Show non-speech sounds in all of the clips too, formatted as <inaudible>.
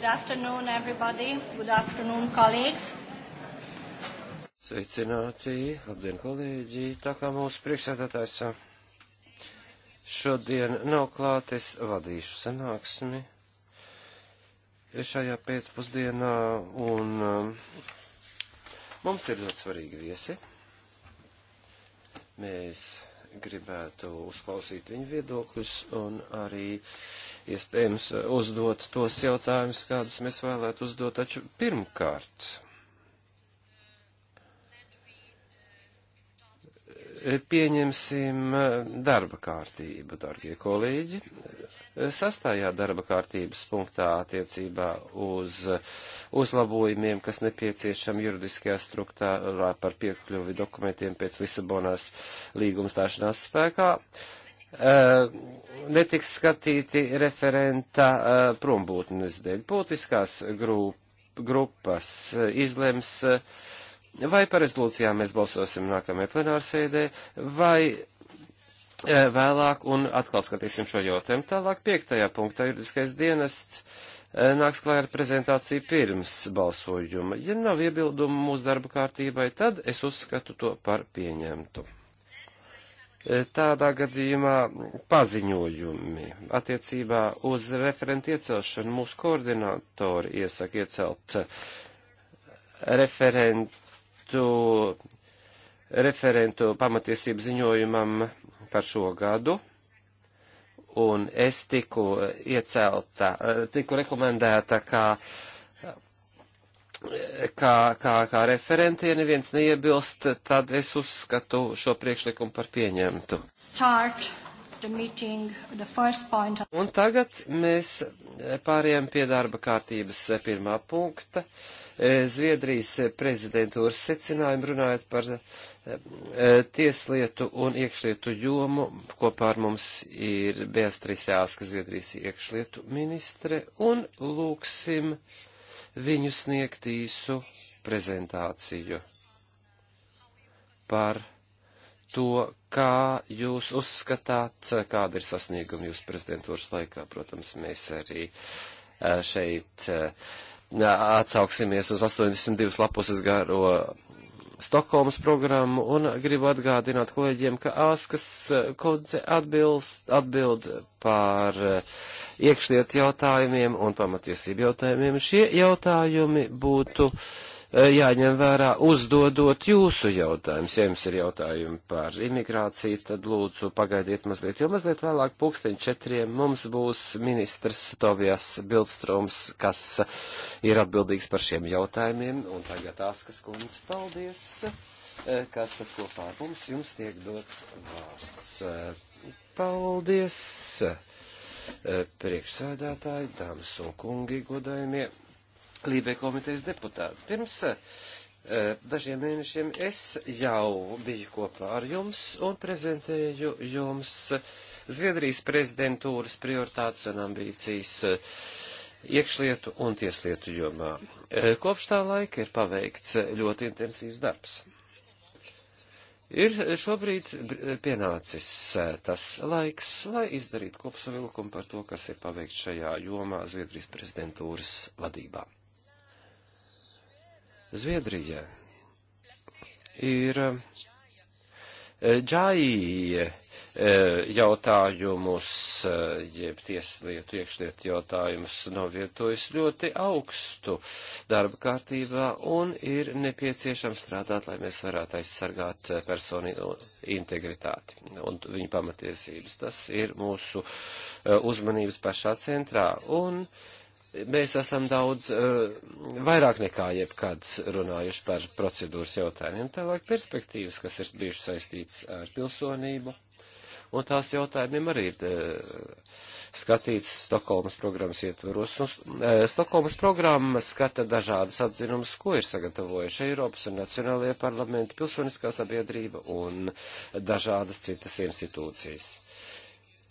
Good afternoon, everybody. Good afternoon, colleagues. Sveicināti, labdien, kolēģi. Tā kā mūsu priekšsēdētājs šodien nav klāt, es vadīšu sanāksmi šajā pēcpusdienā, un mums ir ļoti svarīgi viesi. Mēs gribētu uzklausīt viņu viedokļus un arī iespējams uzdot tos jautājumus, kādus mēs vēlētu uzdot. Taču pirmkārt, pieņemsim darba kārtību, darbie kolēģi sastajā darba kārtības punktā attiecībā uz uzlabojumiem, kas nepieciešami juridiskajā struktūrā par piekļuvi dokumentiem pēc Lisabonas līguma stāšanās spēkā. Uh, netiks skatīti referenta uh, prombūtnes dēļ. Politiskās grup, grupas uh, izlems, vai par rezolūcijām mēs balsosim nākamajā plenārsēdē, vai E, vēlāk un atkal skatīsim šo jautājumu. Tālāk piektajā punktā juridiskais dienests e, nāks klāja ar prezentāciju pirms balsojuma. Ja nav iebildumu mūsu darba kārtībai, tad es uzskatu to par pieņemtu. E, tādā gadījumā paziņojumi attiecībā uz referentu iecelšanu mūsu koordinātori iesaka iecelt referentu, referentu pamatiesību ziņojumam par šo gadu, un es tiku iecelta, tiku rekomendēta kā, kā, kā, kā referenti, ja neviens neiebilst, tad es uzskatu šo priekšlikumu par pieņemtu. Start. The meeting, the un tagad mēs pāriem pie darba kārtības pirmā punkta. Uh, Zviedrijas prezidentūras secinājumu runājot par eh, tieslietu un iekšlietu jomu. Kopā ar mums ir Beatrice Āska, Zviedrijas iekšlietu ministre, un lūksim viņu sniegt īsu prezentāciju par to, kā jūs uzskatāt, kāda ir sasnieguma jūsu prezidentūras laikā. Protams, mēs arī eh, šeit eh, atsauksimies uz 82 lapuses garo Stokholmas programmu un gribu atgādināt kolēģiem, ka Āskas e, kundze atbilst, atbild par e, iekšliet jautājumiem un pamatiesību jautājumiem. Šie jautājumi būtu uh, Eh, jāņem vērā uzdodot jūsu jautājumus. Ja jums ir jautājumi par imigrāciju, tad lūdzu pagaidiet mazliet, jo mazliet vēlāk pulksteņ četriem mums būs ministrs Tobijas Bildstroms, kas ir atbildīgs par šiem jautājumiem. Un tagad Āskas kundze, paldies, eh, kas esat kopā ar mums, jums tiek dots vārds. Eh, paldies! priekšsēdētāji, dāmas un kungi, godājumie Lībē komitejas deputāti. Pirms eh, dažiem mēnešiem es jau biju kopā ar jums un prezentēju jums Zviedrijas prezidentūras prioritātes un ambīcijas eh, iekšlietu un tieslietu jomā. Eh, kopš tā laika ir paveikts ļoti intensīvs darbs. Ir šobrīd pienācis tas laiks, lai izdarītu kopsavilkumu par to, kas ir paveikts šajā jomā Zviedrijas prezidentūras vadībā. Zviedrija ir eh, džāji eh, jautājumus, eh, jeb tieslietu iekšlietu jautājumus novietojis ļoti augstu darba kārtībā un ir nepieciešams strādāt, lai mēs varētu aizsargāt personu integritāti un viņu pamatiesības. Tas ir mūsu uzmanības pašā centrā. Un uh, mēs esam daudz uh, vairāk nekā jebkad runājuši par procedūras jautājumiem, tālāk perspektīvas, kas ir bijušas saistītas ar pilsonību. Un tās jautājumiem arī ir uh, skatīts Stokholmas programmas ietveros. Un, uh, Stokholmas programma skata dažādas atzinumus, ko ir sagatavojuši Eiropas un Nacionālajie parlamenti, pilsoniskā sabiedrība un dažādas citas institūcijas.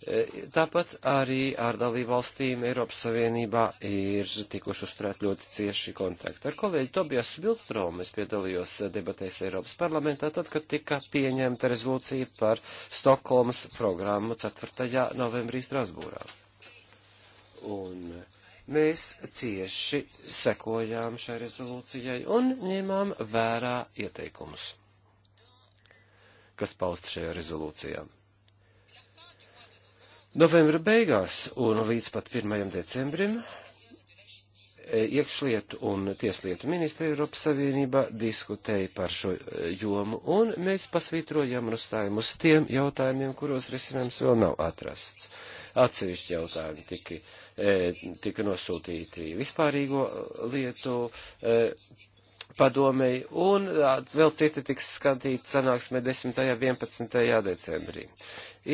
E, tāpat arī ar dalībvalstīm Eiropas Savienībā ir tikuši uzturēt ļoti cieši kontakti. Ar kolēģi Tobiasu Bilstromu es piedalījos debatēs Eiropas parlamentā, tad, kad tika pieņemta rezolūcija par Stokholmas programmu 4. novembrī Strasbūrā. Un mēs cieši sekojām šai rezolūcijai un ņēmām vērā ieteikumus, kas paust šajā rezolūcijā novembra beigās un līdz pat 1. decembrim e, iekšlietu un tieslietu ministri Eiropas Savienībā diskutēja par šo e, jomu, un mēs pasvītrojam un uzstājam uz tiem jautājumiem, kuros risinājums vēl nav atrasts. Atsevišķi jautājumi tika, e, tika nosūtīti vispārīgo lietu padomēji, un vēl citi tiks skatīti sanāksmē 10. un 11. decembrī.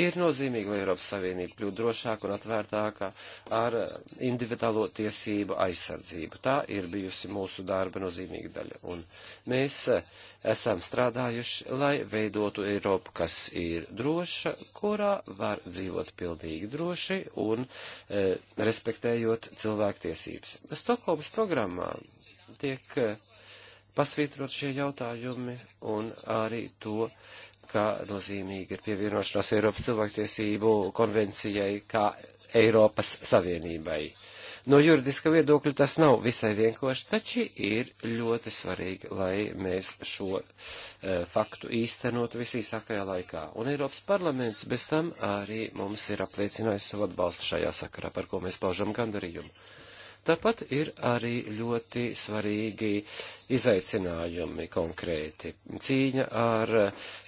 Ir nozīmīgi, lai Eiropas Savienība kļūtu drošāka un atvērtāka ar individuālo tiesību aizsardzību. Tā ir bijusi mūsu darba nozīmīga daļa, un mēs eh, esam strādājuši, lai veidotu Eiropu, kas ir droša, kurā var dzīvot pildīgi droši un e, respektējot cilvēktiesības. Stokholmas programmā tiek eh, pasvītrot šie jautājumi un arī to, ka nozīmīgi ir pievienošanās Eiropas cilvēktiesību konvencijai kā Eiropas Savienībai. No juridiska viedokļa tas nav visai vienkārši, taču ir ļoti svarīgi, lai mēs šo e, faktu īstenotu visīsākajā laikā. Un Eiropas parlaments bez tam arī mums ir apliecinājis savu atbalstu šajā sakarā, par ko mēs paužam gandarījumu. Tāpat ir arī ļoti svarīgi izaicinājumi konkrēti - cīņa ar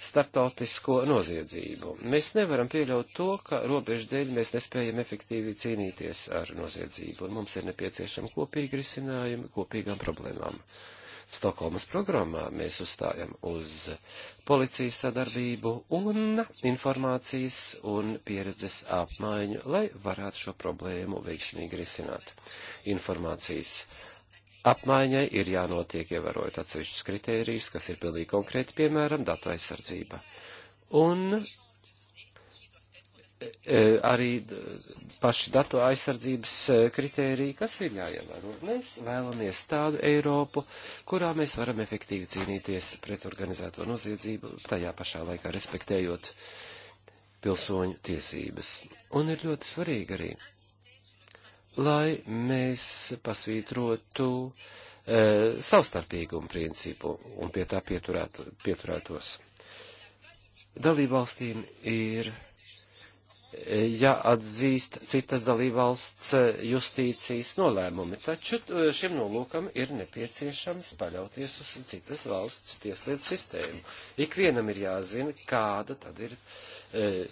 starptautisko noziedzību. Mēs nevaram pieļaut to, ka robežu dēļ mēs nespējam efektīvi cīnīties ar noziedzību, un mums ir nepieciešama kopīga risinājuma kopīgām problēmām. Stokholmas programmā mēs uzstājam uz policijas sadarbību un informācijas un pieredzes apmaiņu, lai varētu šo problēmu veiksmīgi risināt informācijas apmaiņai ir jānotiek ievērojot atsevišķus kritērijus, kas ir pilnīgi konkrēti, piemēram, datu aizsardzība. Un e, e, arī paši datu aizsardzības e, kritēriji, kas ir jāievēro. Mēs vēlamies tādu Eiropu, kurā mēs varam efektīvi cīnīties pret organizēto noziedzību, tajā pašā laikā respektējot pilsoņu tiesības. Un ir ļoti svarīgi arī lai mēs pasvītrotu e, savstarpīgumu principu un pie tā pieturētu, pieturētos. Dalībvalstīm ir e, jāatzīst ja citas dalībvalsts e, justīcijas nolēmumi, taču e, šim nolūkam ir nepieciešams paļauties uz citas valsts tieslietu sistēmu. Ikvienam ir jāzina, kāda tad ir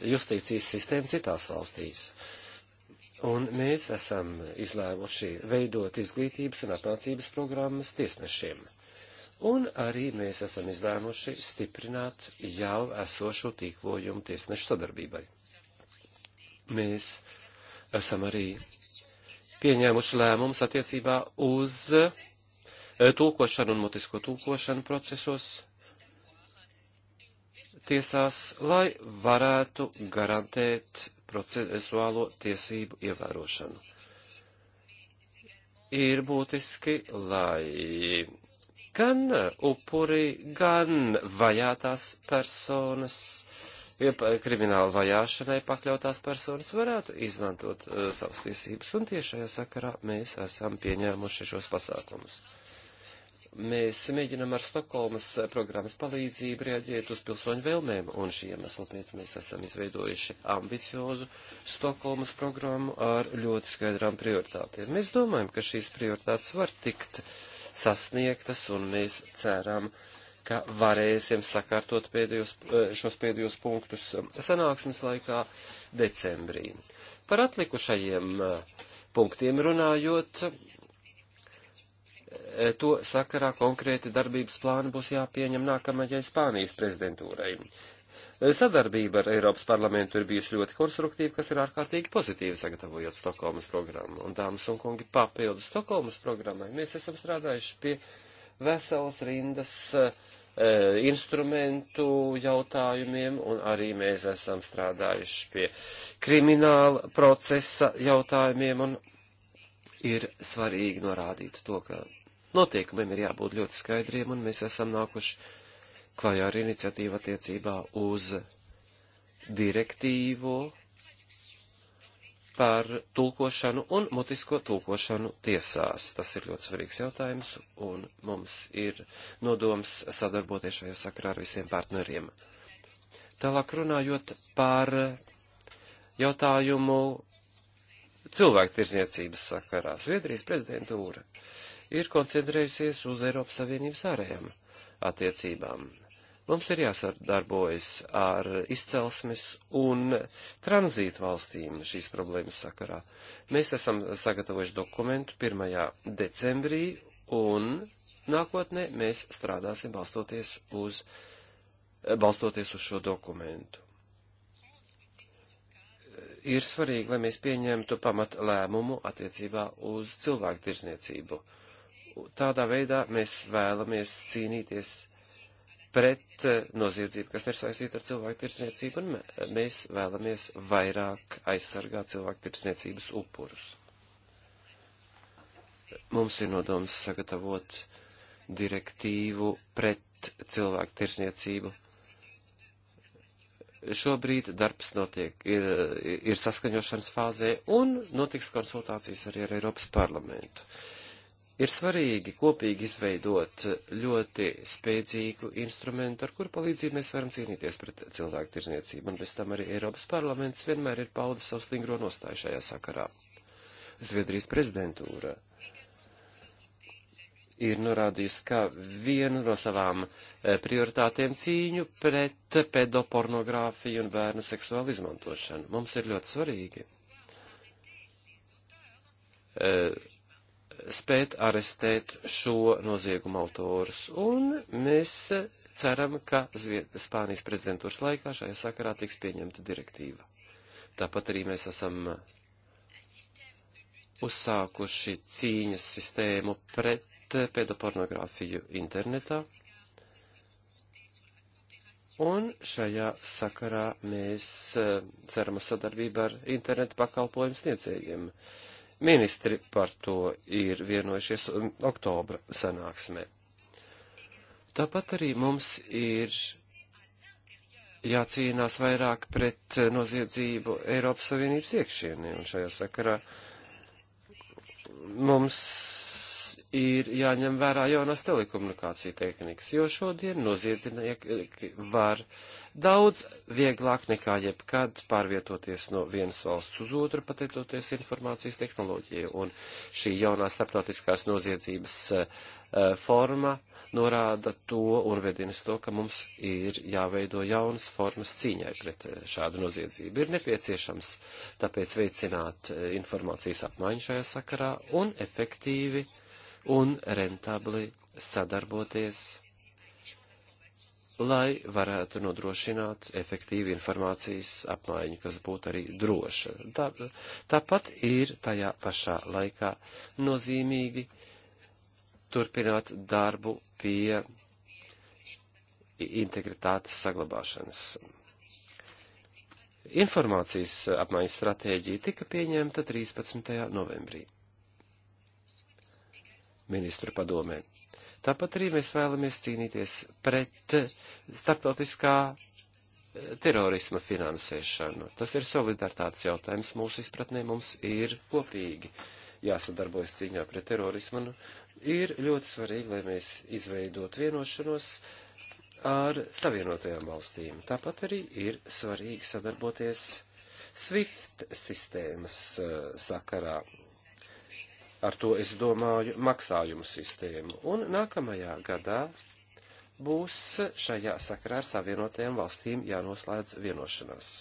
justīcijas sistēma citās valstīs. Uh, Un mēs esam izlēmuši veidot izglītības un apmācības programmas tiesnešiem. Un arī mēs esam izlēmuši stiprināt jau esošo tīklojumu tiesnešu sadarbībai. Mēs esam arī pieņēmuši lēmumus attiecībā uz eh, tūkošanu un mutisko tūkošanu procesos tiesās, lai varētu garantēt procesuālo tiesību ievērošanu. Ir būtiski, lai gan upuri, gan vajātās personas, krimināla vajāšanai pakļautās personas varētu izmantot uh, savas tiesības, un tieši šajā sakarā mēs esam pieņēmuši šos pasākumus. Mēs mēģinam ar Stokholmas programmas palīdzību reaģēt uz pilsoņu vēlmēm, un šī iemesla pēc mēs esam izveidojuši ambiciozu Stokholmas programmu ar ļoti skaidrām prioritātēm. Mēs domājam, ka šīs prioritātes var tikt sasniegtas, un mēs ceram, ka varēsim sakārtot pēdējos, eh, šos pēdējos punktus um, sanāksmes laikā decembrī. Par atlikušajiem eh, punktiem runājot, to sakarā konkrēti darbības plāni būs jāpieņem nākamajai Spānijas prezidentūrai. Sadarbība ar Eiropas parlamentu ir bijusi ļoti konstruktīva, kas ir ārkārtīgi pozitīva sagatavojot Stokholmas programmu. Un, dāmas un kungi, papildus Stokholmas programmai mēs esam strādājuši pie veselas rindas e, instrumentu jautājumiem, un arī mēs esam strādājuši pie krimināla procesa jautājumiem, un ir svarīgi norādīt to, ka Noteikumiem ir jābūt ļoti skaidriem, un mēs esam nākuši klajā ar iniciatīvu attiecībā uz direktīvu par tulkošanu un mutisko tulkošanu tiesās. Tas ir ļoti svarīgs jautājums, un mums ir nodoms sadarboties šajā sakarā ar visiem partneriem. Tālāk runājot par jautājumu cilvēktirzniecības sakarā, Zviedrijas prezidentūra ir koncentrējusies uz Eiropas Savienības ārējām attiecībām. Mums ir jāsadarbojas ar izcelsmes un tranzītu valstīm šīs problēmas sakarā. Mēs esam sagatavojuši dokumentu 1. decembrī un nākotnē mēs strādāsim balstoties uz, balstoties uz šo dokumentu. Ir svarīgi, lai mēs pieņemtu pamat lēmumu attiecībā uz cilvēku tirzniecību tādā veidā mēs vēlamies cīnīties pret eh, noziedzību, kas ir saistīta ar cilvēku tirsniecību, un mēs vēlamies vairāk aizsargāt cilvēku tirsniecības upurus. Mums ir nodoms sagatavot direktīvu pret cilvēku tirsniecību. Šobrīd darbs notiek, ir, ir saskaņošanas fāzē un notiks konsultācijas arī ar Eiropas parlamentu. Uh, Ir svarīgi kopīgi izveidot ļoti spēcīgu instrumentu, ar kuru palīdzību mēs varam cīnīties pret cilvēku tirzniecību, un bez tam arī Eiropas parlaments vienmēr ir paudis savu stingro nostāju šajā sakarā. Zviedrijas prezidentūra ir norādījusi kā vienu no savām eh, prioritātiem cīņu pret pedopornogrāfiju un bērnu seksuālu izmantošanu. Mums ir ļoti svarīgi. E, spēt arestēt šo noziegumu autorus. Un mēs ceram, ka Zvied Spānijas prezidentūras laikā šajā sakarā tiks pieņemta direktīva. Tāpat arī mēs esam uzsākuši cīņas sistēmu pret pedopornogrāfiju internetā. Un šajā sakarā mēs eh, ceram uz sadarbību ar internetu pakalpojumu sniedzējiem. Uh, Ministri par to ir vienojušies um, oktobra sanāksmē. Tāpat arī mums ir jācīnās vairāk pret uh, noziedzību Eiropas Savienības iekšienē, un šajā sakarā mums ir jāņem vērā jaunās telekomunikācija tehnikas, jo šodien noziedznieki var daudz vieglāk nekā jebkad pārvietoties no vienas valsts uz otru, pateicoties informācijas tehnoloģiju. Un šī jaunā starptautiskās noziedzības eh, eh, forma norāda to un vedinas to, ka mums ir jāveido jaunas formas cīņai pret eh, šādu noziedzību. Ir nepieciešams tāpēc veicināt informācijas apmaiņu šajā sakarā un efektīvi un rentabli sadarboties lai varētu nodrošināt efektīvu informācijas apmaiņu, kas būtu arī droša. Tā, tāpat ir tajā pašā laikā nozīmīgi turpināt darbu pie integritātes saglabāšanas. Informācijas apmaiņas stratēģija tika pieņemta 13. novembrī. Ministru padomē Tāpat arī mēs vēlamies cīnīties pret starptautiskā eh, terorisma finansēšanu. Tas ir solidaritātes jautājums mūsu izpratnē, mums ir kopīgi jāsadarbojas cīņā pret terorismu. Un ir ļoti svarīgi, lai mēs izveidot vienošanos ar savienotajām valstīm. Tāpat arī ir svarīgi sadarboties SWIFT sistēmas eh, sakarā Ar to es domāju maksājumu sistēmu. Un nākamajā gadā būs šajā sakarā ar savienotajām valstīm jānoslēdz vienošanās,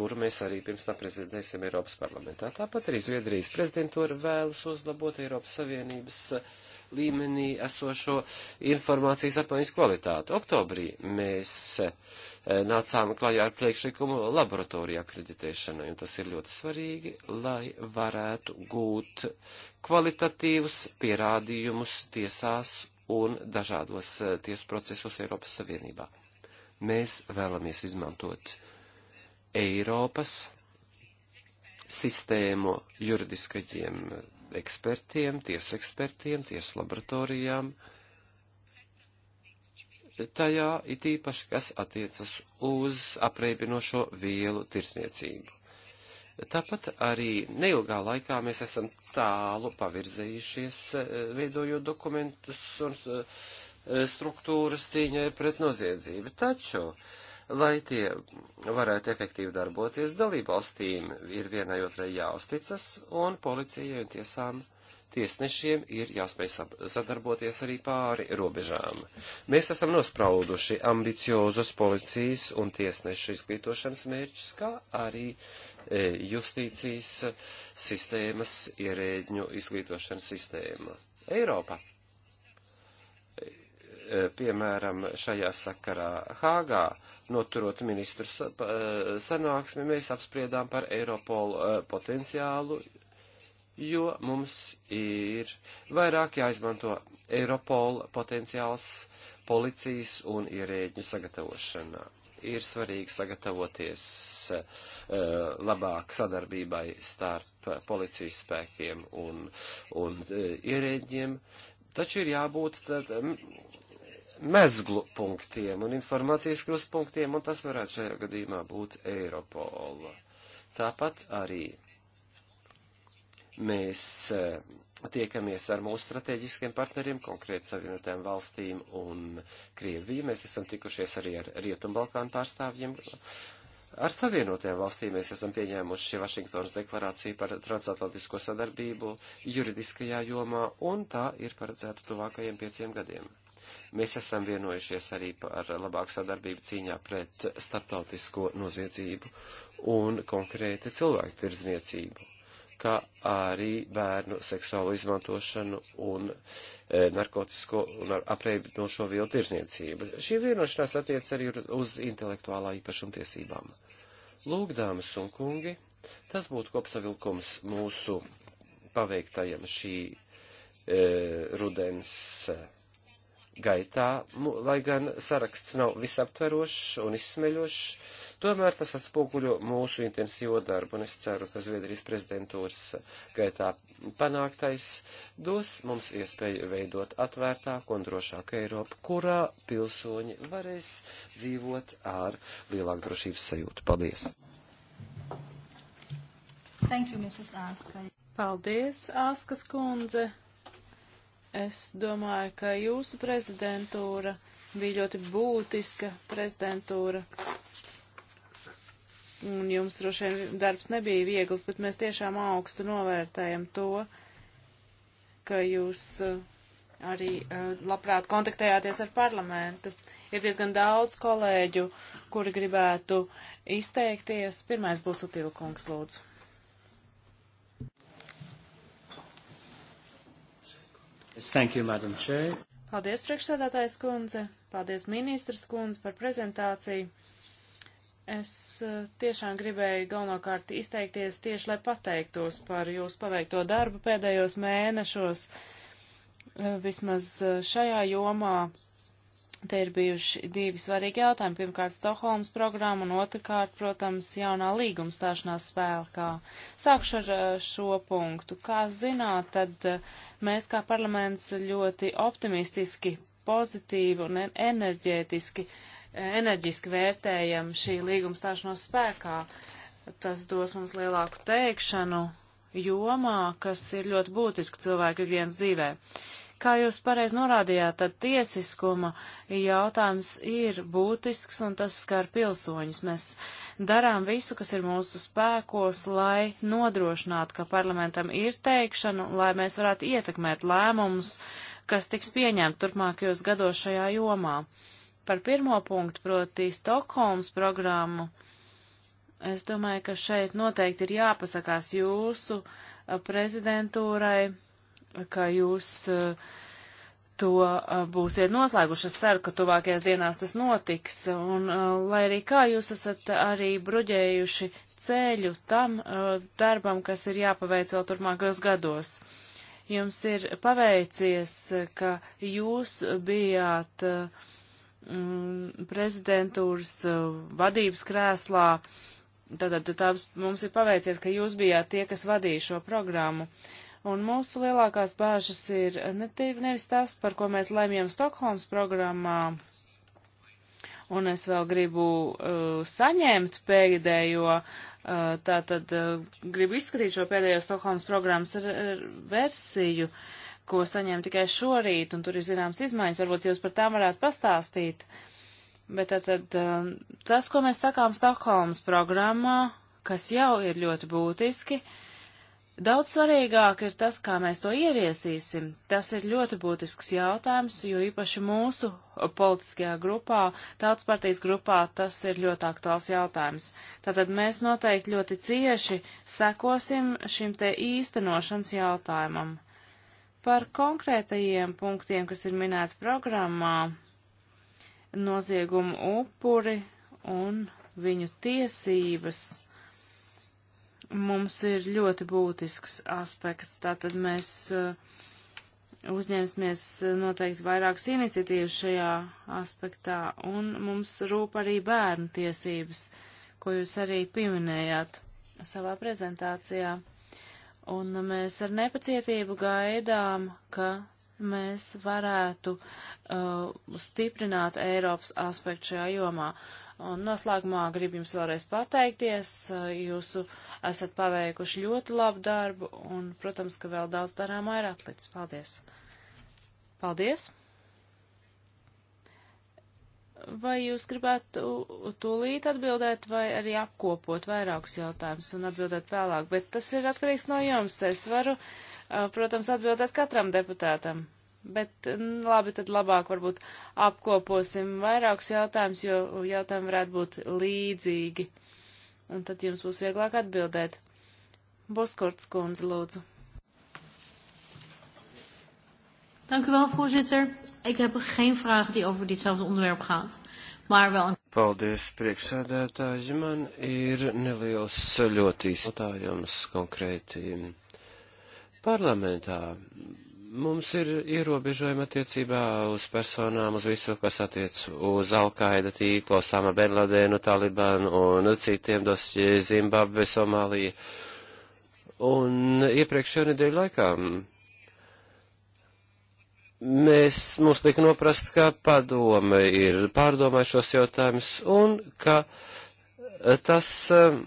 kuru mēs arī pirms tam prezentēsim Eiropas parlamentā. Tāpat arī Zviedrijas prezidentūra vēlas uzlabot Eiropas Savienības uh, līmenī esošo informācijas apmaiņas kvalitāti. Oktobrī mēs eh, nācām klajā ar priekšlikumu laboratoriju akreditēšanai, un tas ir ļoti svarīgi, lai varētu gūt kvalitatīvus pierādījumus tiesās un dažādos eh, tiesu procesos Eiropas Savienībā. Mēs vēlamies izmantot Eiropas sistēmu juridiskajiem ekspertiem, tiesu ekspertiem, tiesu laboratorijām. Tajā it īpaši, kas attiecas uz apreibinošo vielu tirsniecību. Tāpat arī neilgā laikā mēs esam tālu pavirzējušies, e, veidojot dokumentus un e, struktūras cīņai pret noziedzību. Taču uh, lai tie varētu efektīvi darboties, dalībvalstīm ir vienai otrai jāuzticas, un policijai un tiesām tiesnešiem ir jāspēj sadarboties arī pāri robežām. Mēs esam nosprauduši ambiciozus policijas un tiesnešu izglītošanas mērķus, kā arī e, justīcijas sistēmas ierēģņu izglītošanas sistēma. Eiropa Eh, piemēram, šajā sakarā Hāgā, noturot ministru eh, sanāksmi, mēs apspriedām par Eiropolu eh, potenciālu, jo mums ir vairāk jāizmanto Eiropola potenciāls policijas un ierēģu sagatavošanā. Ir svarīgi sagatavoties labāk sadarbībai starp policijas spēkiem un, un ierēģiem, Taču ir jābūt tad, mm, mezglu punktiem un informācijas krustpunktiem, un tas varētu šajā gadījumā būt Eiropola. Tāpat arī mēs eh, tiekamies ar mūsu strateģiskiem partneriem, konkrēti savienotēm valstīm un Krieviju. Mēs esam tikušies arī ar Rietumbalkānu pārstāvjiem. Ar savienotajām valstīm mēs esam pieņēmuši Vašingtonas deklarāciju par transatlantisko sadarbību juridiskajā jomā, un tā ir paredzēta tuvākajiem pieciem gadiem. Mēs esam vienojušies arī par labāku sadarbību cīņā pret starptautisko noziedzību un konkrēti cilvēku tirdzniecību, kā arī bērnu seksuālo izmantošanu un e, narkotisko un ar apreibinošo vielu tirdzniecību. Šī vienošanās attiec arī uz intelektuālā īpašumtiesībām. Lūk, dāmas un kungi, tas būtu kopsavilkums mūsu paveiktajam šī e, rudens gaitā, lai gan saraksts nav visaptverošs un izsmeļošs, tomēr tas atspoguļo mūsu intensīvo darbu, un es ceru, ka Zviedrijas prezidentūras gaitā panāktais dos mums iespēju veidot atvērtāku un drošāku Eiropu, kurā pilsoņi varēs dzīvot ar lielāku drošības sajūtu. Paldies! Thank you, Mrs. Aska. Paldies, Askas kundze. Es domāju, ka jūsu prezidentūra bija ļoti būtiska prezidentūra. Un jums droši vien darbs nebija viegls, bet mēs tiešām augstu novērtējam to, ka jūs eh, arī eh, labprāt kontaktējāties ar parlamentu. Ir diezgan daudz kolēģu, kuri gribētu izteikties. Pirmais būs Utilkungs, lūdzu. Thank you, Madam Chair. Paldies, priekšsēdātājs kundze. Paldies, ministrs kundze, par prezentāciju. Es eh, tiešām gribēju galvenokārt izteikties tieši, lai pateiktos par jūsu paveikto darbu pēdējos mēnešos. Eh, vismaz eh, šajā jomā te ir bijuši divi svarīgi jautājumi. Pirmkārt, Stokholmas programma un otrkārt, protams, jaunā līguma stāšanās spēlkā. Sākšu ar šo punktu. Kā zināt, tad Mēs kā parlaments ļoti optimistiski, pozitīvi un enerģētiski, enerģiski vērtējam šī līguma stāšanos spēkā. Tas dos mums lielāku teikšanu jomā, kas ir ļoti būtiski cilvēku ikdienas dzīvē. Kā jūs pareiz norādījāt, tad tiesiskuma jautājums ir būtisks un tas skar pilsoņus. Mēs uh, darām visu, kas ir mūsu spēkos, lai nodrošinātu, ka parlamentam ir teikšana, lai mēs varētu ietekmēt lēmumus, kas tiks pieņemti turpmākajos gados šajā jomā. Par pirmo punktu, proti Stokholmas programmu, es domāju, ka šeit noteikti ir jāpasakās jūsu prezidentūrai, ka jūs uh, to uh, būsiet noslēguši. Es ceru, ka tuvākajās dienās tas notiks. Un, uh, lai arī kā jūs esat arī bruģējuši ceļu tam uh, darbam, kas ir jāpaveic vēl turpmākajos gados. Jums ir paveicies, ka jūs bijāt mm, prezidentūras vadības krēslā. Tātad tā, mums ir paveicies, ka jūs bijāt tie, kas vadīja šo programmu. Uh, Un mūsu lielākās bāžas ir ne nevis tas, par ko mēs lemjam Stokholmas programmā, un es vēl gribu uh, saņemt pēdējo, uh, tātad uh, gribu izskatīt šo pēdējo Stokholmas programmas ar, ar versiju, ko saņēmu tikai šorīt, un tur ir zināms izmaiņas, varbūt jūs par tām varētu pastāstīt. Bet tātad uh, tas, ko mēs sakām Stokholmas programmā, kas jau ir ļoti būtiski, uh, Daudz svarīgāk ir tas, kā mēs to ieviesīsim. Tas ir ļoti būtisks jautājums, jo īpaši mūsu politiskajā grupā, tautas partijas grupā, tas ir ļoti aktuāls jautājums. Tātad mēs noteikti ļoti cieši sekosim šim te īstenošanas jautājumam. Par konkrētajiem punktiem, kas ir minēti programmā, noziegumu upuri un viņu tiesības mums ir ļoti būtisks aspekts. Tātad mēs eh, uzņēmsimies eh, noteikti vairākas iniciatīvas šajā aspektā, un mums rūp arī bērnu tiesības, ko jūs arī pieminējāt savā prezentācijā. Un mēs ar nepacietību gaidām, ka mēs varētu uh, stiprināt Eiropas aspektu šajā jomā. Uh, Un noslēgumā gribu jums vēlreiz pateikties. Eh, Jūsu esat paveikuši ļoti labu darbu un, protams, ka vēl daudz darāmā ir atlicis. Paldies! Paldies! Vai jūs gribētu tūlīt atbildēt vai arī apkopot vairākus jautājumus un atbildēt vēlāk? Bet tas ir atkarīgs no jums. Es varu, eh, protams, atbildēt katram deputātam. Bet labi, tad labāk varbūt apkoposim vairākus jautājumus, jo jautājumi varētu būt līdzīgi. Un tad jums būs vieglāk atbildēt. Boskorts kundze, lūdzu. Dank u wel, voorzitter. Ik heb geen vraag die over ditzelfde onderwerp gaat, maar wel een. Paldies, priekšsēdētāji. Man ir neliels eh, ļoti jautājums konkrēti parlamentā Mums ir ierobežojumi attiecībā uz personām, uz visu, kas attiec uz Alkaida tīklo, Sama Benladenu, Talibanu un citiem dosķi Zimbabve, Somālija. Un iepriekšējo nedēļu laikā mēs mums liek noprast, ka padome ir pārdomājušos jautājumus un ka tas. Uh,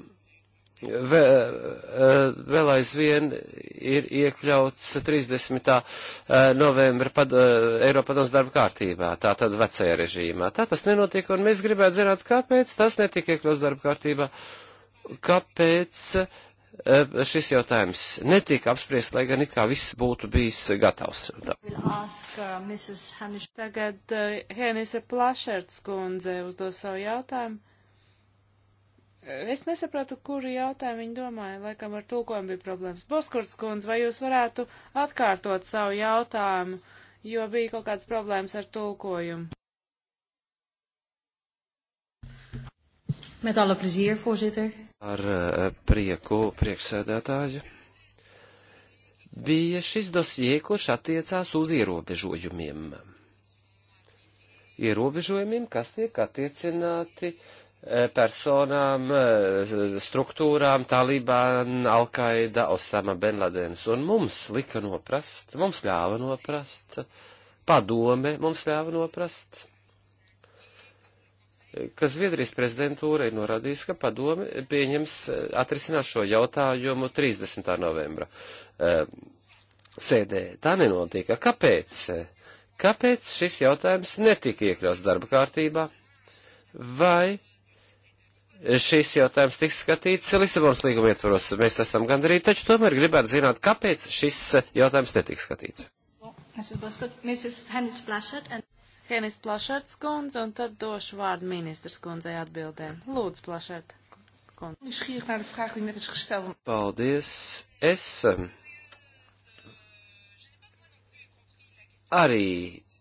vēl, e, vēl aizvien ir iekļauts 30. E, novembra pad, e, Eiropadoms darba kārtībā, tā tad vecajā režīmā. Tā tas nenotiek, un mēs gribētu zināt, kāpēc tas netika iekļauts darba kārtībā, kāpēc šis jautājums netika apspriests, lai gan it kā viss būtu bijis gatavs. Uh, Tagad Henise uh, Plašerts kundze uzdos savu jautājumu. Es nesapratu, kuru jautājumu viņi domāja. Laikam ar tulkojumu bija problēmas. Boskurts kundze, vai jūs varētu atkārtot savu jautājumu, jo bija kaut kādas problēmas ar tulkojumu? Met alle plezier, voorzitter. Ar eh, prieku priekšsēdētāju. Bija šis dosie, kurš attiecās uz ierobežojumiem. Ierobežojumiem, kas tiek attiecināti uh, personām, eh, struktūrām, Taliban, Alkaida, Osama Ben Ladens. Un mums lika noprast, mums ļāva noprast, padome mums ļāva noprast, ka Zviedrijas prezidentūra ir norādījusi, ka padome pieņems eh, atrisinās šo jautājumu 30. novembra eh, sēdē. Tā nenotika. Kāpēc? Kāpēc šis jautājums netika iekļauts darba kārtībā? Vai šis jautājums tiks skatīts Lisabonas līguma ietvaros. Mēs esam gandarīti, taču tomēr gribētu zināt, kāpēc šis jautājums netiks skatīts. Henis Plašards kundze, un tad došu vārdu ministrs kundzei atbildēm. Lūdzu, Plašard kundze. Paldies. Es um, arī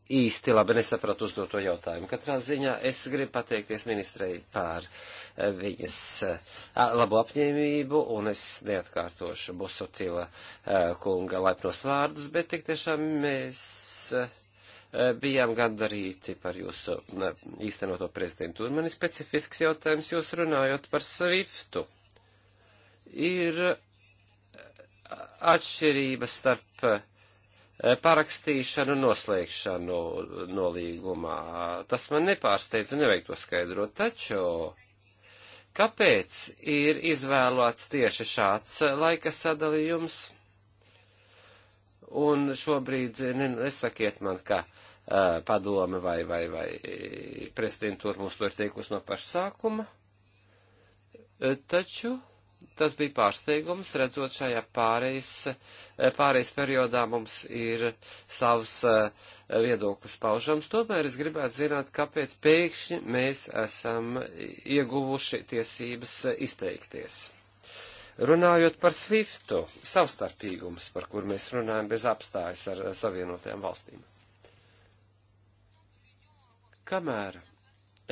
īsti labi nesapratu uzdoto jautājumu. Katrā ziņā es gribu pateikties ministrei pār uh, viņas labu apņēmību, un es neatkārtošu Busutila kunga laipnos vārdus, bet tik tiešām mēs bijām gandarīti par jūsu īstenoto prezidentu. Un man ir specifisks jautājums, jūs runājot par Swiftu. Ir atšķirība starp parakstīšanu un noslēgšanu nolīgumā. Tas man nepārsteidz un nevajag to skaidrot, taču Kāpēc ir izvēlots tieši šāds eh, laika sadalījums? Un šobrīd eh, nesakiet man, ka uh, padome vai, vai, vai prezidentūra mums to ir teikusi no paša sākuma. Taču tas bija pārsteigums, redzot šajā pārejas, pārejas periodā mums ir savs eh, viedoklis paužams. Tomēr es gribētu zināt, kāpēc pēkšņi mēs esam ieguvuši tiesības eh, izteikties. Runājot par Swiftu, savstarpīgums, par kur mēs runājam bez apstājas ar eh, savienotajām valstīm. Kamēr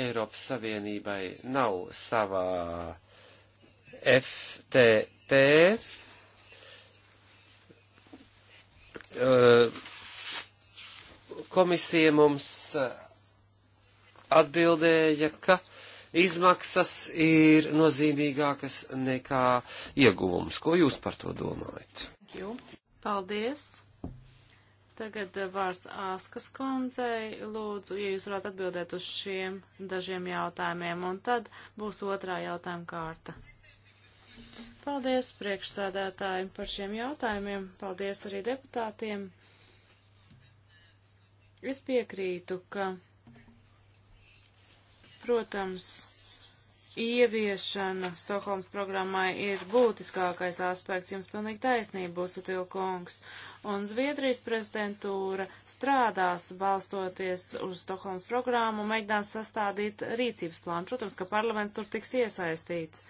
Eiropas Savienībai nav savā uh, FTP eh, komisija mums eh, atbildēja, ka izmaksas ir nozīmīgākas nekā ieguvums. Ko jūs par to domājat? Paldies! Tagad eh, vārds Āskas kundzei. Lūdzu, ja jūs varētu atbildēt uz šiem dažiem jautājumiem, un tad būs otrā jautājuma kārta. Paldies priekšsēdētājiem par šiem jautājumiem. Paldies arī deputātiem. Es piekrītu, ka, protams, ieviešana Stokholmas programmai ir būtiskākais aspekts, jums pilnīgi taisnība būs utilkungs. Un Zviedrijas prezidentūra strādās balstoties uz Stokholmas programmu, mēģinās sastādīt rīcības plānu. Protams, ka parlaments tur tiks iesaistīts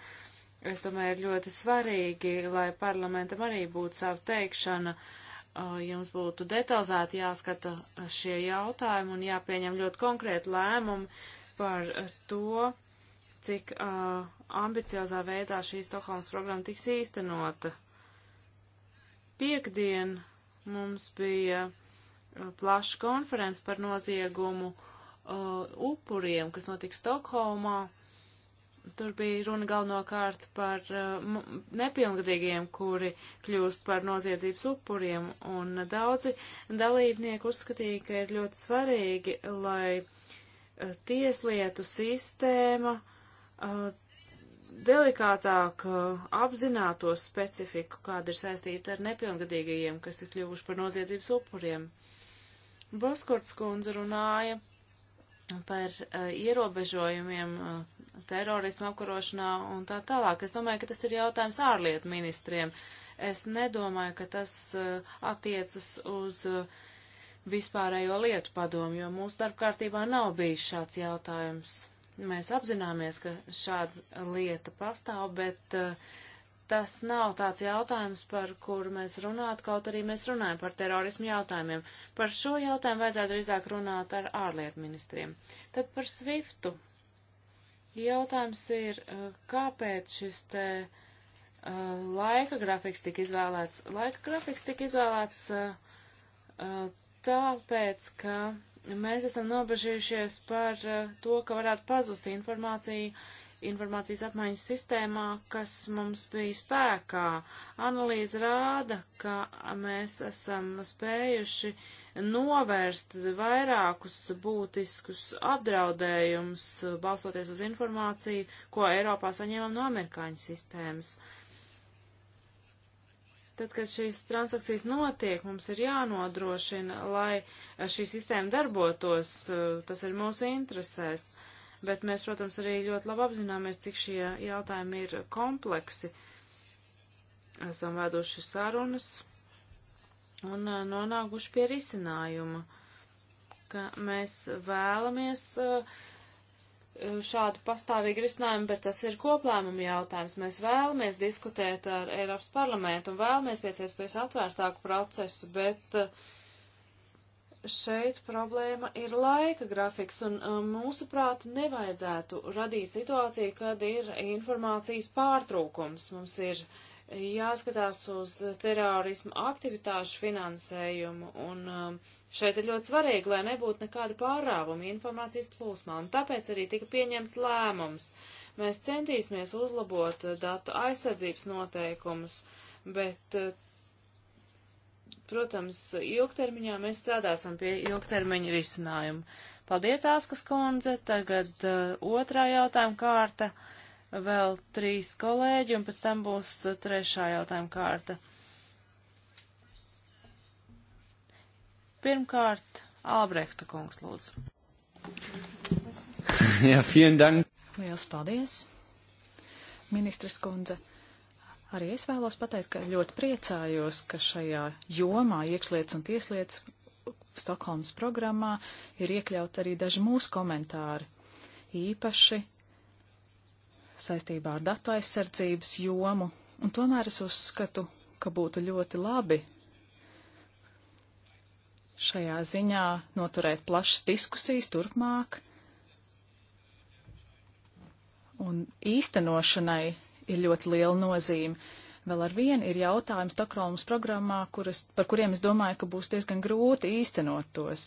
es domāju, ir ļoti svarīgi, lai parlamentam arī būtu sava teikšana, jums būtu detalizēti jāskata šie jautājumi un jāpieņem ļoti konkrēti lēmumi par to, cik uh, ambiciozā veidā šī Stokholmas programma tiks īstenota. Piektdien mums bija plaša konferences par noziegumu uh, upuriem, kas notika Stokholmā. Uh, Tur bija runa galvenokārt par uh, nepilngadīgiem, kuri kļūst par noziedzības upuriem, un daudzi dalībnieki uzskatīja, ka ir ļoti svarīgi, lai uh, tieslietu sistēma uh, delikātāk apzinātos specifiku, kāda ir saistīta ar nepilngadīgajiem, kas ir kļuvuši par noziedzības upuriem. Boskorts kundze runāja par uh, ierobežojumiem uh, terorismu apkarošanā un tā tālāk. Es domāju, ka tas ir jautājums ārlietu ministriem. Es nedomāju, ka tas uh, attiecas uz vispārējo lietu padomu, jo mūsu darbkārtībā nav bijis šāds jautājums. Mēs apzināmies, ka šāda lieta pastāv, bet uh, tas nav tāds jautājums, par kuru mēs runātu, kaut arī mēs runājam par terorismu jautājumiem. Par šo jautājumu vajadzētu drīzāk runāt ar ārlietu ministriem. Tad par Swiftu. Jautājums ir, eh, kāpēc šis te uh, laika grafiks tika izvēlēts? Laika grafiks tika izvēlēts uh, tāpēc, ka mēs esam nobežījušies par uh, to, ka varētu pazust informācija informācijas apmaiņas sistēmā, kas mums bija spēkā. Analīze rāda, ka mēs esam spējuši novērst vairākus būtiskus apdraudējumus, balstoties uz informāciju, ko Eiropā saņēmām no amerikāņu sistēmas tad, kad šīs transakcijas notiek, mums ir jānodrošina, lai šī sistēma darbotos, tas ir mūsu interesēs bet mēs, protams, arī ļoti labi apzināmies, cik šie jautājumi ir kompleksi. Esam veduši sarunas un eh, nonākuši pie risinājuma, ka mēs vēlamies eh, šādu pastāvīgu risinājumu, bet tas ir koplēmumu jautājums. Mēs vēlamies diskutēt ar Eiropas parlamentu un vēlamies piecies pēc atvērtāku procesu, bet uh, šeit problēma ir laika grafiks, un um, mūsuprāt nevajadzētu radīt situāciju, kad ir informācijas pārtrūkums. Mums ir jāskatās uz terorismu aktivitāšu finansējumu, un um, šeit ir ļoti svarīgi, lai nebūtu nekāda pārāvuma informācijas plūsmā, un tāpēc arī tika pieņemts lēmums. Mēs centīsimies uzlabot datu aizsardzības noteikumus, bet uh, Protams, ilgtermiņā mēs strādāsim pie ilgtermiņa risinājumu. Paldies, Āskas kundze. Tagad uh, otrā jautājuma kārta, vēl trīs kolēģi, un pēc tam būs uh, trešā jautājuma kārta. Pirmkārt, Albrehta kungs, lūdzu. <laughs> Jā, ja, vielen dank. Liels paldies, ministras kundze. Arī es vēlos pateikt, ka ļoti priecājos, ka šajā jomā iekšlietas un tieslietas Stokholmas programmā ir iekļaut arī daži mūsu komentāri, īpaši saistībā ar datu aizsardzības jomu, un tomēr es uzskatu, ka būtu ļoti labi šajā ziņā noturēt plašas diskusijas turpmāk, un īstenošanai ir ļoti liela nozīme. Vēl ar vienu ir jautājums Stokholmas programmā, kuras, par kuriem es domāju, ka būs diezgan grūti īstenot tos.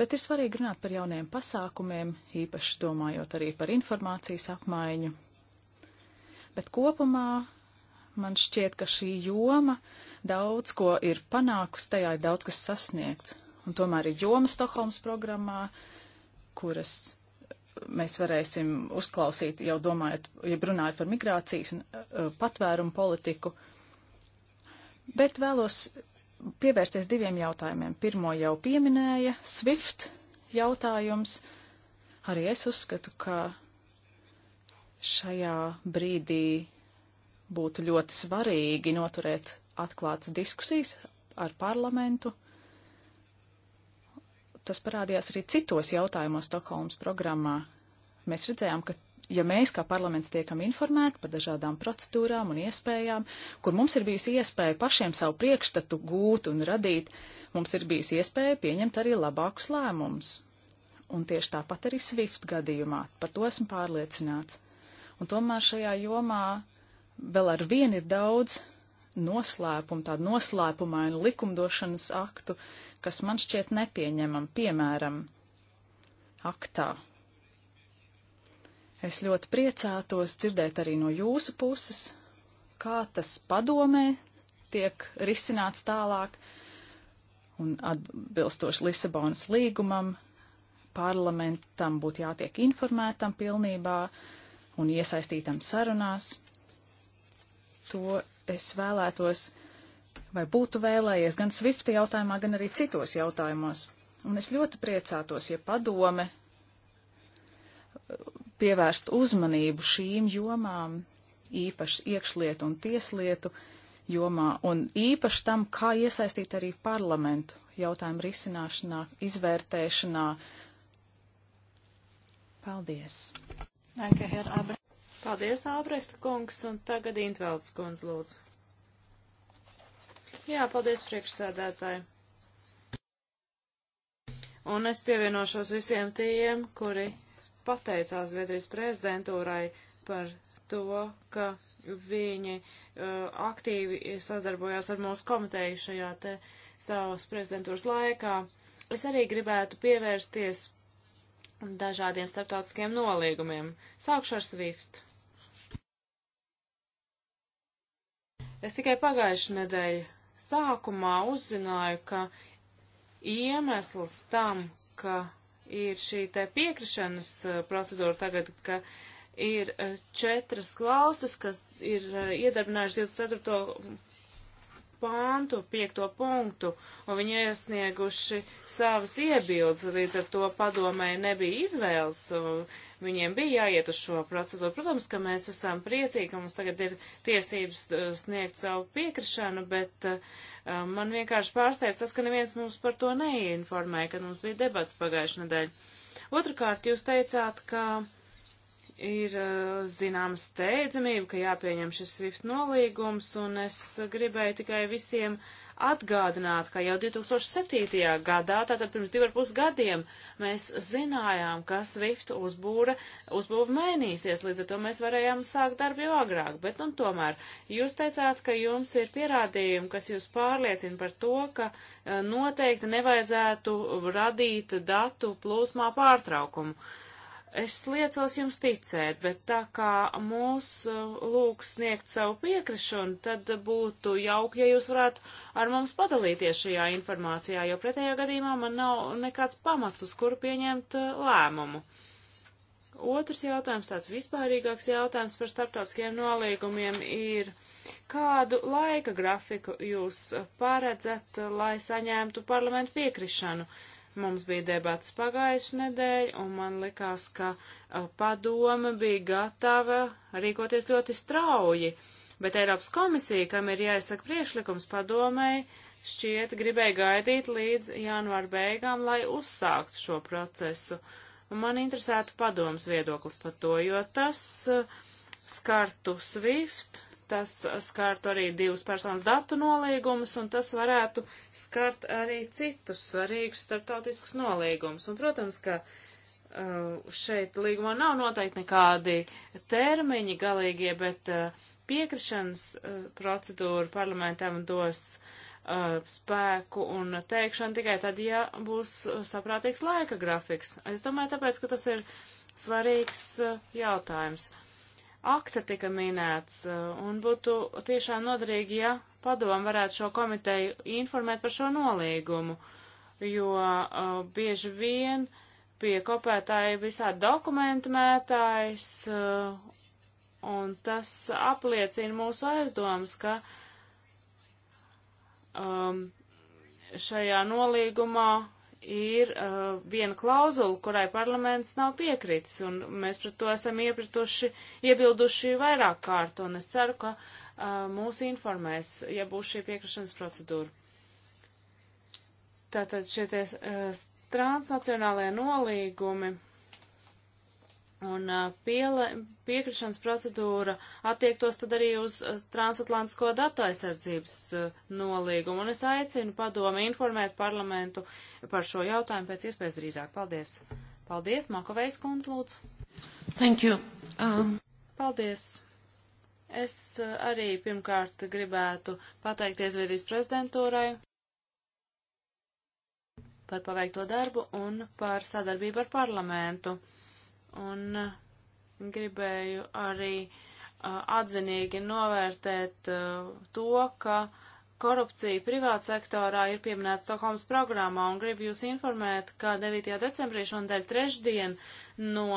Bet ir svarīgi runāt par jauniem pasākumiem, īpaši domājot arī par informācijas apmaiņu. Bet kopumā man šķiet, ka šī joma daudz ko ir panākusi, tajā ir daudz kas sasniegts. Un tomēr ir joma Stokholmas programmā, kuras mēs varēsim uzklausīt, jau domājot, ja runājot par migrācijas un uh, patvērumu politiku. Bet vēlos pievērsties diviem jautājumiem. Pirmo jau pieminēja SWIFT jautājums. Arī es uzskatu, ka šajā brīdī būtu ļoti svarīgi noturēt atklātas diskusijas ar parlamentu tas parādījās arī citos jautājumos Stokholmas programmā. Mēs redzējām, ka ja mēs kā parlaments tiekam informēti par dažādām procedūrām un iespējām, kur mums ir bijusi iespēja pašiem savu priekšstatu gūt un radīt, mums ir bijusi iespēja pieņemt arī labākus lēmumus. Un tieši tāpat arī SWIFT gadījumā, par to esmu pārliecināts. Un tomēr šajā jomā vēl ar vienu ir daudz noslēpumu, tādu noslēpumainu likumdošanas aktu, kas man šķiet nepieņemam, piemēram, aktā. Es ļoti priecātos dzirdēt arī no jūsu puses, kā tas padomē tiek risināts tālāk un atbilstoši Lisabonas līgumam, parlamentam būtu jātiek informētam pilnībā un iesaistītam sarunās. To es vēlētos vai būtu vēlējies gan Swifta jautājumā, gan arī citos jautājumos. Un es ļoti priecātos, ja padome uh, pievērst uzmanību šīm jomām, īpaši iekšlietu un tieslietu jomā, un īpaši tam, kā iesaistīt arī parlamentu jautājumu risināšanā, izvērtēšanā. Paldies! Danke, Herr Abrecht. Paldies, Ābrehta kungs, un tagad Intvelds kundz lūdzu. Jā, paldies priekšsēdētāji. Un es pievienošos visiem tiem, kuri pateicās Zviedrijas prezidentūrai par to, ka viņi uh, aktīvi sadarbojās ar mūsu komiteju šajā te savas prezidentūras laikā. Es arī gribētu pievērsties dažādiem starptautiskiem nolīgumiem. Sākšu ar SWIFT. Es tikai pagājušu nedēļu sākumā uzzināju, ka iemesls tam, ka ir šī te piekrišanas eh, procedūra tagad, ka ir eh, četras klāstas, kas ir eh, iedarbinājuši 24 pāntu, piekto punktu, un viņi iesnieguši savas iebildes, līdz ar to padomēji nebija izvēles, viņiem bija jāiet uz šo procedūru. Protams, ka mēs esam priecīgi, ka mums tagad ir tiesības uh, sniegt savu piekrišanu, bet uh, man vienkārši pārsteidz tas, ka neviens mums par to neinformēja, kad mums bija debats pagājušajā nedēļā. Otrakārt, jūs teicāt, ka ir eh, zināma steidzamība, ka jāpieņem šis SWIFT nolīgums, un es gribēju tikai visiem atgādināt, ka jau 2007. gadā, tātad pirms divi ar pus gadiem, mēs zinājām, ka SWIFT uzbūra, uzbūva mainīsies, līdz ar to mēs varējām sākt darbu jau agrāk, bet un nu, tomēr jūs teicāt, ka jums ir pierādījumi, kas jūs pārliecina par to, ka eh, noteikti nevajadzētu radīt datu plūsmā pārtraukumu. Uh, Es liecos jums ticēt, bet tā kā mūs uh, lūgs sniegt savu piekrišanu, tad būtu jauki, ja jūs varētu ar mums padalīties šajā informācijā, jo pretējā gadījumā man nav nekāds pamats, uz kuru pieņemt uh, lēmumu. Otrs jautājums, tāds vispārīgāks jautājums par starptautiskiem nolīgumiem ir, kādu laika grafiku jūs uh, paredzat, lai saņemtu parlamentu piekrišanu? Mums bija debats pagājuši nedēļ, un man likās, ka uh, padome bija gatava rīkoties ļoti strauji, bet Eiropas komisija, kam ir jāizsaka priekšlikums padomei, šķiet gribēja gaidīt līdz janvāra beigām, lai uzsāktu šo procesu. Un man interesētu padoms viedoklis par to, jo tas uh, skartu SWIFT, Tas skārtu arī divus personas datu nolīgumus, un tas varētu skart arī citus svarīgus starptautiskus nolīgumus. Un, protams, ka uh, šeit līgumā nav noteikti nekādi termiņi galīgie, bet uh, piekrišanas uh, procedūra parlamentam dos spēku un teikšanu tikai tad, ja būs saprātīgs laika grafiks. Es domāju, tāpēc, ka tas ir svarīgs jautājums akta tika minēts, eh, un būtu tiešām noderīgi, ja padomu varētu šo komiteju informēt par šo nolīgumu, jo uh, bieži vien pie kopētāji visādi dokumenti mētājs, uh, eh, un tas apliecina mūsu aizdomas, ka um, šajā nolīgumā ir uh, viena klauzula, kurai parlaments nav piekritis, un mēs pret to esam ieprituši, iebilduši vairāk kārt, un es ceru, ka uh, mūs informēs, ja būs šī piekrišanas procedūra. Tātad šie tie uh, transnacionālajie nolīgumi Un piele, piekrišanas procedūra attiektos tad arī uz transatlantisko datu aizsardzības nolīgumu. Un es aicinu padomi informēt parlamentu par šo jautājumu pēc iespējas drīzāk. Paldies. Paldies, Makovejs kundz, lūdzu. Thank you. Um... Paldies. Es arī pirmkārt gribētu pateikties Vīrijas prezidentūrai par paveikto darbu un par sadarbību ar parlamentu un uh, gribēju arī uh, atzinīgi novērtēt uh, to, ka korupcija privāt sektorā ir pieminēta Stokholmas programmā un gribu jūs informēt, ka 9. decembrī šonadēļ trešdien no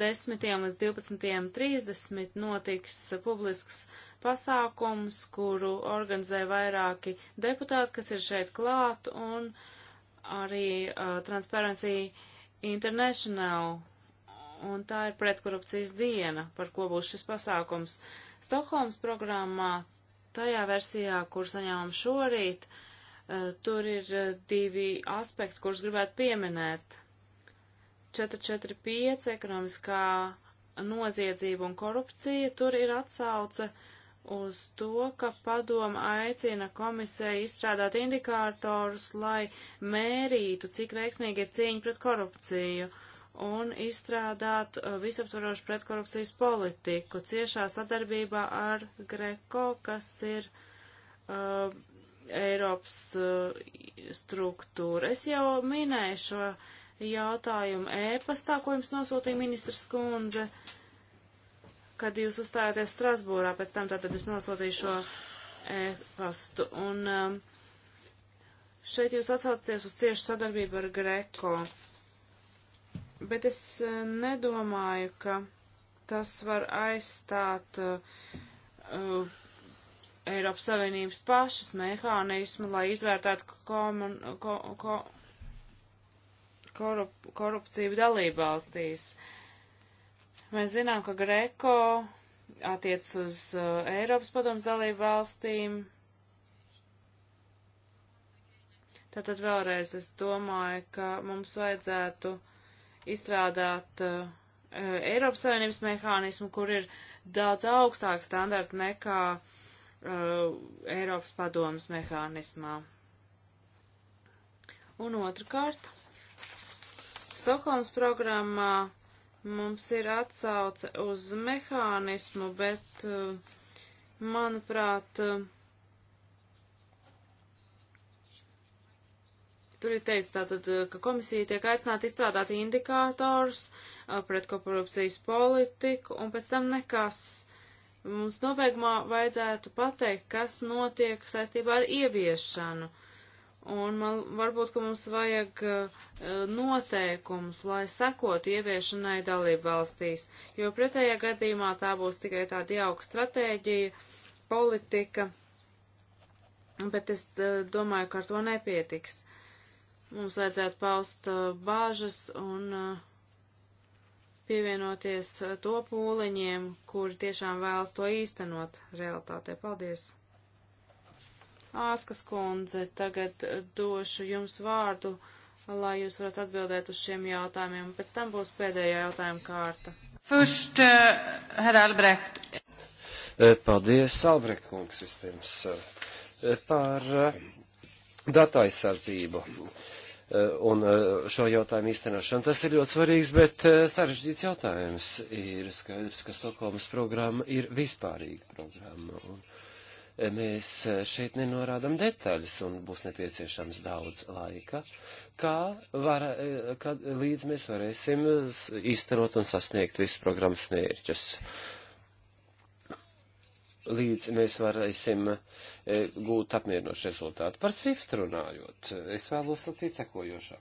10. līdz 12.30 notiks publisks pasākums, kuru organizē vairāki deputāti, kas ir šeit klāt un arī uh, Transparency International un tā ir pretkorupcijas diena, par ko būs šis pasākums. Stokholmas programmā, tajā versijā, kur saņēmām šorīt, eh, tur ir eh, divi aspekti, kurus gribētu pieminēt. 445 ekonomiskā noziedzība un korupcija, tur ir atsauce uz to, ka padoma aicina komisiju izstrādāt indikātorus, lai mērītu, cik veiksmīgi ir cīņa pret korupciju. Uh, un izstrādāt uh, visaptvarošu pretkorupcijas politiku ciešā sadarbībā ar Greko, kas ir uh, Eiropas uh, struktūra. Es jau minēju šo jautājumu ēpastā, ko jums nosūtīja ministrs Kundze, kad jūs uzstājāties Strasbūrā, pēc tam tātad es nosūtīju šo ēpastu. Un um, šeit jūs atsaucaties uz ciešu sadarbību ar Greko. Uh, bet es eh, nedomāju, ka tas var aizstāt uh, Eiropas Savienības pašas mehānismu, lai izvērtētu komun, ko, ko, korup, korupciju dalībvalstīs. Mēs zinām, ka Greko attiec uz uh, Eiropas padomus dalību valstīm. Tātad vēlreiz es domāju, ka mums vajadzētu izstrādāt uh, Eiropas Savienības mehānismu, kur ir daudz augstāk standarti nekā uh, Eiropas padomas mehānismā. Un otrkārt, Stokholmas programmā mums ir atsauce uz mehānismu, bet, uh, manuprāt, uh, Tur ir teicis tātad, eh, ka komisija tiek aicināta izstrādāt indikātors eh, pret korupcijas politiku, un pēc tam nekas. Mums nobeigumā vajadzētu pateikt, kas notiek saistībā ar ieviešanu. Un man varbūt, ka mums vajag eh, noteikums, lai sekot ieviešanai dalību valstīs, jo pretējā gadījumā tā būs tikai tāda jauka stratēģija, politika, bet es domāju, ka ar to nepietiks. Uh, Mums vajadzētu paust uh, bāžas un uh, pievienoties uh, to pūliņiem, kuri tiešām vēlas to īstenot realitātē. Paldies! Āskas kundze, tagad došu jums vārdu, lai jūs varat atbildēt uz šiem jautājumiem. Pēc tam būs pēdējā jautājuma kārta. Fust, Herr Albrecht. Paldies, Albrecht kungs, vispirms par datu aizsardzību. Eh, un eh, šo jautājumu īstenošanu. Tas ir ļoti svarīgs, bet eh, sarežģīts jautājums. Ir skaidrs, ka Stokholmas programma ir vispārīga programma. Un mēs šeit nenorādam detaļas un būs nepieciešams daudz laika, kā var, kad, līdz mēs varēsim īstenot un sasniegt visus programmas mērķus. Uh, līdz mēs varēsim e, gūt apmierinošu rezultātu. Par SWIFT runājot, es vēlos sacīt sekojošā.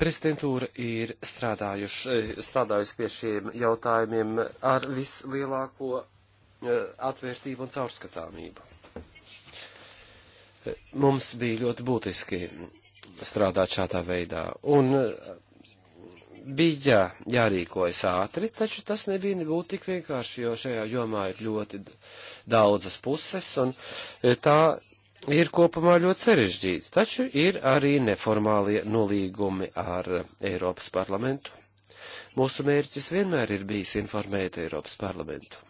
Prezidentūra ir e, strādājusi pie šiem jautājumiem ar vislielāko e, atvērtību un caurskatāmību. Mums bija ļoti būtiski strādāt šādā veidā, un bija jārīkojas ātri, taču tas nebija nebūtu tik vienkārši, jo šajā jomā ir ļoti daudzas puses, un e, tā ir kopumā ļoti sarežģīta. Taču ir arī neformālie nolīgumi ar e, Eiropas parlamentu. Mūsu mērķis vienmēr ir bijis informēt Eiropas parlamentu.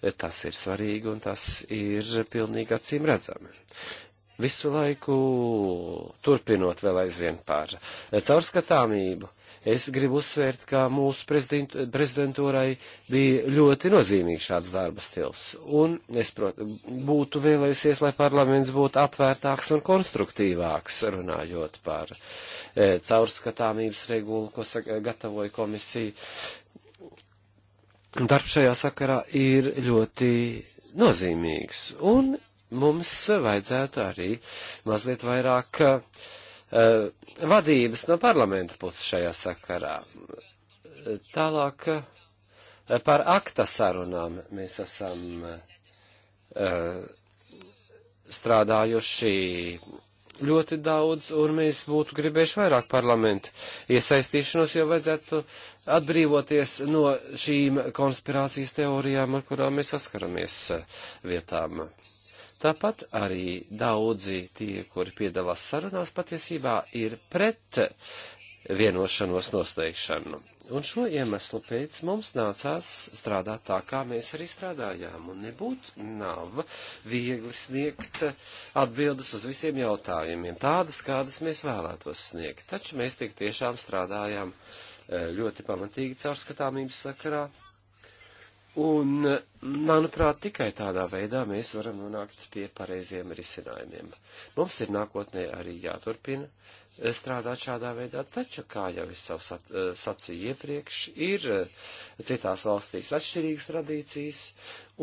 E, tas ir svarīgi un tas ir pilnīgi acīm redzami visu laiku turpinot vēl aizvien par caurskatāmību. Es gribu uzsvērt, ka mūsu prezidentūrai bija ļoti nozīmīgs šāds darba stils. Un es, protams, būtu vēlējusies, lai parlaments būtu atvērtāks un konstruktīvāks, runājot par e, caurskatāmības regulu, ko gatavoja komisija. Darbs šajā sakarā ir ļoti nozīmīgs. Un mums vajadzētu arī mazliet vairāk uh, vadības no parlamenta puses šajā sakarā. Tālāk uh, par akta sarunām mēs esam uh, strādājuši ļoti daudz, un mēs būtu gribējuši vairāk parlamentu iesaistīšanos, jo vajadzētu atbrīvoties no šīm konspirācijas teorijām, ar kurām mēs saskaramies vietām. Uh, Tāpat arī daudzi tie, kuri piedalās sarunās, patiesībā ir pret vienošanos noslēgšanu. Un šo iemeslu pēc mums nācās strādāt tā, kā mēs arī strādājām, un nebūt nav viegli sniegt atbildes uz visiem jautājumiem, tādas, kādas mēs vēlētos sniegt. Taču mēs tik tiešām strādājām eh, ļoti pamatīgi caurskatāmības sakarā Un, manuprāt, tikai tādā veidā mēs varam nonākt pie pareiziem risinājumiem. Mums ir nākotnē arī jāturpina eh, strādāt šādā veidā, taču, kā jau es savu sac, eh, sacīju iepriekš, ir eh, citās valstīs atšķirīgas tradīcijas,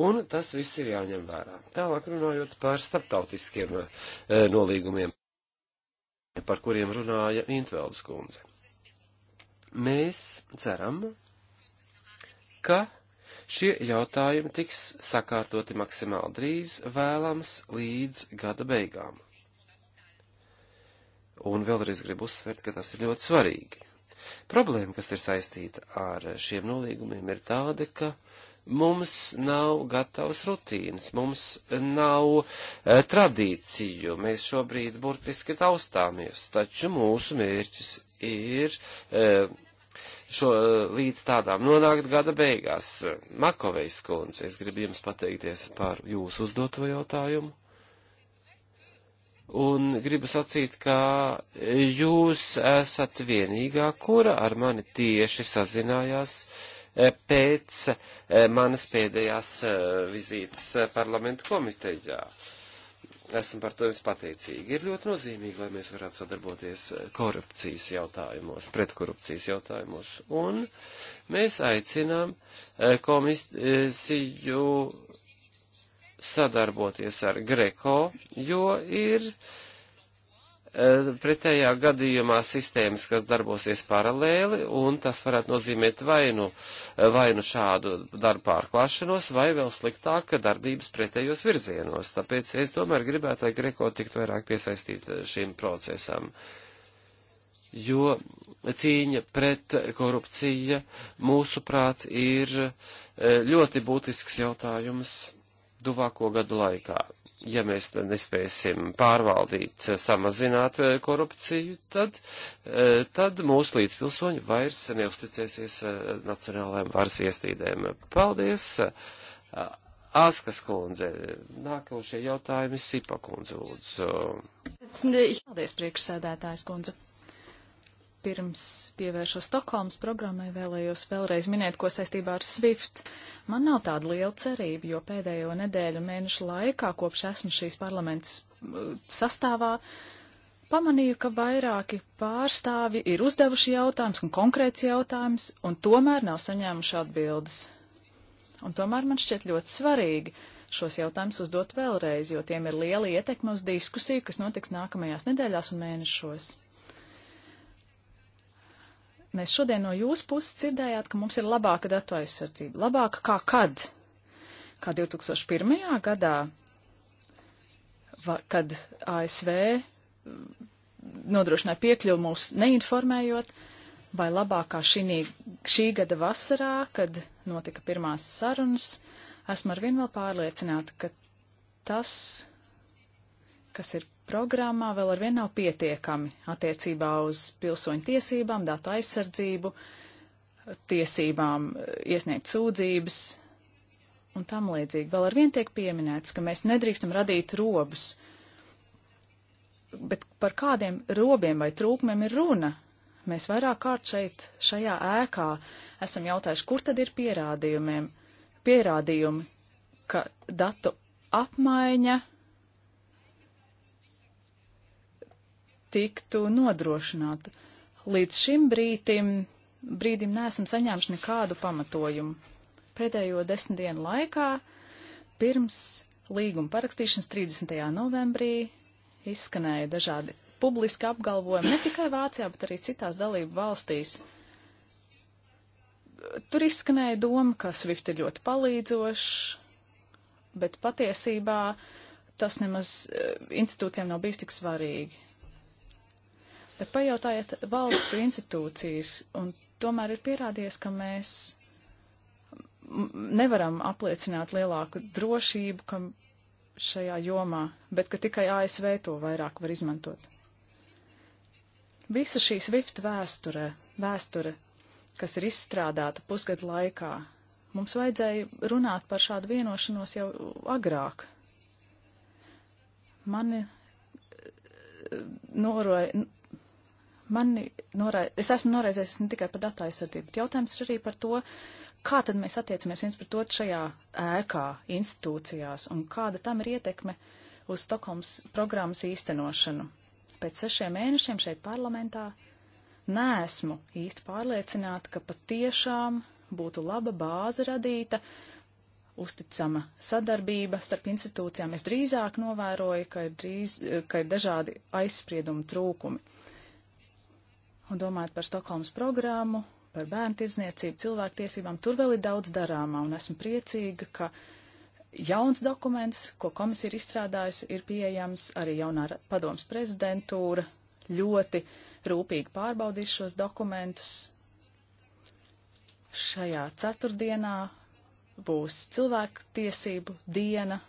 un tas viss ir jāņem vērā. Tālāk runājot par starptautiskiem e, nolīgumiem, par kuriem runāja Intveldes kundze. Mēs ceram, ka Šie jautājumi tiks sakārtoti maksimāli drīz, vēlams līdz gada beigām. Un vēlreiz gribu uzsvert, ka tas ir ļoti svarīgi. Problēma, kas ir saistīta ar šiem nolīgumiem, ir tāda, ka mums nav gatavas rutīnas, mums nav e, tradīciju, mēs šobrīd burtiski taustāmies, taču mūsu mērķis ir e, šo eh, līdz tādām nonākt gada beigās. Makovejs kundze, es gribu jums pateikties par jūsu uzdoto jautājumu. Un gribu sacīt, ka jūs esat vienīgā, kura ar mani tieši sazinājās eh, pēc eh, manas pēdējās vizītes parlamentu komitejā. Uh, esam par to jums pateicīgi. Ir ļoti nozīmīgi, lai mēs varētu sadarboties korupcijas jautājumos, pretkorupcijas jautājumos. Un mēs aicinām eh, komisiju sadarboties ar Greko, jo ir Eh, pretējā gadījumā sistēmas, kas darbosies paralēli, un tas varētu nozīmēt vainu, eh, vainu šādu darbu pārklāšanos, vai vēl sliktāk darbības pretējos virzienos. Tāpēc es tomēr gribētu, lai Greko tiktu vairāk piesaistīt eh, šim procesam. Jo cīņa pret korupciju, mūsuprāt, ir ļoti būtisks jautājums tuvāko gadu laikā. Ja mēs nespēsim pārvaldīt, eh, samazināt eh, korupciju, tad, eh, tad mūsu līdzpilsoņi vairs neusticēsies nacionālajām varas iestīdēm. Paldies! Askas kundze, nākošie jautājumi Sipa kundze lūdzu. Paldies, priekšsēdētājs kundze pirms pievēršos Stokholmas programmai, vēlējos vēlreiz minēt, ko saistībā ar SWIFT. Man nav tāda liela cerība, jo pēdējo nedēļu mēnešu laikā, kopš esmu šīs parlaments uh, sastāvā, pamanīju, ka vairāki pārstāvi ir uzdevuši jautājumus un konkrēts jautājums, un tomēr nav saņēmuši atbildes. Un tomēr man šķiet ļoti svarīgi šos jautājumus uzdot vēlreiz, jo tiem ir liela ietekme uz diskusiju, kas notiks nākamajās nedēļās un mēnešos. Mēs šodien no jūsu puses dzirdējāt, ka mums ir labāka datu aizsardzība. Labāka kā kad? Kā 2001. gadā, va, kad ASV mm, nodrošināja piekļuvu mūs neinformējot, vai labākā šī, šī gada vasarā, kad notika pirmās sarunas, esmu arvien vēl pārliecināta, ka tas, kas ir programmā vēl ar vien nav pietiekami attiecībā uz pilsoņu tiesībām, datu aizsardzību, tiesībām eh, iesniegt sūdzības un tam līdzīgi. Vēl ar vien tiek pieminēts, ka mēs nedrīkstam radīt robus. Bet par kādiem robiem vai trūkumiem ir runa? Mēs vairāk kārt šeit, šajā ēkā, esam jautājuši, kur tad ir pierādījumiem, pierādījumi, ka datu apmaiņa tiktu nodrošināta. Līdz šim brītim, brīdim neesam saņēmuši nekādu pamatojumu. Pēdējo desmit dienu laikā, pirms līguma parakstīšanas 30. novembrī, izskanēja dažādi publiski apgalvojumi ne tikai Vācijā, bet arī citās dalību valstīs. Tur izskanēja doma, ka Swift ir ļoti palīdzošs, bet patiesībā tas nemaz eh, institūcijām nav bijis tik svarīgi. Pajautājiet valstu institūcijas, un tomēr ir pierādījies, ka mēs nevaram apliecināt lielāku drošību, ka šajā jomā, bet ka tikai ASV to vairāk var izmantot. Visa šī Swift vēsture, vēsture, kas ir izstrādāta pusgadu laikā, mums vajadzēja runāt par šādu vienošanos jau agrāk. Mani eh, noroja, Mani norai, es esmu noraizējies ne tikai par datu aizsardzību, bet jautājums ir arī par to, kā tad mēs attiecamies viens pret otru šajā ēkā, institūcijās, un kāda tam ir ietekme uz Stokholmas programmas īstenošanu. Pēc sešiem mēnešiem šeit parlamentā neesmu īsti pārliecināta, ka patiešām būtu laba bāze radīta, uzticama sadarbība starp institūcijām. Es drīzāk novēroju, ka ir, drīz, ka ir dažādi aizspriedumi trūkumi un domājot par Stokholmas programmu, par bērnu tirzniecību, cilvēktiesībām, tur vēl ir daudz darāmā, un esmu priecīga, ka jauns dokuments, ko komisija ir izstrādājusi, ir pieejams arī jaunā padomas prezidentūra, ļoti rūpīgi pārbaudīs šos dokumentus. Šajā ceturtdienā būs cilvēku tiesību diena.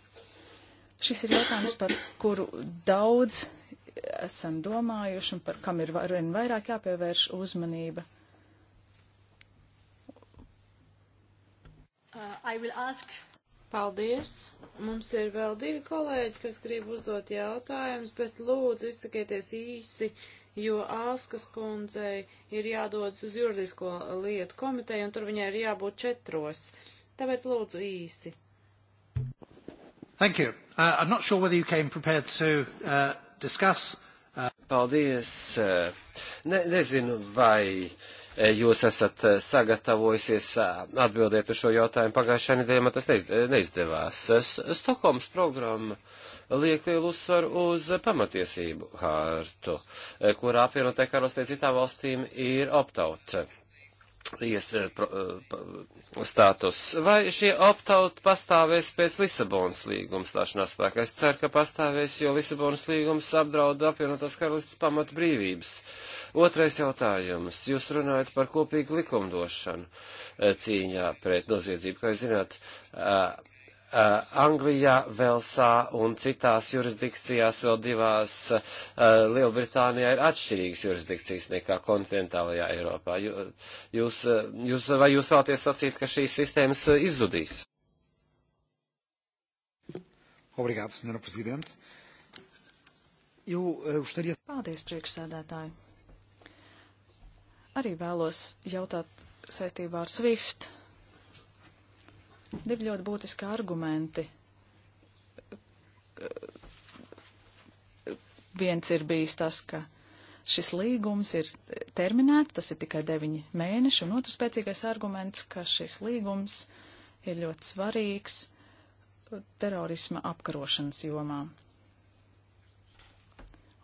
Šis ir jautājums, par kuru daudz esam domājuši un par kam ir vien vairāk jāpievērš uzmanība. Uh, Paldies! Mums ir vēl divi kolēģi, kas grib uzdot jautājumus, bet lūdzu izsakieties īsi, jo Āskas kundzei ir jādodas uz juridisko lietu komiteju, un tur viņai ir jābūt četros. Tāpēc lūdzu īsi. Thank you. Uh, I'm not sure whether you came prepared to uh, discuss. Uh... Paldies. Uh, ne, nezinu, vai uh, jūs esat uh, sagatavojusies atbildēt uz šo jautājumu. Pagājušā nedēļā man tas neizdevās. Stokholmas programma liek lielu uzsvaru uz pamatiesību hārtu, kurā apvienotē karalistē citām valstīm ir opt-out ies eh, pro, eh, status. Vai šie optauti pastāvēs pēc Lisabonas līguma stāšanās spēkā? Es ceru, ka pastāvēs, jo Lisabonas līgums apdraud apvienotās karalistas pamata brīvības. Otrais jautājums. Jūs runājat par kopīgu likumdošanu eh, cīņā pret noziedzību. Kā jūs zināt, Eh, Anglijā, Velsā un citās jurisdikcijās, vēl divās uh, Lielbritānijā ir atšķirīgas jurisdikcijas nekā kontinentālajā Eiropā. Jūs, eh, jūs, vai jūs vēlaties sacīt, ka šīs sistēmas izzudīs? Obrigado, senhora Presidente. Eu uh, gostaria. Paldies, priekšsēdētāji. Arī vēlos jautāt saistībā ar SWIFT Divi ļoti būtiski argumenti. Viens ir bijis tas, ka šis līgums ir terminēts, tas ir tikai deviņi mēneši, un otrs spēcīgais arguments, ka šis līgums ir ļoti svarīgs terorisma apkarošanas jomā.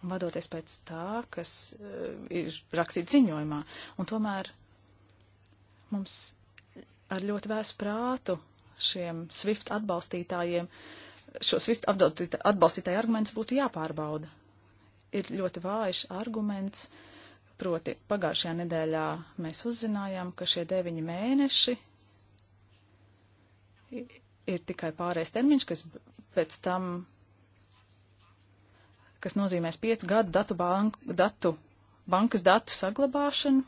Un vadoties pēc tā, kas eh, ir rakstīts ziņojumā, un tomēr mums ar ļoti vēsu prātu šiem SWIFT atbalstītājiem, šo SWIFT atbalstītāju arguments būtu jāpārbauda. Ir ļoti vājš arguments, proti pagājušajā nedēļā mēs uzzinājām, ka šie deviņi mēneši ir tikai pārējais termiņš, kas pēc tam, kas nozīmēs 5 gadu datu, banku, datu bankas datu saglabāšanu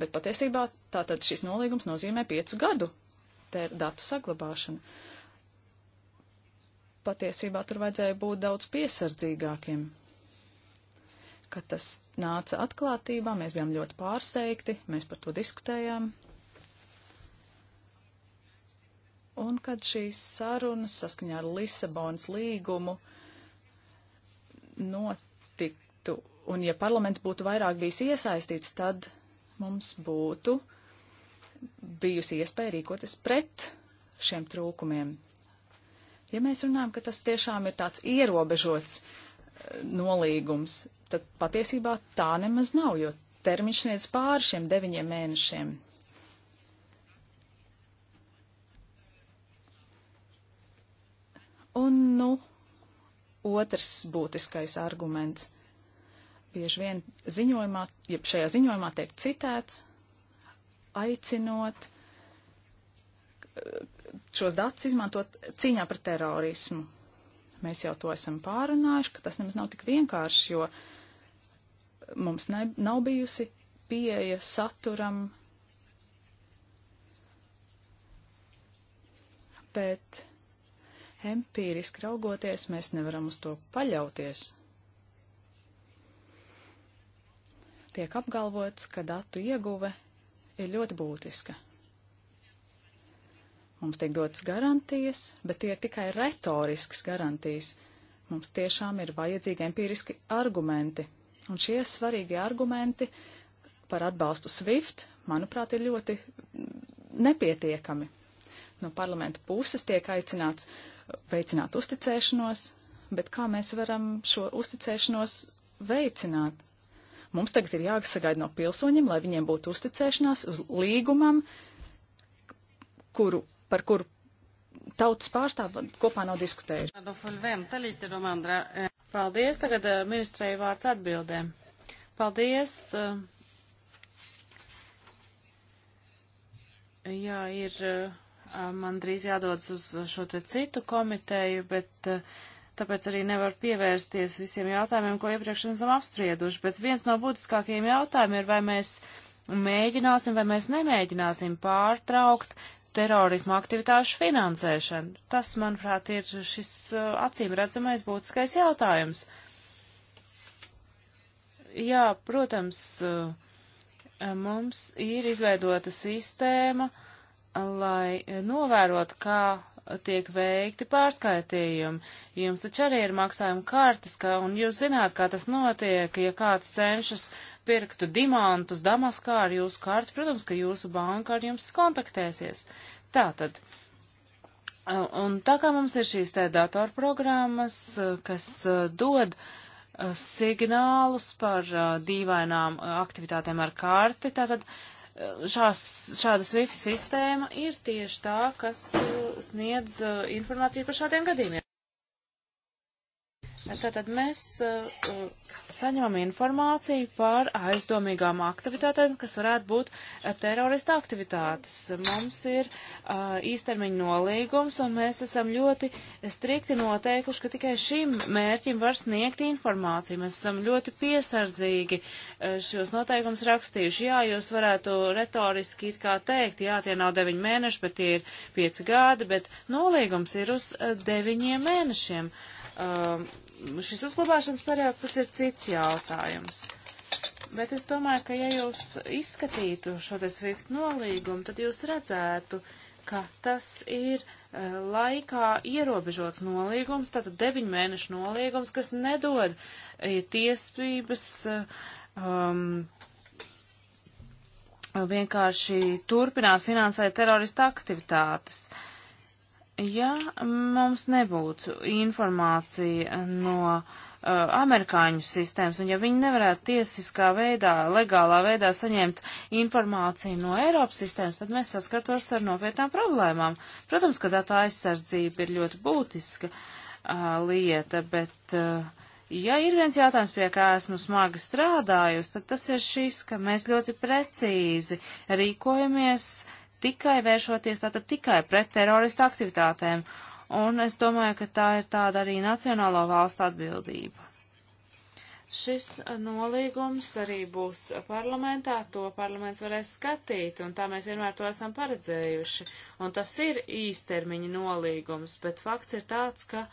bet patiesībā tātad šis nolīgums nozīmē piecu gadu datu saglabāšanu. Patiesībā tur vajadzēja būt daudz piesardzīgākiem. Kad tas nāca atklātībā, mēs bijām ļoti pārsteigti, mēs par to diskutējām. Un kad šīs sarunas saskaņā ar Lisabonas līgumu notiktu, un ja parlaments būtu vairāk bijis iesaistīts, tad mums būtu bijusi iespēja rīkoties pret šiem trūkumiem. Ja mēs runājam, ka tas tiešām ir tāds ierobežots eh, nolīgums, tad patiesībā tā nemaz nav, jo termiņš sniedz pāri šiem deviņiem mēnešiem. Un, nu, otrs būtiskais arguments bieži vien ziņojumā, ja šajā ziņojumā tiek citēts, aicinot eh, šos datus izmantot cīņā par terorismu. Mēs jau to esam pārunājuši, ka tas nemaz nav tik vienkārši, jo mums ne, nav bijusi pieeja saturam, bet empīriski raugoties, mēs nevaram uz to paļauties. tiek apgalvots, ka datu ieguve ir ļoti būtiska. Mums tiek dotas garantijas, bet tie ir tikai retoriskas garantijas. Mums tiešām ir vajadzīgi empiriski argumenti, un šie svarīgie argumenti par atbalstu SWIFT, manuprāt, ir ļoti nepietiekami. No parlamenta puses tiek aicināts veicināt uzticēšanos, bet kā mēs varam šo uzticēšanos veicināt? Mums tagad ir jāsagaida no pilsoņiem, lai viņiem būtu uzticēšanās uz līgumam, kuru, par kuru tautas pārstāvi kopā nav diskutējuši. Eh. Paldies, tagad eh, ministrei vārds atbildēm. Paldies. Eh, jā, ir man drīz jādodas uz šo te citu komiteju, bet uh, tāpēc arī nevar pievērsties visiem jautājumiem, ko iepriekš esam apsprieduši. Bet viens no būtiskākajiem jautājumiem ir, vai mēs mēģināsim vai mēs nemēģināsim pārtraukt terorismu aktivitāšu finansēšanu. Tas, manuprāt, ir šis uh, acīm redzamais būtiskais jautājums. Jā, protams, uh, mums ir izveidota sistēma, lai novērotu, kā tiek veikti pārskaitījumi. Jums taču arī ir maksājuma kartes, ka, un jūs zināt, kā tas notiek, ja kāds cenšas pirktu dimantus Damaskā ar jūsu karti, protams, ka jūsu banka ar jums kontaktēsies. Tātad. Un tā kā mums ir šīs te datorprogrammas, kas uh, dod uh, signālus par uh, dīvainām aktivitātēm ar karti, tātad uh, šās, šāda SWIFT sistēma ir tieši tā, kas uh, sniedz uh, informāciju par šādiem gadījumiem. Tātad mēs uh, uh, saņemam informāciju par aizdomīgām aktivitātēm, kas varētu būt uh, terorista aktivitātes. Mums ir uh, īstermiņa nolīgums, un mēs esam ļoti strikti noteikuši, ka tikai šim mērķim var sniegt informāciju. Mēs esam ļoti piesardzīgi uh, šos noteikumus rakstījuši. Jā, jūs varētu retoriski it kā teikt, jā, tie nav deviņi mēneši, bet tie ir pieci gadi, bet nolīgums ir uz uh, deviņiem mēnešiem. Uh, šis uzglabāšanas periods, tas ir cits jautājums. Bet es domāju, ka ja jūs izskatītu šo te SWIFT nolīgumu, tad jūs redzētu, ka tas ir uh, laikā ierobežots nolīgums, tātad deviņu mēnešu nolīgums, kas nedod uh, tiesības e, um, vienkārši turpināt finansēt terorista aktivitātes. Uh, Ja mums nebūtu informācija no uh, amerikāņu sistēmas, un ja viņi nevarētu tiesiskā veidā, legālā veidā saņemt informāciju no Eiropas sistēmas, tad mēs saskartos ar nopietnām problēmām. Protams, ka datu aizsardzība ir ļoti būtiska uh, lieta, bet uh, ja ir viens jautājums, pie kā esmu smagi strādājusi, tad tas ir šis, ka mēs ļoti precīzi rīkojamies uh, tikai vēršoties tātad tikai pret teroristu aktivitātēm. Un es domāju, ka tā ir tāda arī nacionālo valstu atbildība. Šis eh, nolīgums arī būs parlamentā, to parlaments varēs skatīt, un tā mēs vienmēr to esam paredzējuši. Un tas ir īstermiņa nolīgums, bet fakts ir tāds, ka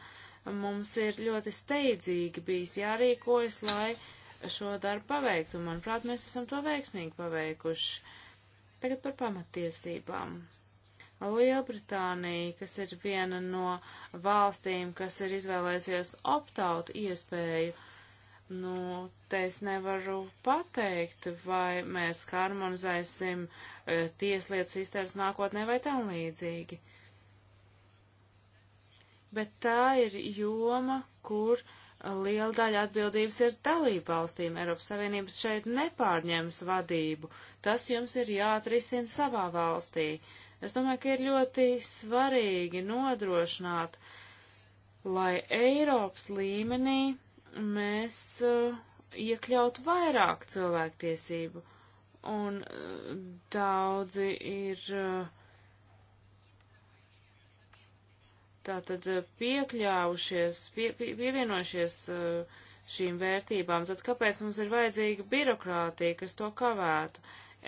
mums ir ļoti steidzīgi bijis jārīkojas, lai šo darbu paveiktu, un manuprāt, mēs esam to veiksmīgi paveikuši. Uh, Tagad par pamatiesībām. Lielbritānija, kas ir viena no valstīm, kas ir izvēlējusies optautu iespēju, nu, te es nevaru pateikt, vai mēs harmonizēsim e, tieslietu sistēmas nākotnē vai tam līdzīgi. Bet tā ir joma, kur uh, liela daļa atbildības ir dalība valstīm. Eiropas Savienības šeit nepārņems vadību. Tas jums ir jāatrisina savā valstī. Es domāju, ka ir ļoti svarīgi nodrošināt, lai Eiropas līmenī mēs uh, iekļautu vairāk cilvēktiesību. Un uh, daudzi ir uh, tātad eh, piekļāvušies, pie, pie, pievienojušies eh, šīm vērtībām, tad kāpēc mums ir vajadzīga birokrātija, kas to kavētu?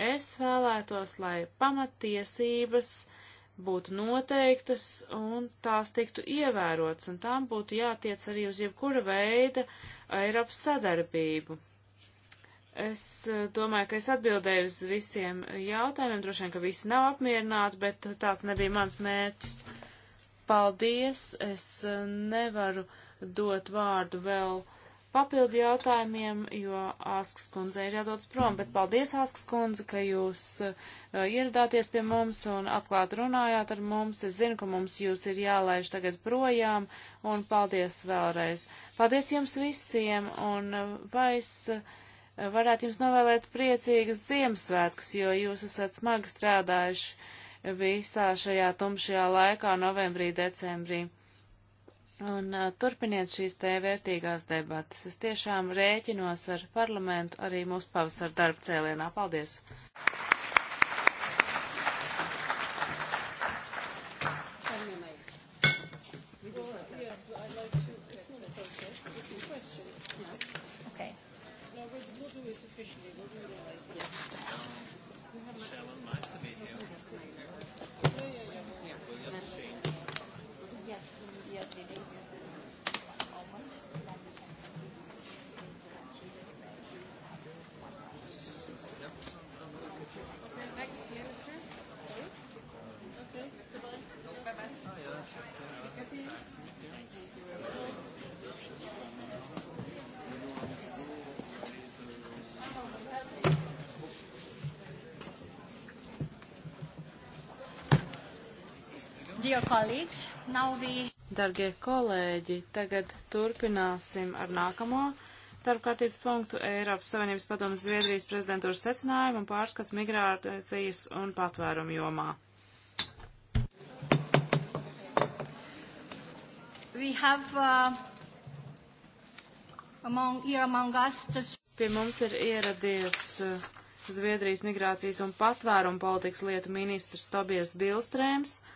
Es vēlētos, lai pamatiesības būtu noteiktas un tās tiktu ievērotas, un tām būtu jātiec arī uz jebkura veida Eiropas sadarbību. Es eh, domāju, ka es atbildēju uz visiem jautājumiem, droši vien, ka visi nav apmierināti, bet tāds nebija mans mērķis. Uh, Paldies! Es eh, nevaru dot vārdu vēl papildu jautājumiem, jo Asks kundze ir jādodas prom, bet paldies, Asks kundze, ka jūs uh, ieradāties pie mums un atklāt runājāt ar mums. Es zinu, ka mums jūs ir jālaiž tagad projām, un paldies vēlreiz. Paldies jums visiem, un eh, vai es uh, varētu jums novēlēt priecīgas Ziemassvētkus, jo jūs esat smagi strādājuši visā šajā tumšajā laikā, novembrī, decembrī. Un uh, turpiniet šīs te vērtīgās debatas. Es tiešām rēķinos ar parlamentu arī mūsu pavasara darba cēlienā. Paldies! Dargie kolēģi, tagad turpināsim ar nākamo darbkārtības punktu Eiropas Savienības padomas Zviedrijas prezidentūras secinājumu un pārskats migrācijas un patvērumu jomā. Have, uh, among, among us, just... Pie mums ir ieradies uh, Zviedrijas migrācijas un patvērumu politikas lietu ministrs Tobies Bilstrēms. Uh,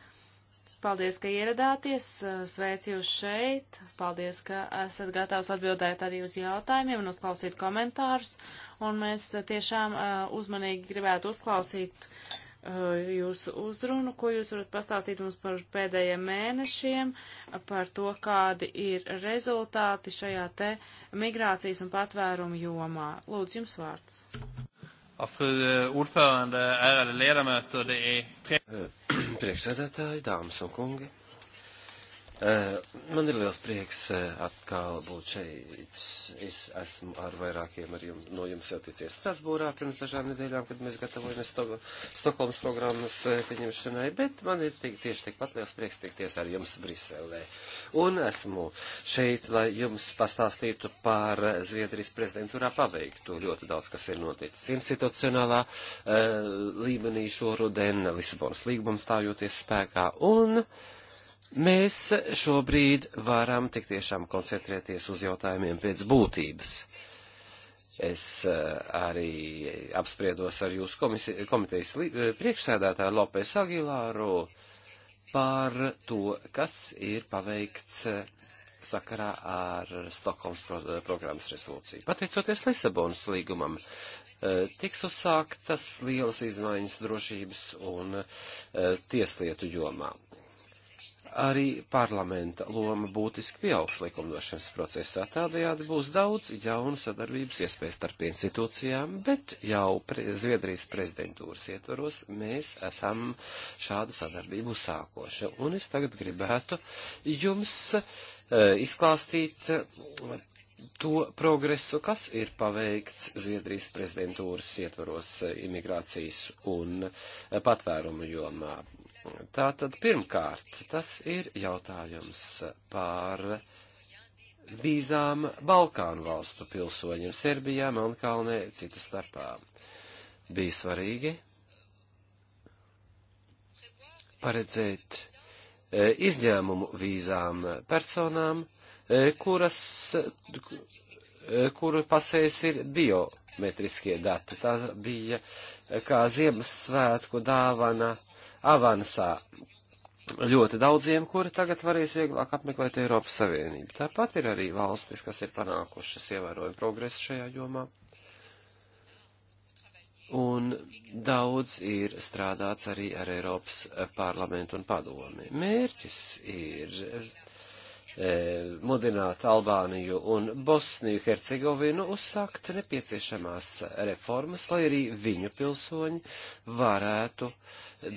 Paldies, ka ieradāties, eh, sveic jūs šeit, paldies, ka esat gatavs atbildēt arī uz jautājumiem un uzklausīt komentārus, un mēs eh, tiešām eh, uzmanīgi gribētu uzklausīt jūsu uzrunu, ko jūs varat pastāstīt mums par pēdējiem mēnešiem, par to, kādi ir rezultāti šajā te migrācijas un patvērumu jomā. Lūdzu, jums vārds. Ja, fru ordförande, ärade er ledamöter, det är er tre... Priekšsēdētāji, dāmas un kungi. Eh, man ir liels prieks eh, atkal būt šeit. Es esmu ar vairākiem ar jums, no jums jau ticies Strasbūrā pirms dažām nedēļām, kad mēs gatavojamies Stokholmas programmas eh, pieņemšanai, bet man ir tik, tieši tikpat liels prieks tikties ar jums Briselē. Un esmu šeit, lai jums pastāstītu par Zviedrijas prezidentūrā paveiktu. Ļoti daudz, kas ir noticis institucionālā līmenī šo rudenu, Lisabonas līgumam stājoties spēkā. Un, Mēs šobrīd varam tik tiešām koncentrēties uz jautājumiem pēc būtības. Es eh, arī apspriedos ar jūsu komisi, komitejas eh, priekšsēdētāju Lopes Agilāru par to, kas ir paveikts eh, sakarā ar Stokholmas pro programmas rezolūciju. Pateicoties Lisabonas līgumam, tiks uzsāktas lielas izmaiņas drošības un tieslietu jomā arī parlamenta loma būtiski pieaugs likumdošanas procesā. Tādējādi būs daudz jaunu sadarbības iespēju starp institūcijām, bet jau pre Zviedrijas prezidentūras ietvaros mēs esam šādu sadarbību sākoši. Un es tagad gribētu jums e, izklāstīt e, to progresu, kas ir paveikts Zviedrijas prezidentūras ietvaros e, imigrācijas un e, patvērumu jomā. Tātad pirmkārt, tas ir jautājums par vīzām Balkānu valstu pilsoņiem Serbijā, Melnkalnē, citas starpā. Bija svarīgi paredzēt e, izņēmumu vīzām personām, e, kuras, e, kuru pasēs ir biometriskie dati. Tā bija kā Ziemassvētku dāvana avansā ļoti daudziem, kuri tagad varēs vieglāk apmeklēt Eiropas Savienību. Tāpat ir arī valstis, kas ir panākušas ievērojumu progresu šajā jomā. Un daudz ir strādāts arī ar Eiropas parlamentu un padomi. Mērķis ir E, mudināt Albāniju un Bosniju Hercegovinu uzsākt nepieciešamās reformas, lai arī viņu pilsoņi varētu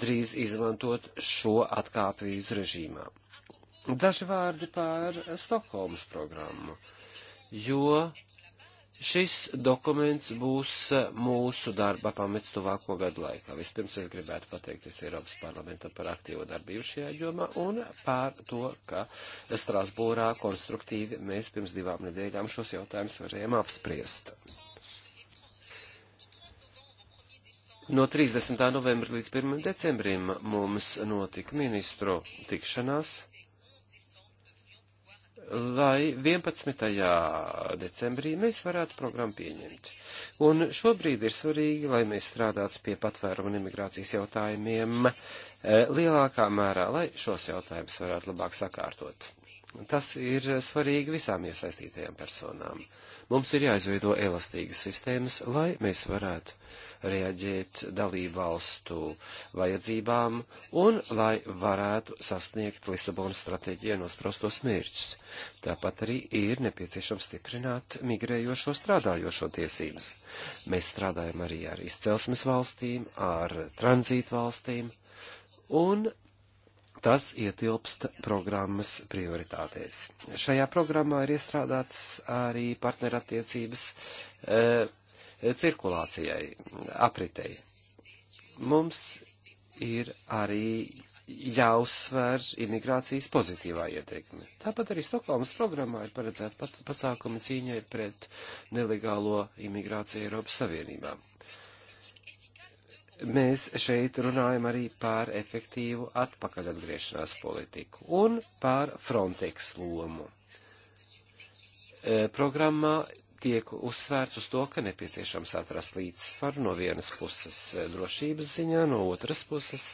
drīz izmantot šo atkāpvīzu režīmā. Daži vārdi pār Stokholmas programmu, jo Šis dokuments būs mūsu darba pamats tuvāko gadu laikā. Vispirms es gribētu pateikties Eiropas parlamentam par aktīvo darbību šajā jomā un par to, ka Strasbūrā konstruktīvi mēs pirms divām nedēļām šos jautājumus varējām apspriest. No 30. novembra līdz 1. decembrim mums notika ministru tikšanās lai 11. decembrī mēs varētu programmu pieņemt. Un šobrīd ir svarīgi, lai mēs strādātu pie patvērumu un imigrācijas jautājumiem eh, lielākā mērā, lai šos jautājumus varētu labāk sakārtot. Tas ir svarīgi visām iesaistītajām personām. Mums ir jāizveido elastīgas sistēmas, lai mēs varētu reaģēt dalībvalstu vajadzībām un lai varētu sasniegt Lisabonas stratēģijā nosprostos mērķus. Tāpat arī ir nepieciešams stiprināt migrējošo strādājošo tiesības. Mēs strādājam arī ar izcelsmes valstīm, ar tranzītu valstīm. Un Tas ietilpst programmas prioritātēs. Šajā programmā ir iestrādāts arī partnerattiecības e, cirkulācijai, apritei. Mums ir arī jāuzsver imigrācijas pozitīvā ieteikme. Tāpat arī Stokholmas programmā ir paredzēta pat pasākumi cīņai pret nelegālo imigrāciju Eiropas Savienībā. Mēs šeit runājam arī par efektīvu atpakaļ atgriešanās politiku un par Frontex lomu. E, programmā tiek uzsvērts uz to, ka nepieciešams atrast līdzsvaru no vienas puses eh, drošības ziņā, no otras puses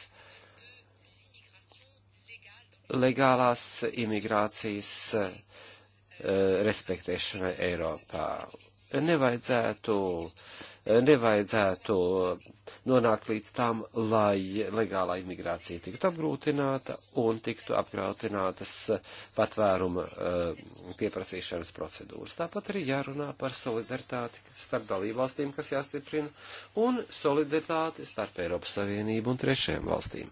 legālās imigrācijas eh, eh, respektēšanai Eiropā nevajadzētu, nevajadzētu nonākt līdz tam, lai legālā imigrācija tiktu apgrūtināta un tiktu apgrūtinātas patvēruma eh, pieprasīšanas procedūras. Tāpat arī jārunā par solidaritāti starp dalībvalstīm, kas jāstiprina, un solidaritāti starp Eiropas Savienību un trešajām valstīm.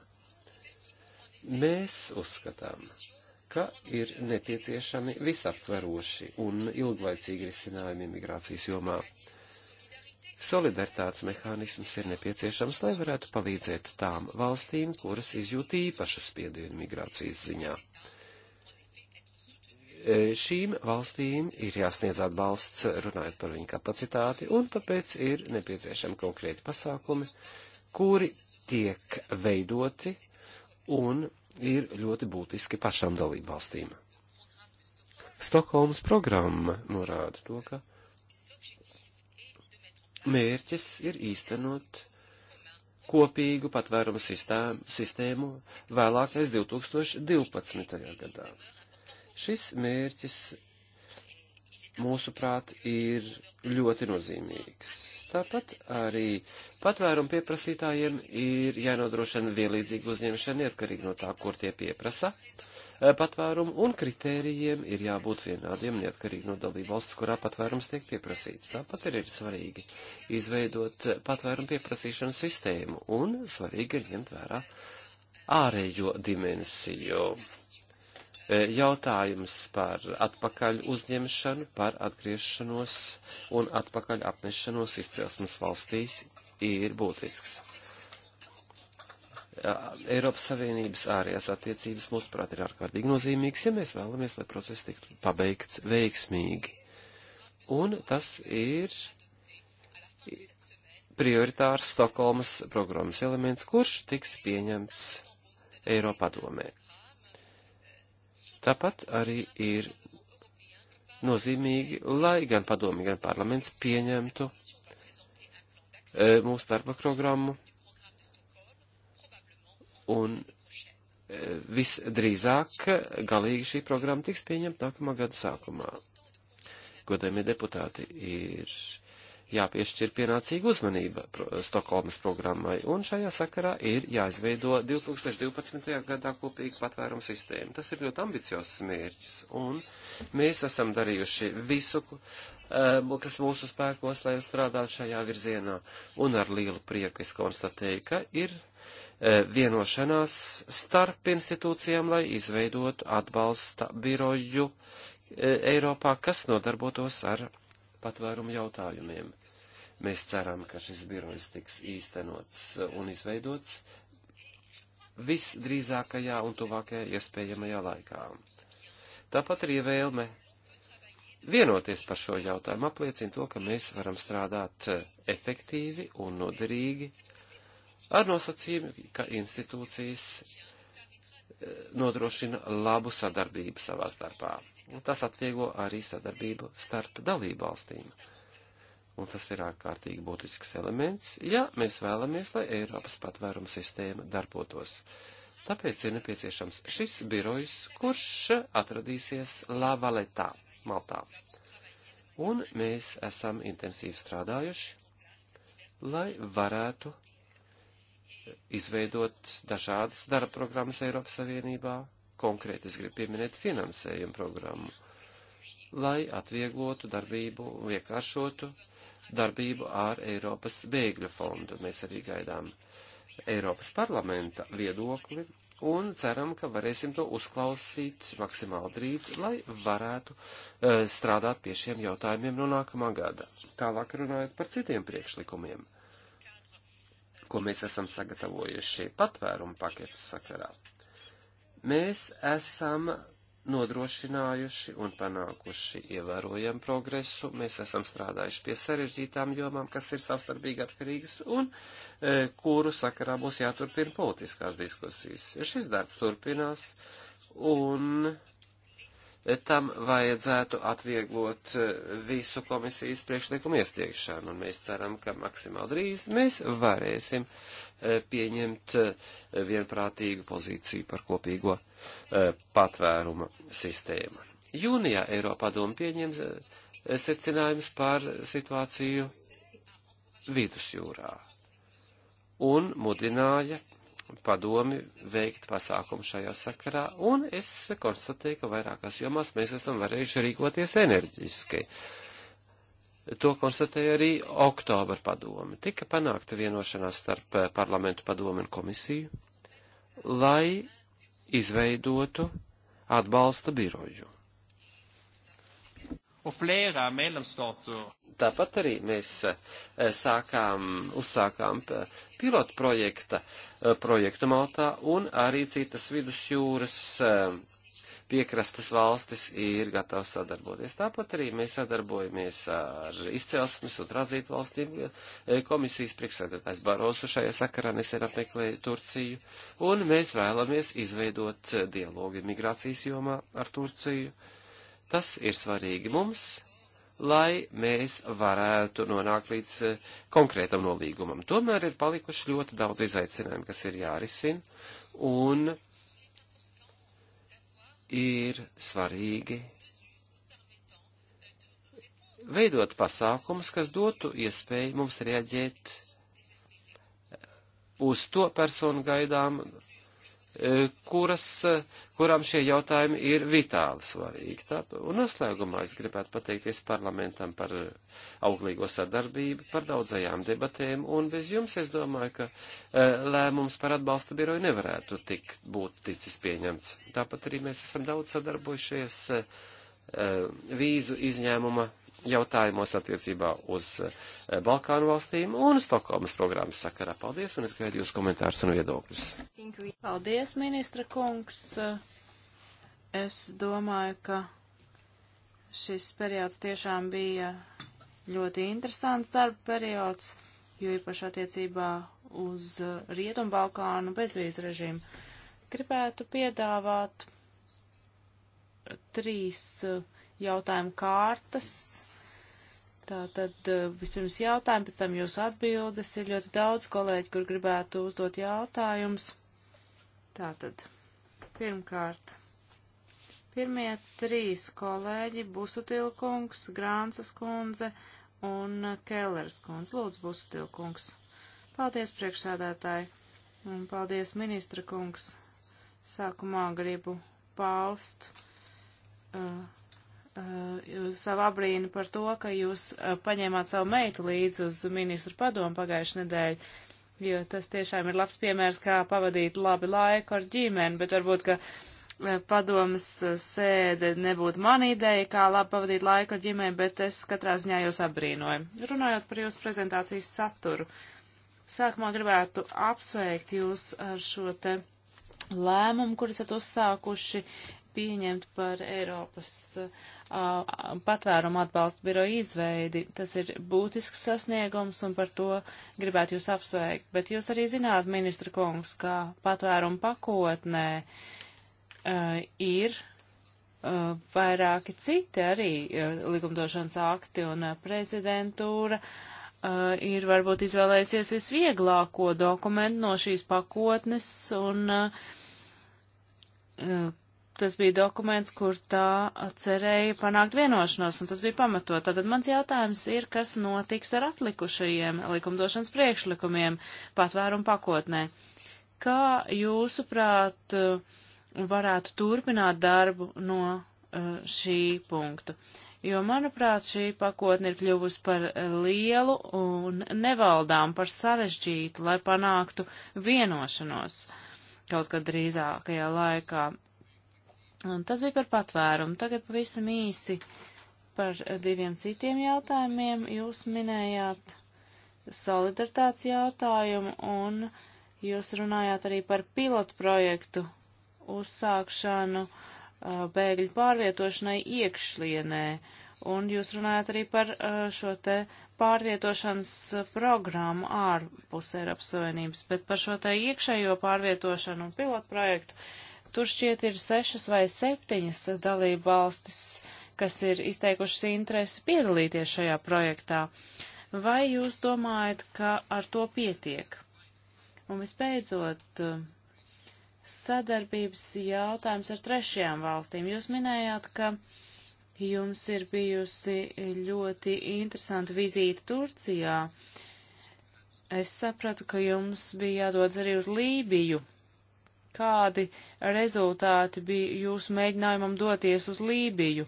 Mēs uzskatām, ka ir nepieciešami visaptveroši un ilglaicīgi risinājumi migrācijas jomā. Solidaritātes mehānisms ir nepieciešams, lai varētu palīdzēt tām valstīm, kuras izjūt īpašu spiedienu migrācijas ziņā. E, šīm valstīm ir jāsniedz atbalsts, runājot par viņu kapacitāti, un tāpēc ir nepieciešami konkrēti pasākumi, kuri tiek veidoti un ir ļoti būtiski pašām dalībvalstīm. Stokholmas programma norāda to, ka mērķis ir īstenot kopīgu patvērumu sistēmu, sistēmu vēlākais 2012. gadā. Šis mērķis mūsuprāt, ir ļoti nozīmīgs. Tāpat arī patvērumu pieprasītājiem ir jānodrošina vienlīdzīga uzņemšana neatkarīgi no tā, kur tie pieprasa e, patvērumu, un kritērijiem ir jābūt vienādiem neatkarīgi no dalību valsts, kurā patvērums tiek pieprasīts. Tāpat ir, ir svarīgi izveidot patvērumu pieprasīšanas sistēmu, un svarīgi ir ņemt vērā ārējo dimensiju E, jautājums par atpakaļ uzņemšanu, par atgriešanos un atpakaļ apmešanos izcelsmes valstīs ir būtisks. E, Eiropas Savienības ārējās attiecības, mūsuprāt, ir ārkārtīgi nozīmīgs, ja mēs vēlamies, lai process tiktu pabeigts veiksmīgi. Un tas ir prioritārs Stokholmas programmas elements, kurš tiks pieņemts Eiropadomē. Tāpat arī ir nozīmīgi, lai gan padomi, gan parlaments pieņemtu e, mūsu darba programmu un e, visdrīzāk galīgi šī programma tiks pieņemta nākamā gada sākumā. Godējumie deputāti ir jāpiešķir pienācīga uzmanība Stokholmas programmai, un šajā sakarā ir jāizveido 2012. gadā kopīga patvērums sistēma. Tas ir ļoti ambiciozs mērķis, un mēs esam darījuši visu, eh, kas mūsu spēkos, lai strādātu šajā virzienā, un ar lielu prieku es konstatēju, ka ir eh, vienošanās starp institūcijām, lai izveidotu atbalsta biroju eh, Eiropā, kas nodarbotos ar patvērumu jautājumiem. Mēs ceram, ka šis birojs tiks īstenots uh, un izveidots visdrīzākajā un tuvākajā iespējamajā laikā. Tāpat arī vēlme vienoties par šo jautājumu apliecina to, ka mēs varam strādāt uh, efektīvi un noderīgi ar nosacījumu, ka institūcijas uh, nodrošina labu sadarbību savā starpā. Tas atvieglo arī sadarbību starp dalībvalstīm. valstīm un tas ir ārkārtīgi būtisks elements, ja mēs vēlamies, lai Eiropas patvērumu sistēma darbotos. Tāpēc ir nepieciešams šis birojs, kurš atradīsies Lavaletā, Maltā. Un mēs esam intensīvi strādājuši, lai varētu izveidot dažādas darba programmas Eiropas Savienībā. Konkrēti es gribu pieminēt finansējumu programmu lai atvieglotu darbību, vienkāršotu darbību ar Eiropas bēgļu fondu. Mēs arī gaidām Eiropas parlamenta viedokli un ceram, ka varēsim to uzklausīt maksimāli drīz, lai varētu e, strādāt pie šiem jautājumiem no nākamā gada. Tālāk runājot par citiem priekšlikumiem, ko mēs esam sagatavojuši patvērumu paketes sakarā mēs esam nodrošinājuši un panākuši ievērojamu progresu. Mēs esam strādājuši pie sarežģītām jomām, kas ir savstarpīgi atkarīgas un e, kuru sakarā būs jāturpina politiskās diskusijas. Šis darbs turpinās un e, tam vajadzētu atvieglot e, visu komisijas priekšlikumu iestiekšanu, un mēs ceram, ka maksimāli drīz mēs varēsim pieņemt eh, vienprātīgu pozīciju par kopīgo eh, patvēruma sistēmu. Jūnijā Eiropadoma pieņems eh, secinājums par situāciju vidusjūrā un mudināja padomi veikt pasākumu šajā sakarā, un es konstatēju, ka vairākās jomās mēs esam varējuši rīkoties enerģiski. Uh, To konstatēja arī oktobra padome. Tika panākta vienošanās starp eh, parlamentu padomu un komisiju, lai izveidotu atbalsta biroju. Tāpat arī mēs eh, sākām, uzsākām eh, pilotu projekta, projektu Maltā un arī citas vidusjūras piekrastas valstis ir gatavas sadarboties. Tāpat arī mēs sadarbojamies ar izcelsmes un tranzītu valstīm. E, komisijas priekšsēdētājs Barosu šajā sakarā nesen apmeklēja Turciju, un mēs vēlamies izveidot dialogu migrācijas jomā ar Turciju. Tas ir svarīgi mums, lai mēs varētu nonākt līdz e, konkrētam nolīgumam. Tomēr ir palikuši ļoti daudz izaicinājumu, kas ir jārisina, un ir svarīgi veidot pasākumus, kas dotu iespēju mums reaģēt uz to personu gaidām kuras, kurām šie jautājumi ir vitāli svarīgi. Tā, un noslēgumā es gribētu pateikties parlamentam par eh, auglīgo sadarbību, par daudzajām debatēm, un bez jums es domāju, ka eh, lēmums par atbalsta biroju nevarētu tik būt ticis pieņemts. Tāpat arī mēs esam daudz sadarbojušies eh, vīzu izņēmuma jautājumos attiecībā uz eh, Balkānu valstīm un Stokholmas programmas sakarā. Paldies, un es gaidu jūs komentārus un viedokļus. Paldies, ministra kungs. Es domāju, ka šis periods tiešām bija ļoti interesants darba periods, jo īpaši attiecībā uz eh, Rietumbalkānu bezvīzu režīmu. Gribētu piedāvāt eh, trīs uh, jautājumu kārtas. Tātad e, vispirms jautājumi, pēc tam jūsu atbildes. Ir ļoti daudz kolēģi, kur gribētu uzdot jautājumus. Tātad, pirmkārt, pirmie trīs kolēģi - Busutilkungs, Grānsas kundze un Kellers kundze. Lūdzu, Busutilkungs. Paldies, priekšsēdētāji, un paldies, ministra kungs. Sākumā gribu paust. Uh, Uh, savu abrīnu par to, ka jūs uh, paņēmāt savu meitu līdzi uz ministru padomu pagājušajā nedēļā, jo tas tiešām ir labs piemērs, kā pavadīt labi laiku ar ģimeni, bet varbūt, ka uh, padomas sēde nebūtu mana ideja, kā labi pavadīt laiku ar ģimeni, bet es katrā ziņā jūs abrīnoju. Runājot par jūsu prezentācijas saturu, sākumā gribētu apsveikt jūs ar šo te lēmumu, kuras esat uzsākuši pieņemt par Eiropas uh, Uh, patvērumu atbalstu biroju izveidi. Tas ir būtisks sasniegums un par to gribētu jūs apsveikt. Bet jūs arī zināt, ministra kungs, ka patvērumu pakotnē uh, ir uh, vairāki citi arī uh, likumdošanas akti un uh, prezidentūra. Uh, ir varbūt izvēlējusies visvieglāko dokumentu no šīs pakotnes un uh, uh tas bija dokuments, kur tā cerēja panākt vienošanos, un tas bija pamatot. Tātad mans jautājums ir, kas notiks ar atlikušajiem likumdošanas priekšlikumiem patvērumu pakotnē? Kā jūsuprāt uh, varētu turpināt darbu no uh, šī punktu? Jo, manuprāt, šī pakotne ir kļuvusi par lielu un nevaldām par sarežģītu, lai panāktu vienošanos kaut kad drīzākajā laikā. Un tas bija par patvērumu. Tagad pavisam īsi par diviem citiem jautājumiem. Jūs minējāt solidaritātes jautājumu un jūs runājāt arī par pilotu projektu uzsākšanu uh, bēgļu pārvietošanai iekšlienē. Un jūs runājāt arī par uh, šo te pārvietošanas programmu ārpus Eiropas Savienības, bet par šo te iekšējo pārvietošanu un pilotu projektu. Uh, Tur šķiet ir sešas vai septiņas dalību valstis, kas ir izteikušas interesi piedalīties šajā projektā. Vai jūs domājat, ka ar to pietiek? Un visbeidzot, sadarbības jautājums ar trešajām valstīm. Jūs minējāt, ka jums ir bijusi ļoti interesanta vizīte Turcijā. Es sapratu, ka jums bija jādodas arī uz Lībiju kādi rezultāti bija jūsu mēģinājumam doties uz Lībiju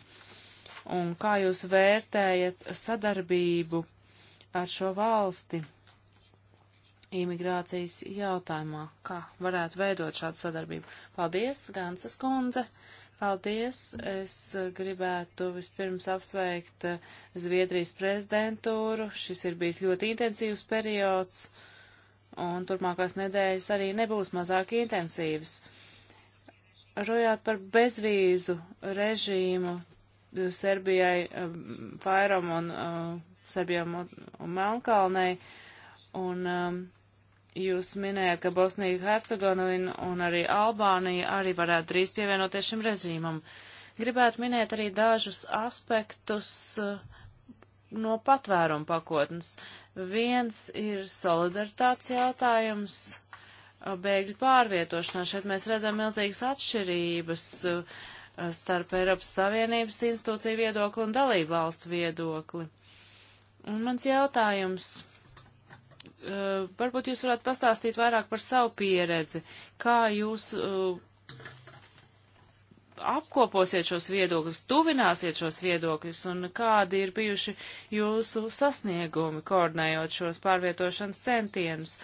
un kā jūs vērtējat sadarbību ar šo valsti imigrācijas jautājumā, kā varētu veidot šādu sadarbību. Paldies, Gansas kundze! Paldies! Es gribētu vispirms apsveikt Zviedrijas prezidentūru. Šis ir bijis ļoti intensīvs periods. Uh, un turpmākās nedēļas arī nebūs mazāk intensīvas. Rojāt par bezvīzu režīmu eh, Serbijai, eh, Fairam un uh, Serbijam un, un Melnkalnei, un um, jūs minējat, ka Bosnija, Hercegovina un arī Albānija arī varētu drīz pievienoties šim režīmam. Gribētu minēt arī dažus aspektus, uh, no patvērumu pakotnes. Viens ir solidaritātes jautājums, bēgļu pārvietošanā. Šeit mēs redzam milzīgas atšķirības starp Eiropas Savienības institūciju viedokli un dalību valstu viedokli. Un mans jautājums. Varbūt jūs varētu pastāstīt vairāk par savu pieredzi, kā jūs apkoposiet šos viedokļus, tuvināsiet šos viedokļus un kādi ir bijuši jūsu sasniegumi, koordinējot šos pārvietošanas centienus?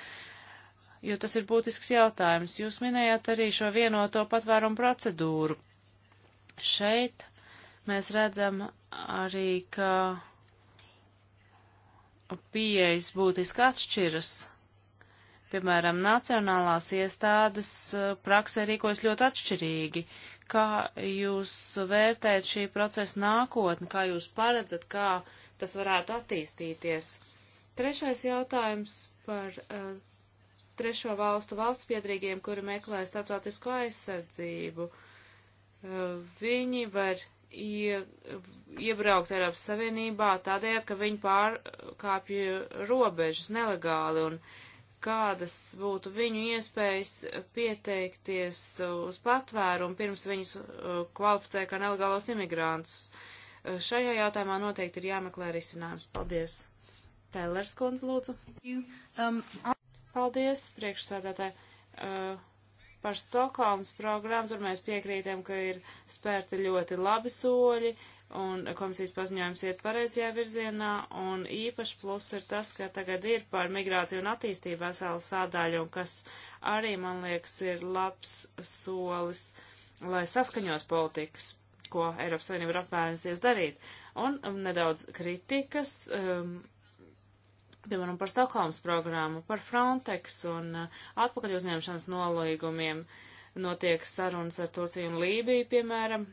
Jo tas ir būtisks jautājums. Jūs minējāt arī šo vienoto patvērumu procedūru. Šeit mēs redzam arī, ka pieejas būtiski atšķiras. Piemēram, nacionālās iestādes eh, praksē rīkojas ļoti atšķirīgi. Kā jūs vērtējat šī procesa nākotni, kā jūs paredzat, kā tas varētu attīstīties? Trešais jautājums par uh, trešo valstu valsts piedrīgiem, kuri meklē starptautisko aizsardzību. Uh, viņi var ie, iebraukt Eiropas Savienībā tādējādi, ka viņi pārkāpja robežas nelegāli un uh, kādas būtu viņu iespējas pieteikties uz patvērumu, pirms viņus uh, kvalificē kā nelegālos imigrantus. Uh, šajā jautājumā noteikti ir jāmeklē risinājums. Paldies. Tēlers kundze, lūdzu. Um, Paldies, priekšsādātāji. Uh, par Stokholmas programmu tur mēs piekrītām, ka ir spērti ļoti labi soļi. Uh, un komisijas paziņojums iet pareizajā virzienā, un īpaši pluss ir tas, ka tagad ir par migrāciju un attīstību veselu sādaļu, kas arī, man liekas, ir labs solis, lai saskaņot politikas, ko Eiropas Savienība ir apmērusies darīt. Un nedaudz kritikas, um, piemēram, par Stokholmas programmu, par Frontex un uh, atpakaļ uzņemšanas nolīgumiem. Notiek sarunas ar Turciju un Lībiju, piemēram,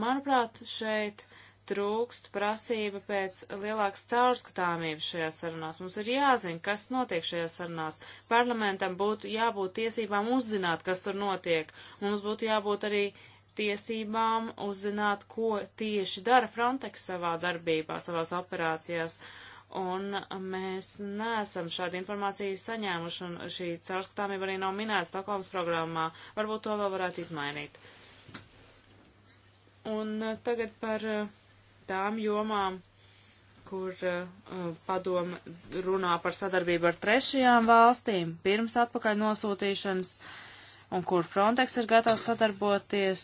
Manuprāt, šeit trūkst prasība pēc lielākas caurskatāmības šajās sarunās. Mums ir jāzina, kas notiek šajās sarunās. Parlamentam būtu jābūt tiesībām uzzināt, kas tur notiek. Mums būtu jābūt arī tiesībām uzzināt, ko tieši dara Frontex savā darbībā, savās operācijās. Un mēs neesam šādu informāciju saņēmuši, un šī caurskatāmība arī nav minēta Stokholmas programmā. Varbūt to vēl varētu izmainīt. Un eh, tagad par eh, tām jomām, kur eh, padoma runā par sadarbību ar trešajām valstīm pirms atpakaļ nosūtīšanas un kur Frontex ir gatavs sadarboties.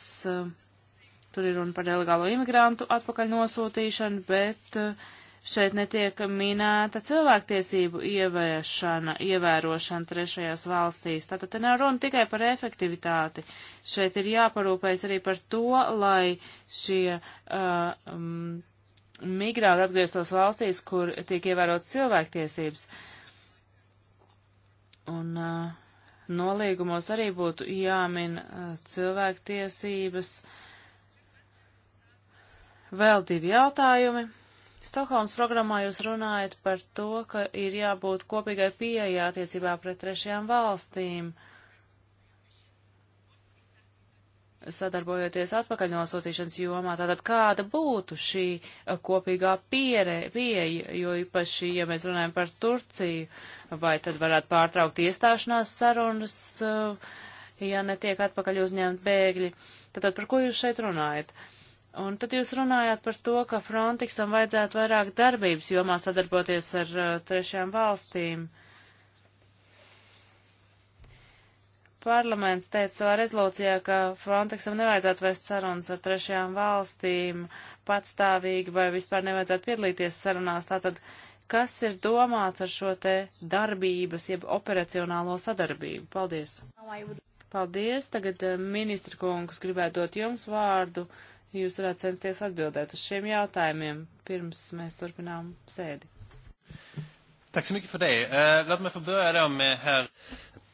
Tur ir runa par nelegālo imigrantu atpakaļ nosūtīšanu, bet uh, Šeit netiek minēta cilvēktiesību ievēšana, ievērošana trešajās valstīs. Tātad te nav runa tikai par efektivitāti. Šeit ir jāparūpējas arī par to, lai šie uh, um, migrāti atgrieztos valstīs, kur tiek ievērotas cilvēktiesības. Un uh, nolīgumos arī būtu jāmin uh, cilvēktiesības. Vēl divi jautājumi. Stokholmas programmā jūs runājat par to, ka ir jābūt kopīgai pieejā attiecībā pret trešajām valstīm, sadarbojoties atpakaļ nosūtīšanas jomā. Tātad kāda būtu šī eh, kopīgā piere, pieeja, jo īpaši, ja mēs runājam par Turciju, vai tad varētu pārtraukt iestāšanās sarunas, eh, ja netiek atpakaļ uzņemt bēgļi. Tātad par ko jūs šeit runājat? Uh, Un tad jūs runājāt par to, ka Frontexam vajadzētu vairāk darbības jomā sadarboties ar uh, trešajām valstīm. Parlaments teica savā rezolūcijā, ka Frontexam nevajadzētu vēst sarunas ar trešajām valstīm patstāvīgi vai vispār nevajadzētu piedalīties sarunās. Tātad, kas ir domāts ar šo te darbības, jeb operacionālo sadarbību? Paldies! Paldies! Tagad uh, ministra kungs gribētu dot jums vārdu jūs varētu censties atbildēt uz šiem jautājumiem, pirms mēs turpinām sēdi. Tack så mycket för det. Uh, låt mig få börja då med herr...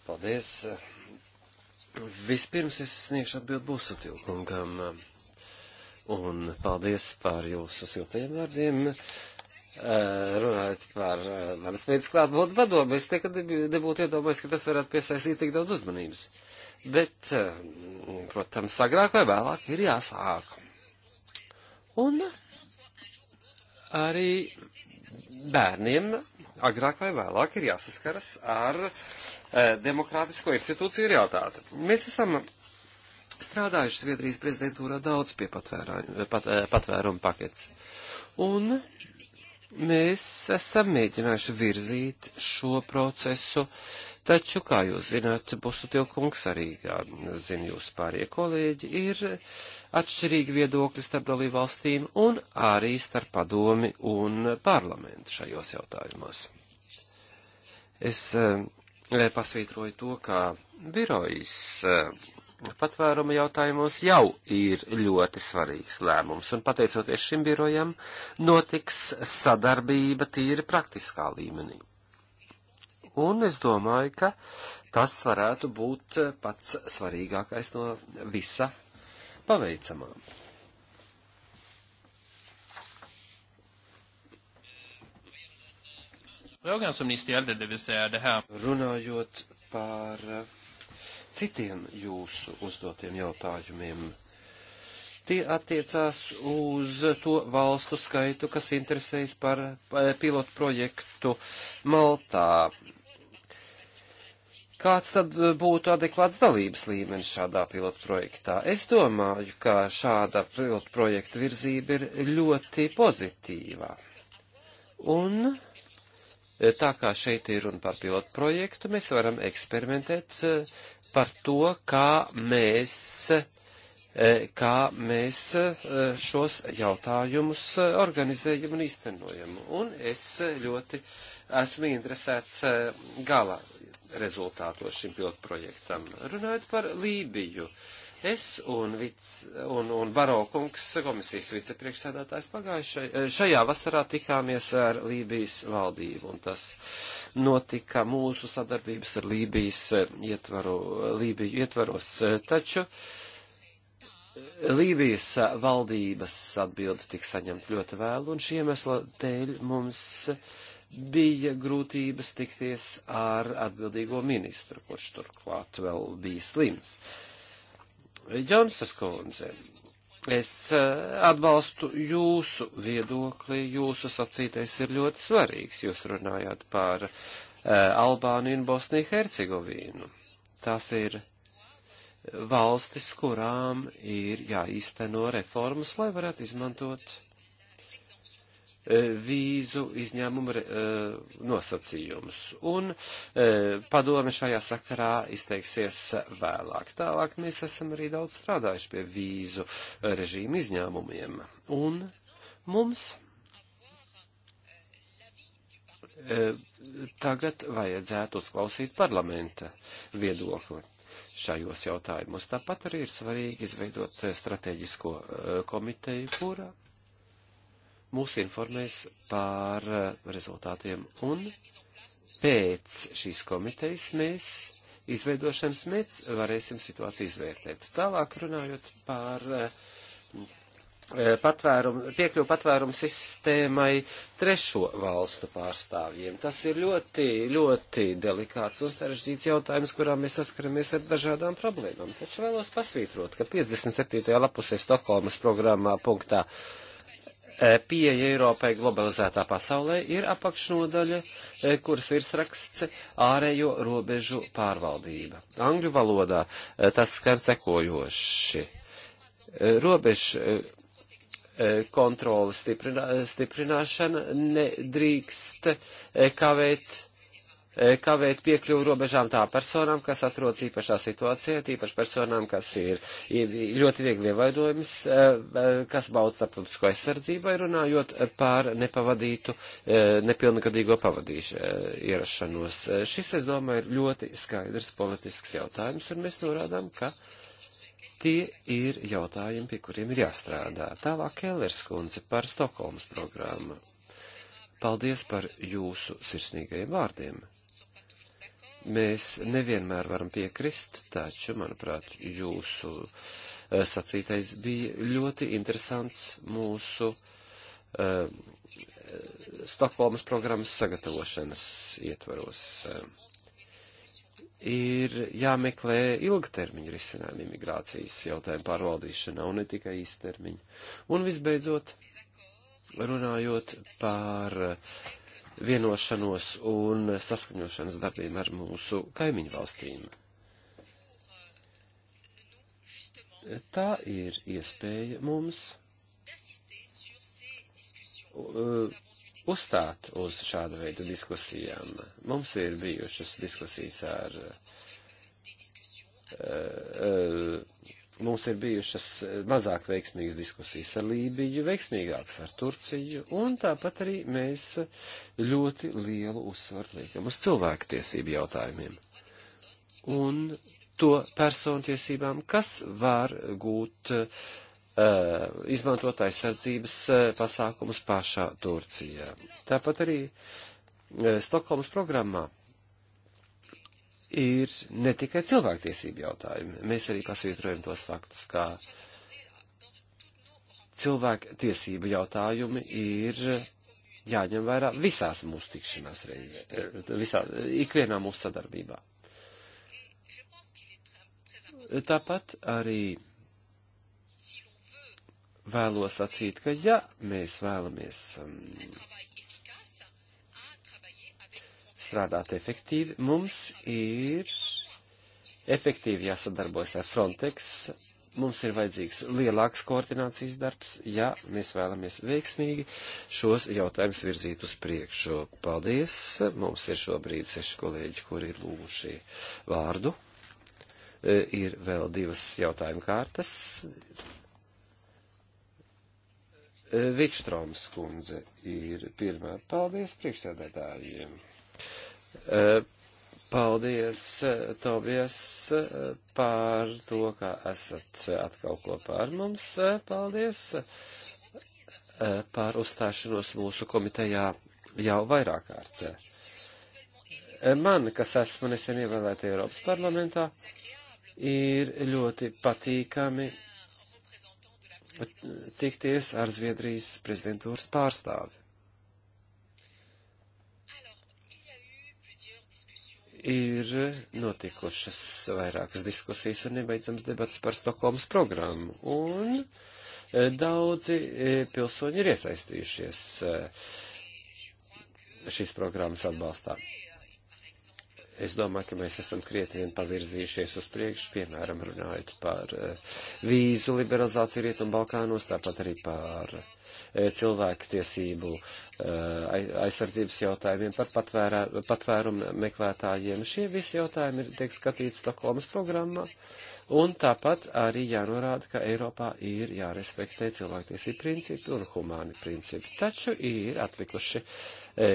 Paldies. Vispirms es sniegšu atbildi Busutilkungam. Eh, un paldies par jūsu siltajiem vārdiem. Uh, eh, runājot par uh, manas veids klātbūtni padomu, es nekad nebūtu iedomājies, ka tas varētu piesaistīt tik daudz uzmanības. Bet, uh, protams, agrāk vai vēlāk ir jāsāk. Un arī bērniem agrāk vai vēlāk ir jāsaskaras ar e, demokrātisko institūciju realitāti. Mēs esam strādājuši Zviedrijas prezidentūrā daudz pie patvērā, pat, eh, patvērumu paketes. Un mēs esam mēģinājuši virzīt šo procesu, taču, kā jūs zināt, Busutilkungs arī, kā zina jūs pārie kolēģi, ir atšķirīgi viedokļi starp dalībvalstīm un arī starp padomi un parlamentu šajos jautājumos. Es eh, eh, pasvītroju to, ka birojas eh, patvēruma jautājumos jau ir ļoti svarīgs lēmums, un pateicoties šim birojam, notiks sadarbība tīri praktiskā līmenī. Un es domāju, ka tas varētu būt pats svarīgākais no visa paveicamām. Frågan som ni ställde, det vill säga det här. Runājot par citiem jūsu uzdotiem jautājumiem, tie attiecās uz to valstu skaitu, kas interesējas par pilotu projektu Maltā. Kāds tad eh, būtu adekvāts dalības līmenis šādā pilotprojektā? Es domāju, ka šāda pilotprojekta virzība ir ļoti pozitīvā. Un eh, tā kā šeit ir runa par pilotprojektu, mēs varam eksperimentēt eh, par to, kā mēs, kā mēs šos jautājumus organizējam un īstenojam. Un es ļoti esmu interesēts galā rezultātos šim pilotprojektam. Runājot par Lībiju, es un, vic, un, un Barokungs, komisijas vicepriekšsēdētājs, pagājušai, eh, šajā vasarā tikāmies ar Lībijas valdību, un tas notika mūsu sadarbības ar Lībijas eh, ietvaru, Lībiju ietvaros. Eh, taču, Lībijas valdības atbildi tika saņemta ļoti vēlu, un šī iemesla dēļ mums uh, bija grūtības tikties ar atbildīgo ministru, kurš turklāt vēl bija slims. Jonsas kundze, es eh, atbalstu jūsu viedokli, jūsu sacītais ir ļoti svarīgs, jūs runājāt par uh, Albāniju un Bosniju Hercegovīnu. Tās ir valstis, kurām ir jāīsteno reformas, lai varētu izmantot E, vīzu izņēmumu e, nosacījumus. Un e, padome šajā sakarā izteiksies vēlāk. Tālāk mēs esam arī daudz strādājuši pie vīzu režīmu izņēmumiem. Un mums tagad vajadzētu uzklausīt parlamenta viedokli šajos jautājumos. Tāpat arī ir svarīgi izveidot strateģisko komiteju, kura mūs informēs par eh, rezultātiem. Un pēc šīs komitejas mēs izveidošanas mēs varēsim situāciju izvērtēt. Tālāk runājot par eh, eh, patvērumu, piekļuvu patvērumu sistēmai trešo valstu pārstāvjiem. Tas ir ļoti, ļoti delikāts un sarežģīts jautājums, kurā mēs saskaramies ar dažādām problēmām. Taču vēlos pasvītrot, ka 57. lapusē Stokholmas programmā punktā uh, Eh, pieeja Eiropai globalizētā pasaulē ir apakšnodaļa, eh, kuras virsraksts ārējo robežu pārvaldība. Angļu valodā eh, tas skar sekojoši. Robežu kontrolas stiprinā, stiprināšana nedrīkst kavēt E, kavēt piekļuvu robežām tā personām, kas atrodas īpašā situācijā, tīpaši personām, kas ir, ir ļoti viegli ievaidojums, e, e, kas bauda starptautisko aizsardzībai, runājot pār nepavadītu, nepilngadīgo pavadīšu ierašanos. Šis, es domāju, ir ļoti skaidrs politisks jautājums, un mēs norādām, ka tie ir jautājumi, pie kuriem ir jāstrādā. Tālāk Kellers kundze par Stokholmas programmu. Paldies par jūsu sirsnīgajiem vārdiem mēs nevienmēr varam piekrist, taču, manuprāt, jūsu eh, sacītais bija ļoti interesants mūsu uh, Stokholmas programmas sagatavošanas ietvaros. Ir jāmeklē ilgtermiņa risinājumi imigrācijas jautājumu pārvaldīšanā un ne tikai īstermiņa. Un visbeidzot, runājot par uh, vienošanos un saskaņošanas darbiem ar mūsu kaimiņu valstīm. Tā ir iespēja mums uzstāt uz šādu veidu diskusijām. Mums ir bijušas diskusijas ar uh, uh, Mums ir bijušas eh, mazāk veiksmīgas diskusijas ar Lībiju, veiksmīgākas ar Turciju, un tāpat arī mēs ļoti lielu uzsvaru liekam uz cilvēktiesību jautājumiem. Un to persontiesībām, kas var gūt uh, eh, izmantot aizsardzības eh, pasākumus pašā Turcijā. Tāpat arī Stokholmas programmā ir ne tikai cilvēktiesību jautājumi. Mēs arī pasvietrojam tos faktus, kā cilvēktiesību jautājumi ir jāņem vērā visās mūsu tikšanās reizē, eh, visā, ikvienā mūsu sadarbībā. Tāpat arī vēlos atsīt, ka ja mēs vēlamies um, strādāt efektīvi, mums ir efektīvi jāsadarbojas ar Frontex, mums ir vajadzīgs lielāks koordinācijas darbs, ja mēs vēlamies veiksmīgi šos jautājumus virzīt uz priekšu. Paldies! Mums ir šobrīd seši kolēģi, kuri ir lūguši vārdu. E, ir vēl divas jautājuma kārtas. E, Vikštroms kundze ir pirmā. Paldies priekšsēdētājiem! Eh, paldies, eh, Tobijas, eh, par to, ka esat atkal kopā ar mums. Paldies par uzstāšanos mūsu komitejā jau vairāk kārt. Man, kas esmu nesen ievēlēta Eiropas parlamentā, ir ļoti patīkami tikties ar Zviedrijas prezidentūras pārstāvi. ir notikušas vairākas diskusijas un nebeidzams debats par Stokholmas programmu. Un e, daudzi e, pilsoņi ir iesaistījušies e, šīs programmas atbalstā. Es domāju, ka mēs esam krietni pavirzījušies uz priekšu, piemēram, runājot par eh, vīzu liberalizāciju Rietumbalkānos, tāpat arī par eh, cilvēku tiesību eh, aizsardzības jautājumiem, par patvērā, patvērumu meklētājiem. Šie visi jautājumi ir, tiek skatīti Stokholmas programmā, un tāpat arī jānorāda, ka Eiropā ir jārespektē cilvēktiesību principi un humāni principi. Taču ir atlikuši E,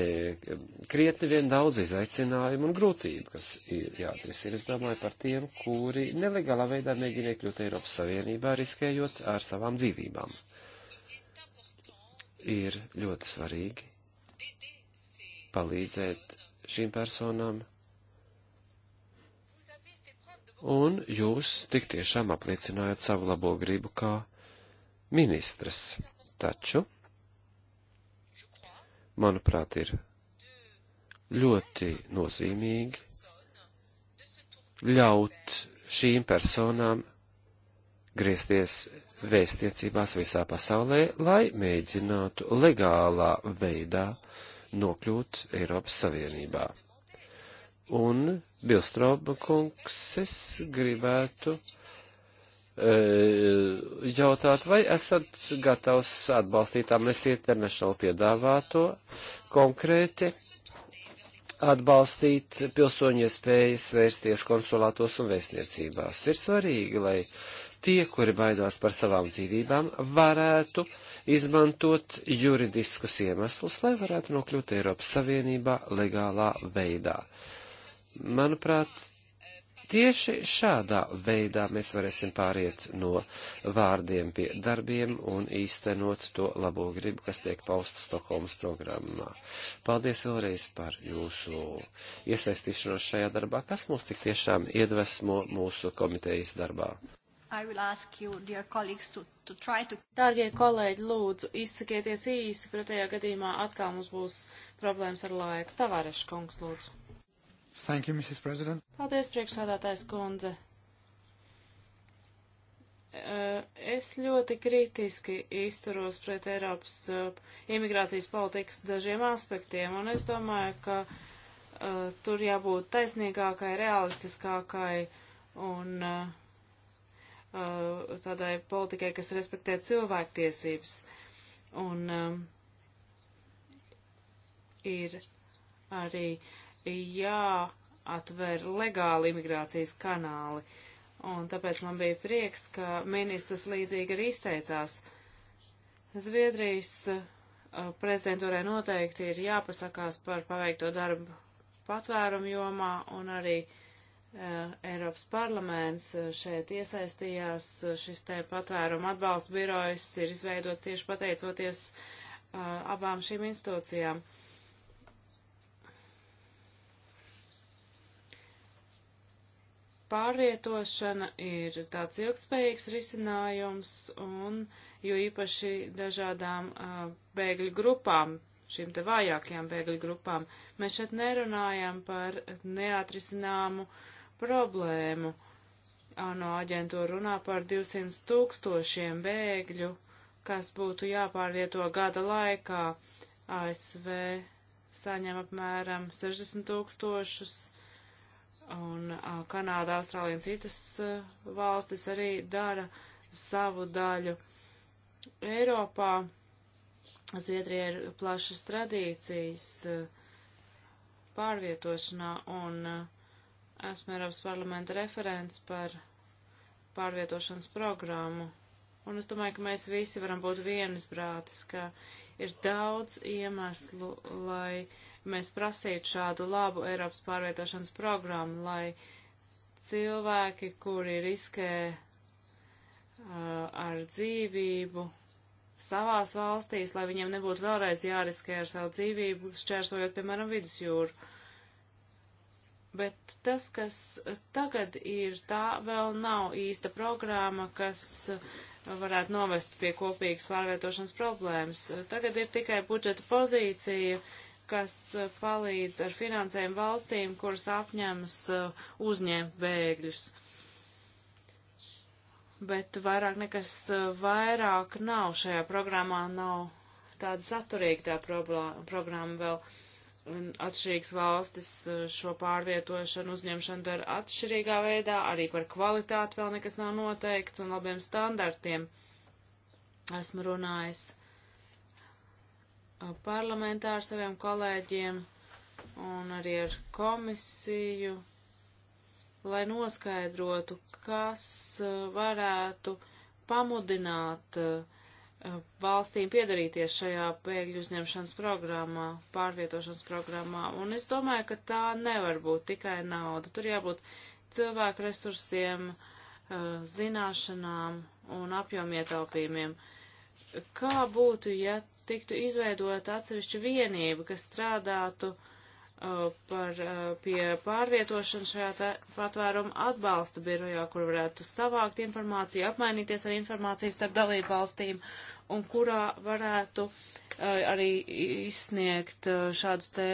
krietni vien daudz izaicinājumu un grūtību, kas ir jāatrisina. Es domāju par tiem, kuri nelegālā veidā mēģina iekļūt Eiropas Savienībā, riskējot ar savām dzīvībām. Ir ļoti svarīgi palīdzēt šīm personām. Un jūs tik tiešām apliecinājat savu labo gribu kā ministrs. Taču manuprāt, ir ļoti nozīmīgi ļaut šīm personām griezties vēstniecībās visā pasaulē, lai mēģinātu legālā veidā nokļūt Eiropas Savienībā. Un, Bilstroba kungs, es gribētu uh, E, jautāt, vai esat gatavs atbalstīt Amnesty International piedāvāto konkrēti atbalstīt pilsoņu iespējas vērsties konsulātos un vēstniecībās. Ir svarīgi, lai tie, kuri baidās par savām dzīvībām, varētu izmantot juridiskus iemeslus, lai varētu nokļūt Eiropas Savienībā legālā veidā. Manuprāt, Tieši šādā veidā mēs varēsim pāriet no vārdiem pie darbiem un īstenot to labo gribu, kas tiek pausta Stokholmas programmā. Paldies vēlreiz par jūsu iesaistīšanos šajā darbā, kas mūs tik tiešām iedvesmo mūsu komitejas darbā. You, to, to to... Dārgie kolēģi, lūdzu, izsakieties īsi, pretējā gadījumā atkal mums būs problēmas ar laiku. Tavareša kungs, lūdzu. Thank you, Mrs. President. Paldies, priekšsādātājs kundze. Es ļoti kritiski izturos pret Eiropas imigrācijas politikas dažiem aspektiem, un es domāju, ka uh, tur jābūt taisnīgākai, realistiskākai un uh, tādai politikai, kas respektē cilvēktiesības. Un um, ir arī uh, jāatver legāli imigrācijas kanāli. Un tāpēc man bija prieks, ka ministrs līdzīgi arī izteicās. Zviedrijas prezidentūrai noteikti ir jāpasakās par paveikto darbu patvērumu jomā un arī uh, Eiropas parlaments šeit iesaistījās. Šis te patvērumu atbalsta birojas ir izveidots tieši pateicoties uh, abām šīm institūcijām. Uh, pārvietošana ir tāds ilgspējīgs risinājums un jo īpaši dažādām uh, bēgļu grupām, šīm te vājākajām bēgļu grupām, mēs šeit nerunājam par neatrisināmu problēmu. ANO aģentūra runā par 200 tūkstošiem bēgļu, kas būtu jāpārvieto gada laikā. ASV saņem apmēram 60 tūkstošus Un uh, Kanāda, Austrālija un citas uh, valstis arī dara savu daļu. Eiropā Zviedrija ir plašas tradīcijas uh, pārvietošanā un uh, esmu Eiropas parlamenta referents par pārvietošanas programmu. Un es domāju, ka mēs visi varam būt vienas brātis, ka ir daudz iemeslu, lai uh, mēs prasītu šādu labu Eiropas pārvietošanas programmu, lai cilvēki, kuri riskē uh, ar dzīvību savās valstīs, lai viņiem nebūtu vēlreiz jāriskē ar savu dzīvību, šķērsojot, piemēram, vidusjūru. Bet tas, kas tagad ir, tā vēl nav īsta programma, kas uh, varētu novest pie kopīgas pārvietošanas problēmas. Tagad ir tikai budžeta pozīcija, uh, kas eh, palīdz ar finansējumu valstīm, kuras apņemas eh, uzņemt bēgļus. Bet vairāk nekas eh, vairāk nav šajā programmā, nav tāda saturīga tā programma vēl. Atšķirīgas valstis šo pārvietošanu, uzņemšanu dara atšķirīgā veidā, arī par kvalitāti vēl nekas nav noteikts un labiem standartiem. Esmu runājis uh, parlamentā ar saviem kolēģiem un arī ar komisiju, lai noskaidrotu, kas uh, varētu pamudināt uh, valstīm piedarīties šajā bēgļu uzņemšanas programmā, pārvietošanas programmā. Un es domāju, ka tā nevar būt tikai nauda. Tur jābūt cilvēku resursiem, uh, zināšanām un apjomietaupījumiem. Kā būtu, ja tiktu izveidota atsevišķa vienība, kas strādātu uh, par, uh, pie pārvietošanas šajā patvērumu atbalsta birojā, kur varētu savākt informāciju, apmainīties ar informāciju starp dalību valstīm un kurā varētu uh, arī izsniegt uh, šādus te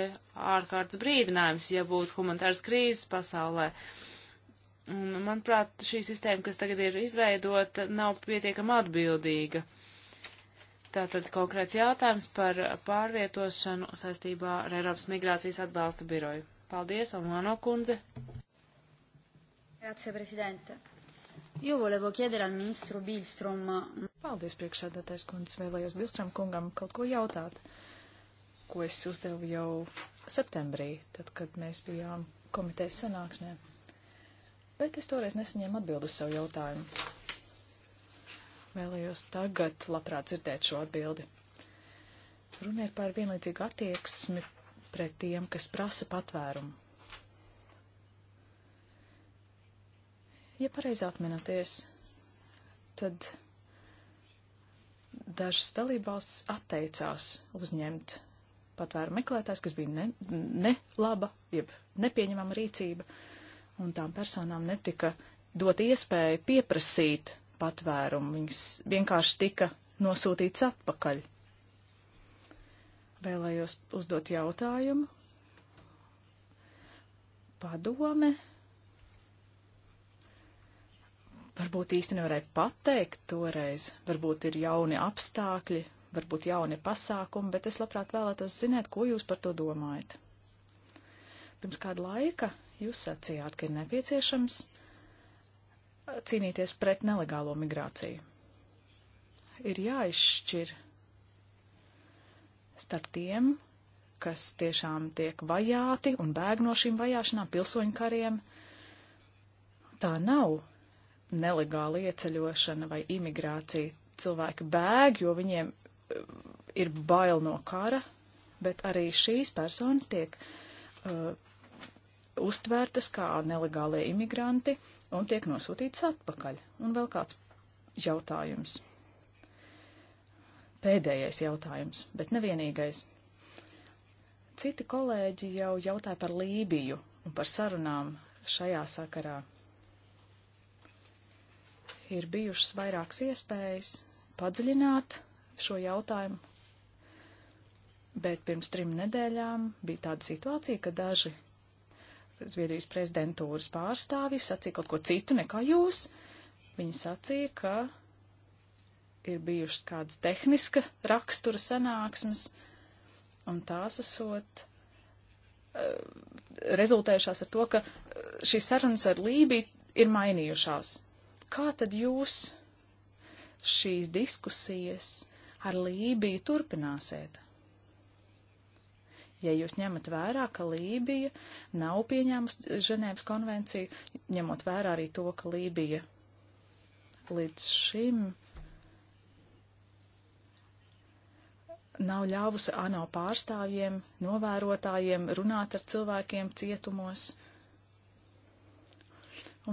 ārkārtas brīdinājumus, ja būtu humanitārs krīzes pasaulē. Un, manuprāt, šī sistēma, kas tagad ir izveidota, nav pietiekama atbildīga. Uh, Tātad konkrēts jautājums par pārvietošanu saistībā ar Eiropas migrācijas atbalsta biroju. Paldies, Almāno kundze. Grazie, prezidente. Jo volevo chiedere al ministru Bilstrom. Paldies, priekšsēdētais kundze. Vēlējos Bilstrom kungam kaut ko jautāt, ko es uzdevu jau septembrī, tad, kad mēs bijām komitejas sanāksmē. Bet es toreiz nesaņēmu atbildu uz savu jautājumu. Vēlējos tagad labprāt dzirdēt šo atbildi. Runa ir par vienlīdzīgu attieksmi pret tiem, kas prasa patvērumu. Ja pareizi atminaties, tad dažas dalībvalstis atteicās uzņemt patvēru meklētājs, kas bija nelaba, ne, ne laba, jeb nepieņemama rīcība, un tām personām netika dot iespēju pieprasīt patvērumu. Viņas vienkārši tika nosūtīts atpakaļ. Vēlējos uzdot jautājumu. Padome. Varbūt īsti nevarēja pateikt toreiz, varbūt ir jauni apstākļi, varbūt jauni pasākumi, bet es labprāt vēlētos zināt, ko jūs par to domājat. Pirms kāda laika jūs sacījāt, ka ir nepieciešams cīnīties pret nelegālo migrāciju. Ir jāizšķir starp tiem, kas tiešām tiek vajāti un bēg no šīm vajāšanām, pilsoņu kariem. Tā nav nelegāla ieceļošana vai imigrācija. Cilvēki bēg, jo viņiem eh, ir bail no kara, bet arī šīs personas tiek uh, uztvērtas kā nelegālie imigranti un tiek nosūtītas atpakaļ. Un vēl kāds jautājums. Pēdējais jautājums, bet nevienīgais. Citi kolēģi jau jautāja par Lībiju un par sarunām šajā sakarā. Ir bijušas vairākas iespējas padziļināt šo jautājumu, bet pirms trim nedēļām bija tāda situācija, ka daži Zviedrijas prezidentūras pārstāvis sacīja kaut ko citu nekā jūs. Viņa sacīja, ka ir bijušas kādas tehniska rakstura sanāksmes, un tās esot eh, rezultējušās ar to, ka eh, šīs sarunas ar Lībiju ir mainījušās. Kā tad jūs šīs diskusijas ar Lībiju turpināsiet? Ja jūs ņemat vērā, ka Lībija nav pieņēmusi Ženēvas konvenciju, ņemot vērā arī to, ka Lībija līdz šim nav ļāvusi ANO pārstāvjiem, novērotājiem runāt ar cilvēkiem cietumos.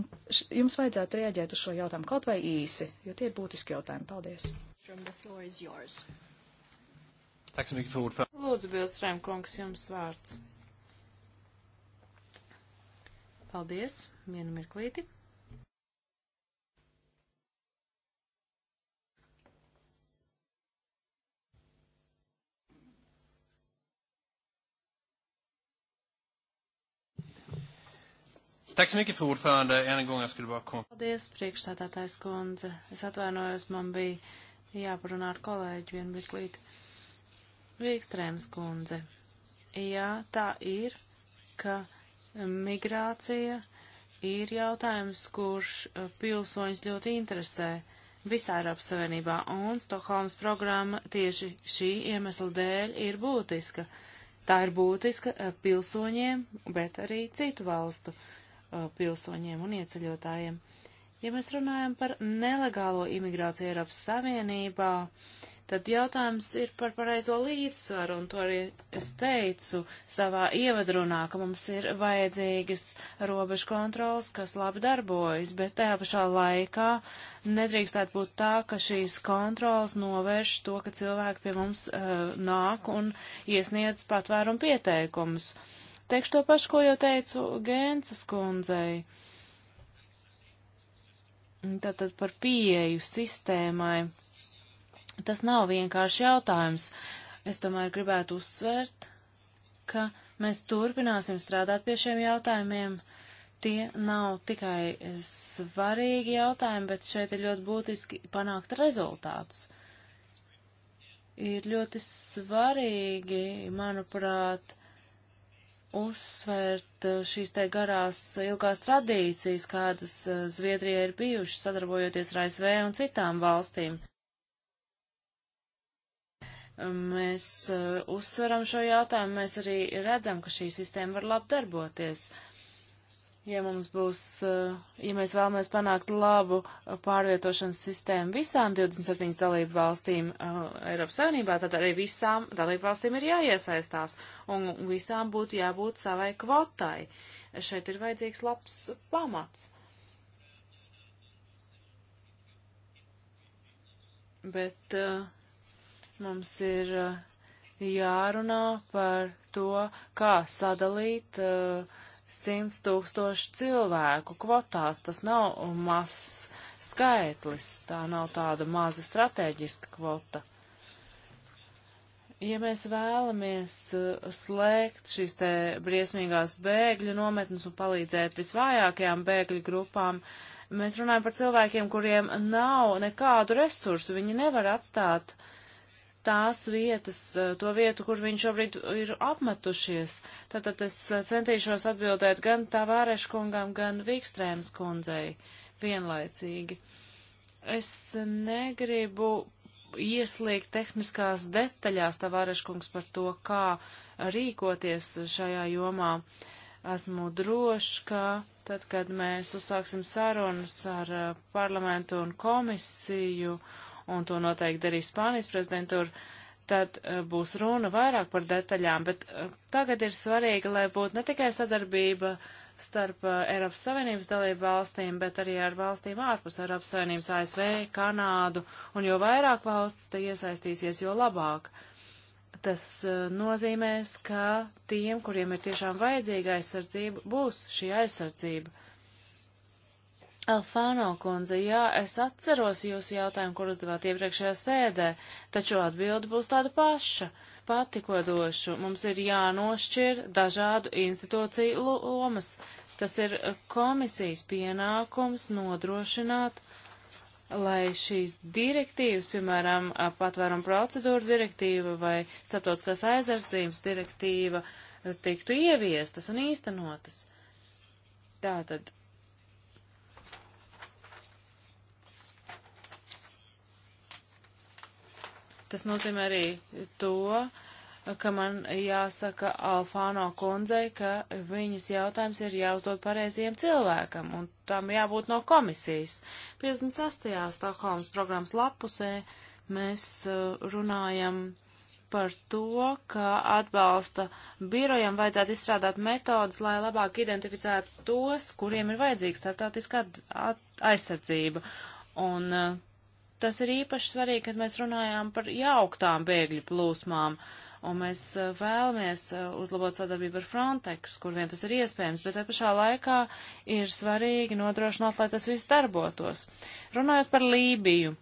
Un jums vajadzētu rēģēt uz šo jautājumu kaut vai īsi, jo tie ir būtiski jautājumi. Paldies! Tack så mycket för ordförande. Lūdzu, Bilstrēm kungs, jums vārds. Paldies, vienu mirklīti. Tack så mycket för ordförande. En gång jag skulle bara kom. Paldies, priekšsētātājs kundze. Es atvainojos, man bija jāparunā ar kolēģi vienu mirklīti. Vīkstrēms kundze, jā, tā ir, ka migrācija ir jautājums, kurš uh, pilsoņus ļoti interesē visā Eiropas Savienībā, un Stokholmas programma tieši šī iemesla dēļ ir būtiska. Tā ir būtiska uh, pilsoņiem, bet arī citu valstu uh, pilsoņiem un ieceļotājiem. Ja mēs runājam par nelegālo imigrāciju Eiropas Savienībā, tad jautājums ir par pareizo līdzsvaru, un to arī es teicu savā ievadrunā, ka mums ir vajadzīgas robežu kontrols, kas labi darbojas, bet tajā pašā laikā nedrīkstētu būt tā, ka šīs kontrols novērš to, ka cilvēki pie mums uh, nāk un iesniedz patvērumu pieteikumus. Teikšu to pašu, ko jau teicu Gēncas kundzei. Tātad par pieeju sistēmai Tas nav vienkārši jautājums. Es tomēr gribētu uzsvērt, ka mēs turpināsim strādāt pie šiem jautājumiem. Tie nav tikai svarīgi jautājumi, bet šeit ir ļoti būtiski panākt rezultātus. Ir ļoti svarīgi, manuprāt, uzsvērt šīs te garās ilgās tradīcijas, kādas Zviedrija ir bijušas, sadarbojoties ar ASV un citām valstīm. Mēs uh, uzsveram šo jautājumu, mēs arī redzam, ka šī sistēma var labi darboties. Ja mums būs, uh, ja mēs vēlamies panākt labu eh, pārvietošanas sistēmu visām 27 dalību valstīm uh, Eiropas Savienībā, tad arī visām dalību valstīm ir jāiesaistās un visām būtu jābūt savai kvotai. Šeit ir vajadzīgs labs pamats. Bet uh, Mums ir eh, jārunā par to, kā sadalīt uh, eh, 100 tūkstoši cilvēku kvotās. Tas nav mazs skaitlis, tā nav tāda maza strateģiska kvota. Ja mēs vēlamies eh, slēgt šīs te briesmīgās bēgļu nometnes un palīdzēt visvājākajām bēgļu grupām, mēs runājam par cilvēkiem, kuriem nav nekādu resursu, viņi nevar atstāt uh, tās vietas, to vietu, kur viņi šobrīd ir apmetušies. Tātad es centīšos atbildēt gan Tavāreškungam, gan Vīkstrēmas kundzei vienlaicīgi. Es negribu ieslīgt tehniskās detaļās, Tavāreškungs, par to, kā rīkoties šajā jomā. Esmu drošs, ka tad, kad mēs uzsāksim sarunas ar parlamentu un komisiju, uh, un to noteikti darīs Spānijas prezidentūra, tad uh, būs runa vairāk par detaļām, bet uh, tagad ir svarīgi, lai būtu ne tikai sadarbība starp uh, Eiropas Savienības dalību valstīm, bet arī ar valstīm ārpus Eiropas Savienības ASV, Kanādu, un jo vairāk valsts te iesaistīsies, jo labāk. Tas nozīmēs, ka tiem, kuriem ir tiešām vajadzīga aizsardzība, būs šī aizsardzība. Alfāno kundze, jā, es atceros jūsu jautājumu, kur uzdevāt iepriekšējā sēdē, taču atbildi būs tāda paša. Pati, ko došu, mums ir jānošķir dažādu institūciju lomas. Tas ir komisijas pienākums nodrošināt, lai šīs direktīvas, piemēram, patvērumu procedūru direktīva vai starptautiskās aizardzības direktīva, tiktu ieviestas un īstenotas. Tātad Tas nozīmē arī to, ka man jāsaka Alfāno kundzei, ka viņas jautājums ir jāuzdod pareizajiem cilvēkam, un tam jābūt no komisijas. 56. Stokholmas programmas lapusē mēs uh, runājam par to, ka atbalsta birojam vajadzētu izstrādāt metodas, lai labāk identificētu tos, kuriem ir vajadzīga starptautiskā aizsardzība. Un uh, Tas ir īpaši svarīgi, kad mēs runājām par jauktām bēgļu plūsmām, un mēs eh, vēlamies eh, uzlabot sadarbību ar Frontex, kur vien tas ir iespējams, bet te pašā laikā ir svarīgi nodrošināt, lai tas viss darbotos. Runājot par Lībiju,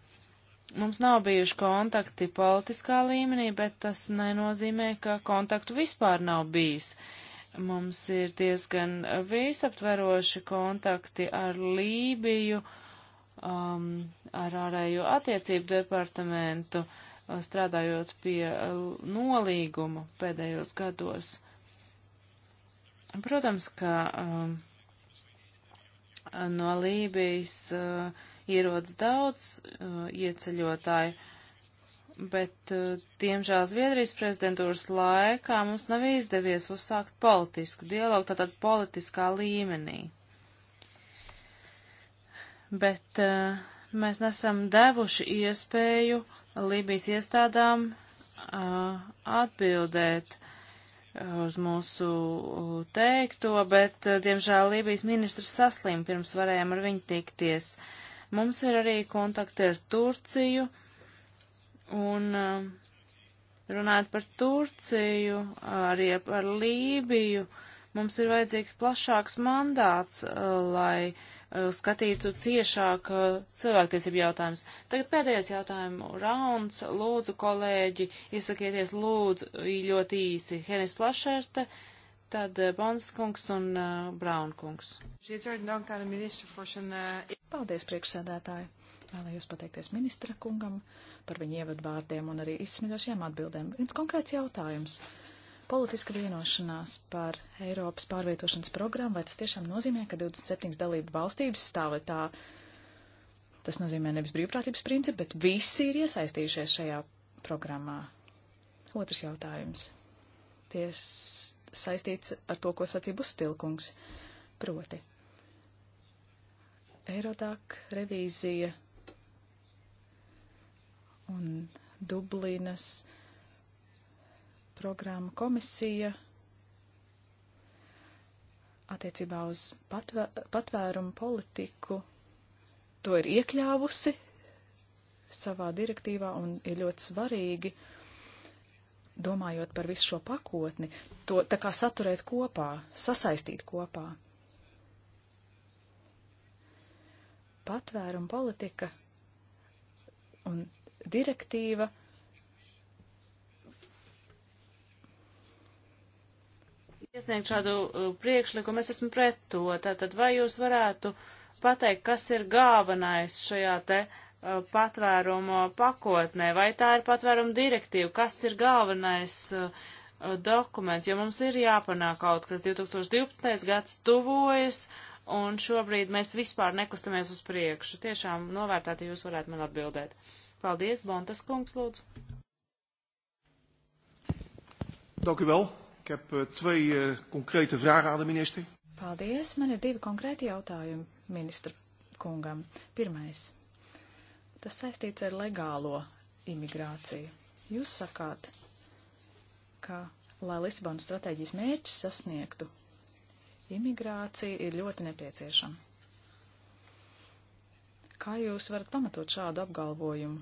mums nav bijuši kontakti politiskā līmenī, bet tas nenozīmē, ka kontaktu vispār nav bijis. Mums ir diezgan eh, visaptveroši kontakti ar Lībiju. Uh, um, ar ārējo attiecību departamentu, uh, strādājot pie uh, nolīguma pēdējos gados. Protams, ka um, no Lībijas uh, ierodas daudz uh, ieceļotāju, bet, uh, diemžēl, Zviedrijas prezidentūras laikā mums nav izdevies uzsākt politisku dialogu, tātad politiskā līmenī. Uh, bet uh, mēs nesam devuši iespēju Lībijas iestādām uh, atbildēt eh, uz mūsu teikto, bet, uh, diemžēl, Lībijas ministrs saslim pirms varējām ar viņu tikties. Mums ir arī kontakti ar Turciju, un runājot par Turciju, arī par Lībiju, mums ir vajadzīgs plašāks mandāts, lai uh, Eh, skatītu ciešāk eh, cilvēktiesību jautājumus. Tagad pēdējais jautājumu rauns. Lūdzu, kolēģi, izsakieties lūdzu ļoti īsi. Henis Plašerte, tad eh, Bonskungs un uh, Braunkungs. Paldies, priekšsēdētāji! Vēlējos pateikties ministra kungam par viņa ievadvārdiem un arī izsmeļošajām atbildēm. Viens konkrēts jautājums. Uh, politiska vienošanās par Eiropas pārvietošanas programmu, vai tas tiešām nozīmē, ka 27 dalību valstības stāv tā, tas nozīmē nevis brīvprātības principu, bet visi ir iesaistījušies šajā programmā. Otrs jautājums. Ties saistīts ar to, ko sacīja Bustilkungs. Proti. Eirodāk revīzija un Dublinas programmu komisija attiecībā uz patvēr, patvērumu politiku to ir iekļāvusi savā direktīvā un ir ļoti svarīgi, domājot par visu šo pakotni, to tā kā saturēt kopā, sasaistīt kopā. Patvērumu politika un direktīva iesniegt šādu uh, priekšlikumu, es esmu pret to. Tātad vai jūs varētu pateikt, kas ir galvenais šajā te uh, patvērumu pakotnē, vai tā ir patvērumu direktīva, kas ir galvenais uh, dokuments, jo mums ir jāpanāk kaut kas 2012. gads tuvojas, un šobrīd mēs vispār nekustamies uz priekšu. Tiešām novērtēt, ja jūs varētu man atbildēt. Paldies, Bontas kungs, lūdzu. Dank u wel. Ik heb uh, twee uh, concrete vragen aan de minister. Paldies. Man ir divi konkrēti jautājumi ministra kungam. Pirmais. Tas saistīts ar legālo imigrāciju. Jūs sakāt, ka, lai Lisabonas stratēģijas mērķis sasniegtu, imigrācija ir ļoti nepieciešama. Kā jūs varat pamatot šādu apgalvojumu?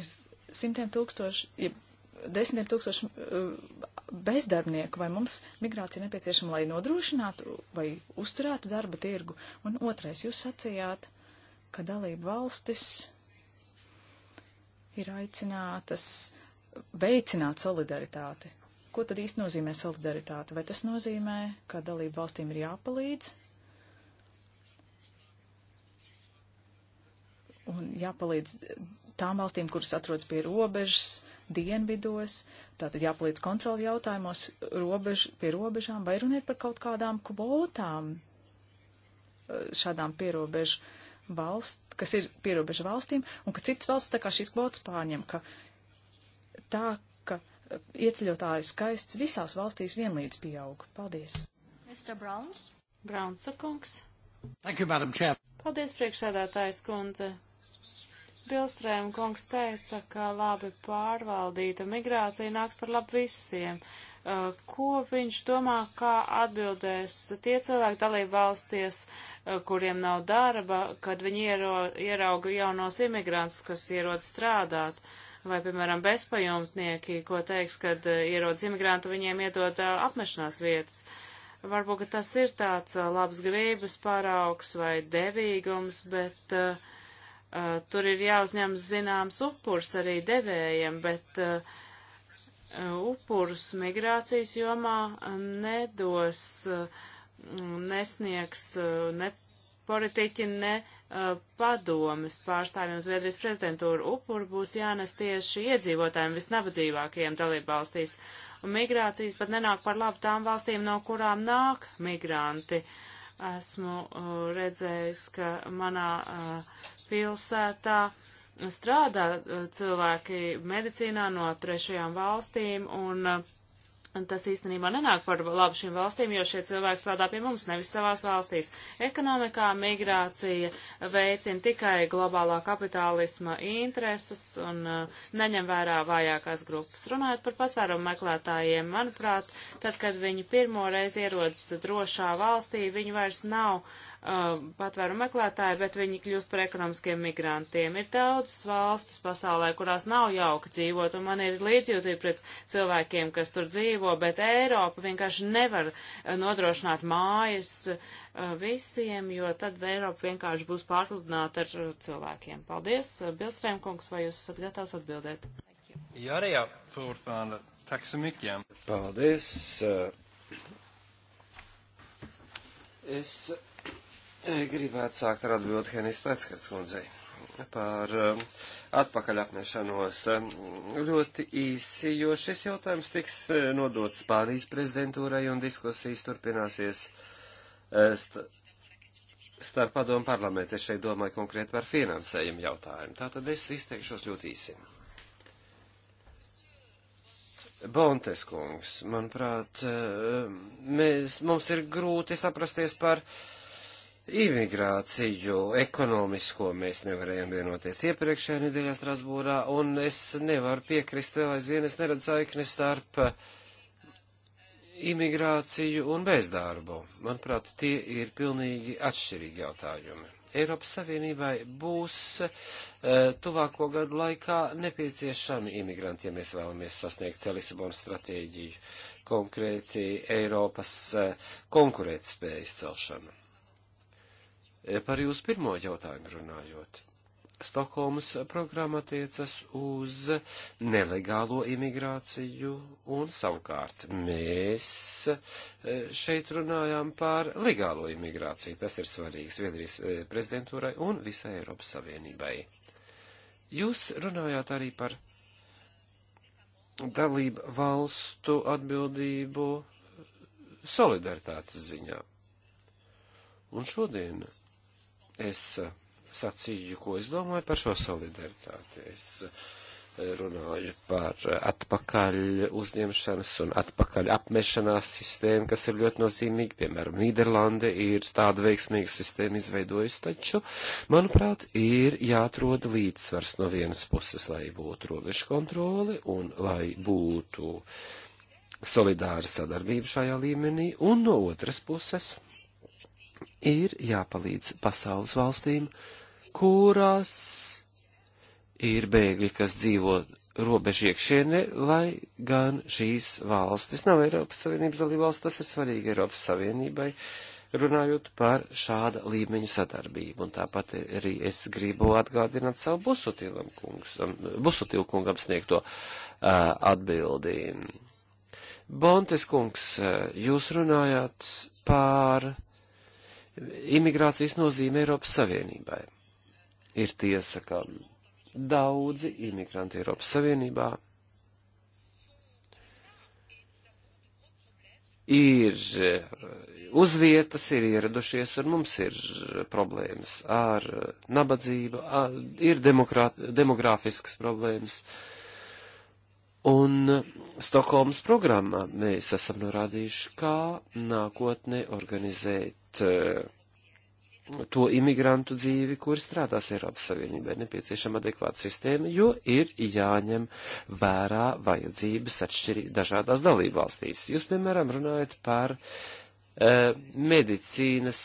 Ir simtiem tūkstoši, ja desmitiem tūkstošu eh, bezdarbnieku, vai mums migrācija nepieciešama, lai nodrošinātu vai uzturētu darba tirgu? Un otrais, jūs sacījāt, ka dalība valstis ir aicinātas veicināt solidaritāti. Ko tad īsti nozīmē solidaritāte? Vai tas nozīmē, ka dalību valstīm ir jāpalīdz un jāpalīdz tām valstīm, kuras atrodas pie robežas, dienvidos, tātad jāpalīdz kontroli jautājumos robež, pie robežām, vai runa ir par kaut kādām kvotām eh, šādām pierobežu valsts, kas ir pierobežu valstīm, un ka citas valsts tā kā šīs kvotas pārņem, ka tā, ka eh, ieceļotāju skaists visās valstīs vienlīdz pieaug. Paldies. Mr. Browns. Brownsa kungs. Thank you, Madam Chair. Paldies, priekšsēdētājs kundze. Bilstrēm kungs teica, ka labi pārvaldīta migrācija nāks par labu visiem. Uh, ko viņš domā, kā atbildēs tie cilvēki dalību valsties, uh, kuriem nav darba, kad viņi iero, ierauga jaunos imigrantus, kas ierod strādāt? Vai, piemēram, bezpajumtnieki, ko teiks, kad uh, ierodas imigrantu, viņiem iedod apmešanās vietas. Varbūt tas ir tāds labs grības paraugs vai devīgums, bet uh, Uh, tur ir jāuzņem zināms upurs arī devējiem, bet uh, upurus migrācijas jomā nedos, uh, nesniegs ne politiķi, ne padomes pārstāvjiem Zviedrijas prezidentūru. Upuri būs jānes tieši iedzīvotājiem visnabadzīvākajiem dalībvalstīs. Un migrācijas pat nenāk par labu tām valstīm, no kurām nāk migranti. Uh, Esmu uh, redzējis, ka manā uh, pilsētā strādā uh, cilvēki medicīnā no trešajām valstīm un uh, tas īstenībā nenāk par labu šīm valstīm, jo šie cilvēki strādā pie mums, nevis savās valstīs. Ekonomikā migrācija veicina tikai globālā kapitālisma intereses un uh, neņem vērā vājākās grupas. Runājot par patvērumu meklētājiem, manuprāt, tad, kad viņi pirmo reizi ierodas drošā valstī, viņi vairs nav Um, patvēru meklētāji, bet viņi kļūst par ekonomiskiem migrantiem. Ir daudzas valstis pasaulē, kurās nav jauka dzīvot, un man ir līdzjūtība pret cilvēkiem, kas tur dzīvo, bet Eiropa vienkārši nevar uh, nodrošināt mājas uh, visiem, jo tad Eiropa vienkārši būs pārpludināta ar uh, cilvēkiem. Paldies, Bilsrēm kungs, vai jūs esat gatavs atbildēt? Jā, arī jā, Fūrfāna, taksimikjām. Paldies. Es Eh, gribētu sākt ar atbildi Henis Pēckats kundzei par eh, atpakaļ apmešanos. Eh, ļoti īsi, jo šis jautājums tiks nodots Spānijas prezidentūrai un diskusijas turpināsies st starp padomu parlamentu. Es šeit domāju konkrēti par finansējumu jautājumu. Tātad es izteikšos ļoti īsi. Bontes kungs, manuprāt, mēs, mums ir grūti saprasties par uh, imigrāciju, ekonomisko mēs nevarējām vienoties iepriekšējā nedēļā Strasbūrā, un es nevaru piekrist vēl aizvien, es neredzu saikni starp imigrāciju un bezdarbu. Manuprāt, tie ir pilnīgi atšķirīgi jautājumi. Eiropas Savienībai būs e, tuvāko gadu laikā nepieciešami imigranti, ja mēs vēlamies sasniegt Lisabonas stratēģiju, konkrēti Eiropas e, konkurētspējas celšanu E, par jūsu pirmo jautājumu runājot. Stokholmas programma tiecas uz nelegālo imigrāciju un savukārt mēs e, šeit runājām par legālo imigrāciju. Tas ir svarīgs Viedrijas e, prezidentūrai un visai Eiropas Savienībai. Jūs runājāt arī par dalību valstu atbildību solidaritātes ziņā. Un šodien Es eh, sacīju, ko es domāju par šo solidaritāti. Es eh, runāju par eh, atpakaļ uzņemšanas un atpakaļ apmešanās sistēmu, kas ir ļoti nozīmīga. Piemēram, Nīderlande ir tādu veiksmīgu sistēmu izveidojusi, taču, manuprāt, ir jāatrod līdzsvars no vienas puses, lai būtu robežu kontroli un lai būtu solidāra sadarbība šajā līmenī, un no otras puses ir jāpalīdz pasaules valstīm, kurās ir bēgļi, kas dzīvo robežu iekšienē, lai gan šīs valstis nav Eiropas Savienības dalībvalsts, tas ir svarīgi Eiropas Savienībai, runājot par šāda līmeņa sadarbību. Un tāpat arī es gribu atgādināt savu Busutilam kungs, um, Busutil kungam sniegto uh, atbildi. Bontes kungs, uh, jūs runājāt pār imigrācijas nozīme Eiropas Savienībai. Ir tiesa, ka daudzi imigranti Eiropas Savienībā ir eh, uz vietas, ir ieradušies, un mums ir problēmas ar eh, nabadzību, ar, ir demogrāfiskas problēmas. Un eh, Stokholmas programmā mēs esam norādījuši, kā nākotnē organizēt pret eh, to imigrantu dzīvi, kuri strādās Eiropas Savienībā. Ir nepieciešama adekvāta sistēma, jo ir jāņem vērā vajadzības atšķirīgi dažādās dalībvalstīs. Jūs, piemēram, runājat par uh, medicīnas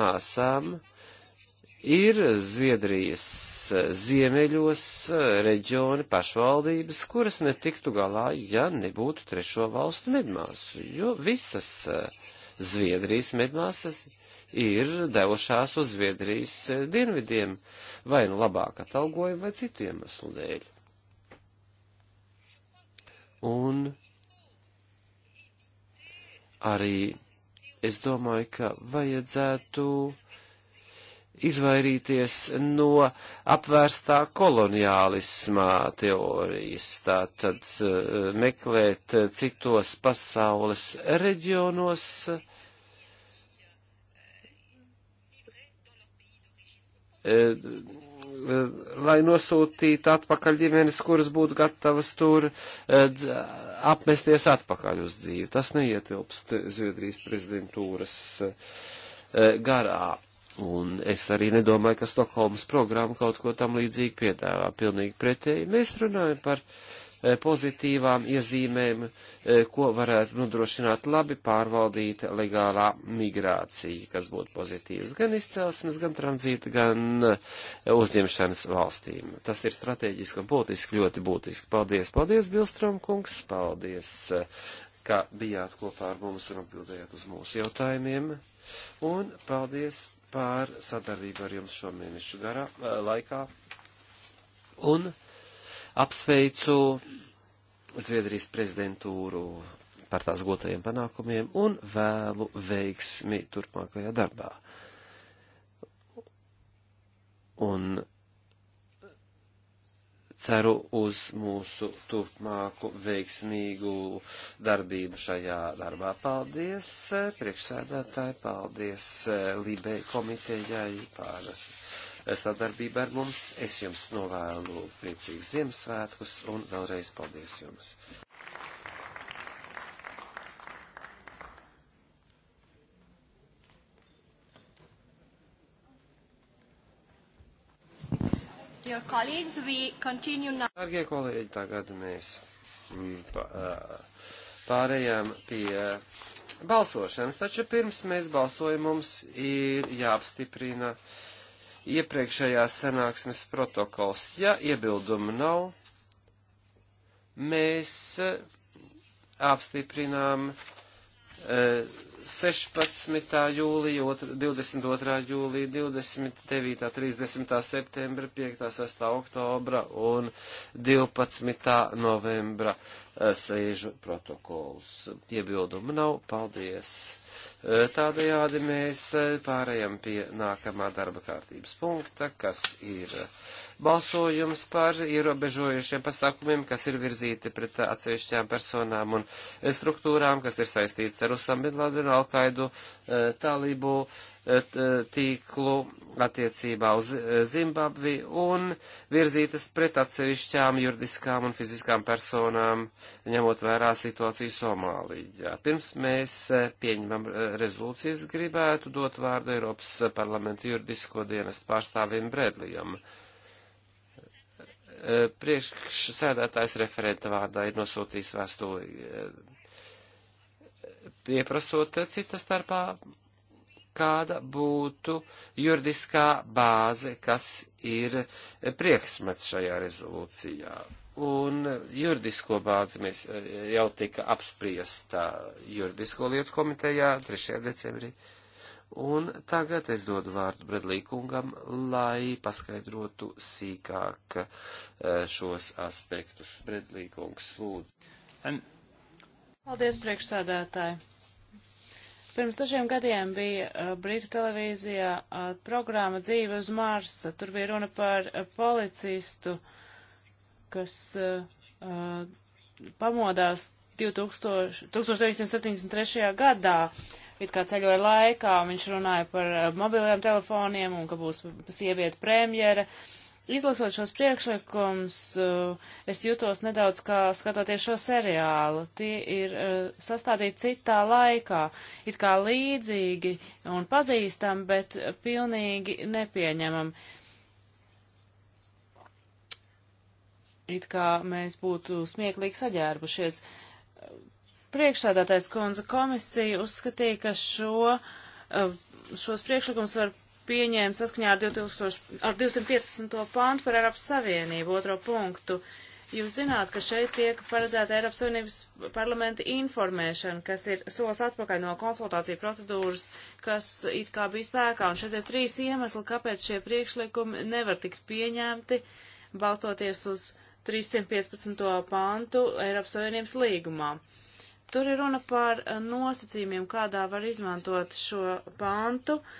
māsām. Ir Zviedrijas eh, ziemeļos reģioni pašvaldības, kuras netiktu galā, ja nebūtu trešo valstu medmāsu, jo visas uh, Zviedrijas medmāsas ir devušās uz Zviedrijas e, dienvidiem, vai nu labāk atalgoja, vai citu iemeslu dēļ. Un arī es domāju, ka vajadzētu izvairīties no apvērstā koloniālismā teorijas, tātad e, meklēt e, citos pasaules reģionos E, e, lai nosūtītu atpakaļ ģimenes, kuras būtu gatavas tur e, apmesties atpakaļ uz dzīvi. Tas neietilpst Zviedrijas prezidentūras garā. Un es arī nedomāju, ka Stokholmas programma kaut ko tam līdzīgi piedāvā. Pilnīgi pretēji. Mēs runājam par uh, Eh, pozitīvām iezīmēm, eh, ko varētu nodrošināt labi pārvaldīta legālā migrācija, kas būtu pozitīvs gan izcelsmes, gan tranzīta, gan eh, uzņemšanas valstīm. Tas ir strateģiski un politiski ļoti būtiski. Paldies, paldies, Bilstrom kungs, paldies, ka bijāt kopā ar mums un atbildējāt uz mūsu jautājumiem. Un paldies par sadarbību ar jums šo mēnešu garā, laikā. Un Apsveicu Zviedrijas prezidentūru par tās gotajiem panākumiem un vēlu veiksmi turpmākajā darbā. Un ceru uz mūsu turpmāku veiksmīgu darbību šajā darbā. Paldies, priekšsēdētāji, paldies eh, Libei komitejai par sadarbību ar mums. Es jums novēlu priecīgus Ziemassvētkus un vēlreiz paldies jums! Dargie kolēģi, tagad mēs mm, pārējām pie balsošanas, taču pirms mēs balsojam, mums ir jāapstiprina uh, iepriekšējās sanāksmes protokols. Ja iebildumu nav, mēs eh, apstiprinām 16. jūlija, 22. jūlija, 29. 30. septembra, 5. 6. oktobra un 12. novembra eh, sēžu protokols. Iebildumu nav. Paldies! Tādējādi mēs e, pārējām pie nākamā darba kārtības punkta, kas ir balsojums par ierobežojušiem pasākumiem, kas ir virzīti pret atsevišķām personām un e, struktūrām, kas ir saistīts ar Usam Bin Ladenu, Alkaidu, e, Talibu, uh, tīklu attiecībā uz Zimbabvi un virzītas pret atsevišķām juridiskām un fiziskām personām, ņemot vērā situāciju Somālijā. Pirms mēs eh, pieņemam eh, rezolūcijas, gribētu dot vārdu Eiropas parlamenta juridisko dienestu pārstāvim Bredlijam. Eh, priekšsēdētājs referenta vārdā ir nosūtījis vēstuli pieprasot cita starpā kāda būtu juridiskā bāze, kas ir priekšmets šajā rezolūcijā. Un juridisko bāzi mēs e, jau tika apspriestā juridisko lietu komitejā 3. decembrī. Un tagad es dodu vārdu Bredlī kungam, lai paskaidrotu sīkāk e, šos aspektus. Bredlī kungs, lūdzu. Paldies, priekšsēdētāji. Pirms dažiem gadiem bija uh, Brītu televīzijā uh, programma Dzīve uz Marsa. Tur bija runa par uh, policistu, kas uh, uh, pamodās 2000, 1973. gadā it kā ceļoja laikā, un viņš runāja par uh, mobiliem telefoniem un ka būs sievieta premjera. Izlasot šos priekšlikums, eh, es jutos nedaudz kā skatoties šo seriālu. Tie ir eh, sastādīti citā laikā, it kā līdzīgi un pazīstam, bet pilnīgi nepieņemam. It kā mēs būtu smieklīgi saģērbušies. Priekšsādātais kundze komisija uzskatīja, ka šo, eh, šos priekšlikums var pieņēma saskaņā ar, 2000, ar 215. pāntu par Eiropas Savienību otro punktu. Jūs zināt, ka šeit tiek paredzēta Eiropas Savienības parlamenta informēšana, kas ir solis atpakaļ no konsultāciju procedūras, kas it kā bija spēkā. Un šeit ir trīs iemesli, kāpēc šie priekšlikumi nevar tikt pieņemti, balstoties uz 315. pantu Eiropas Savienības līgumā. Tur ir runa par nosacījumiem, kādā var izmantot šo pantu. Uh,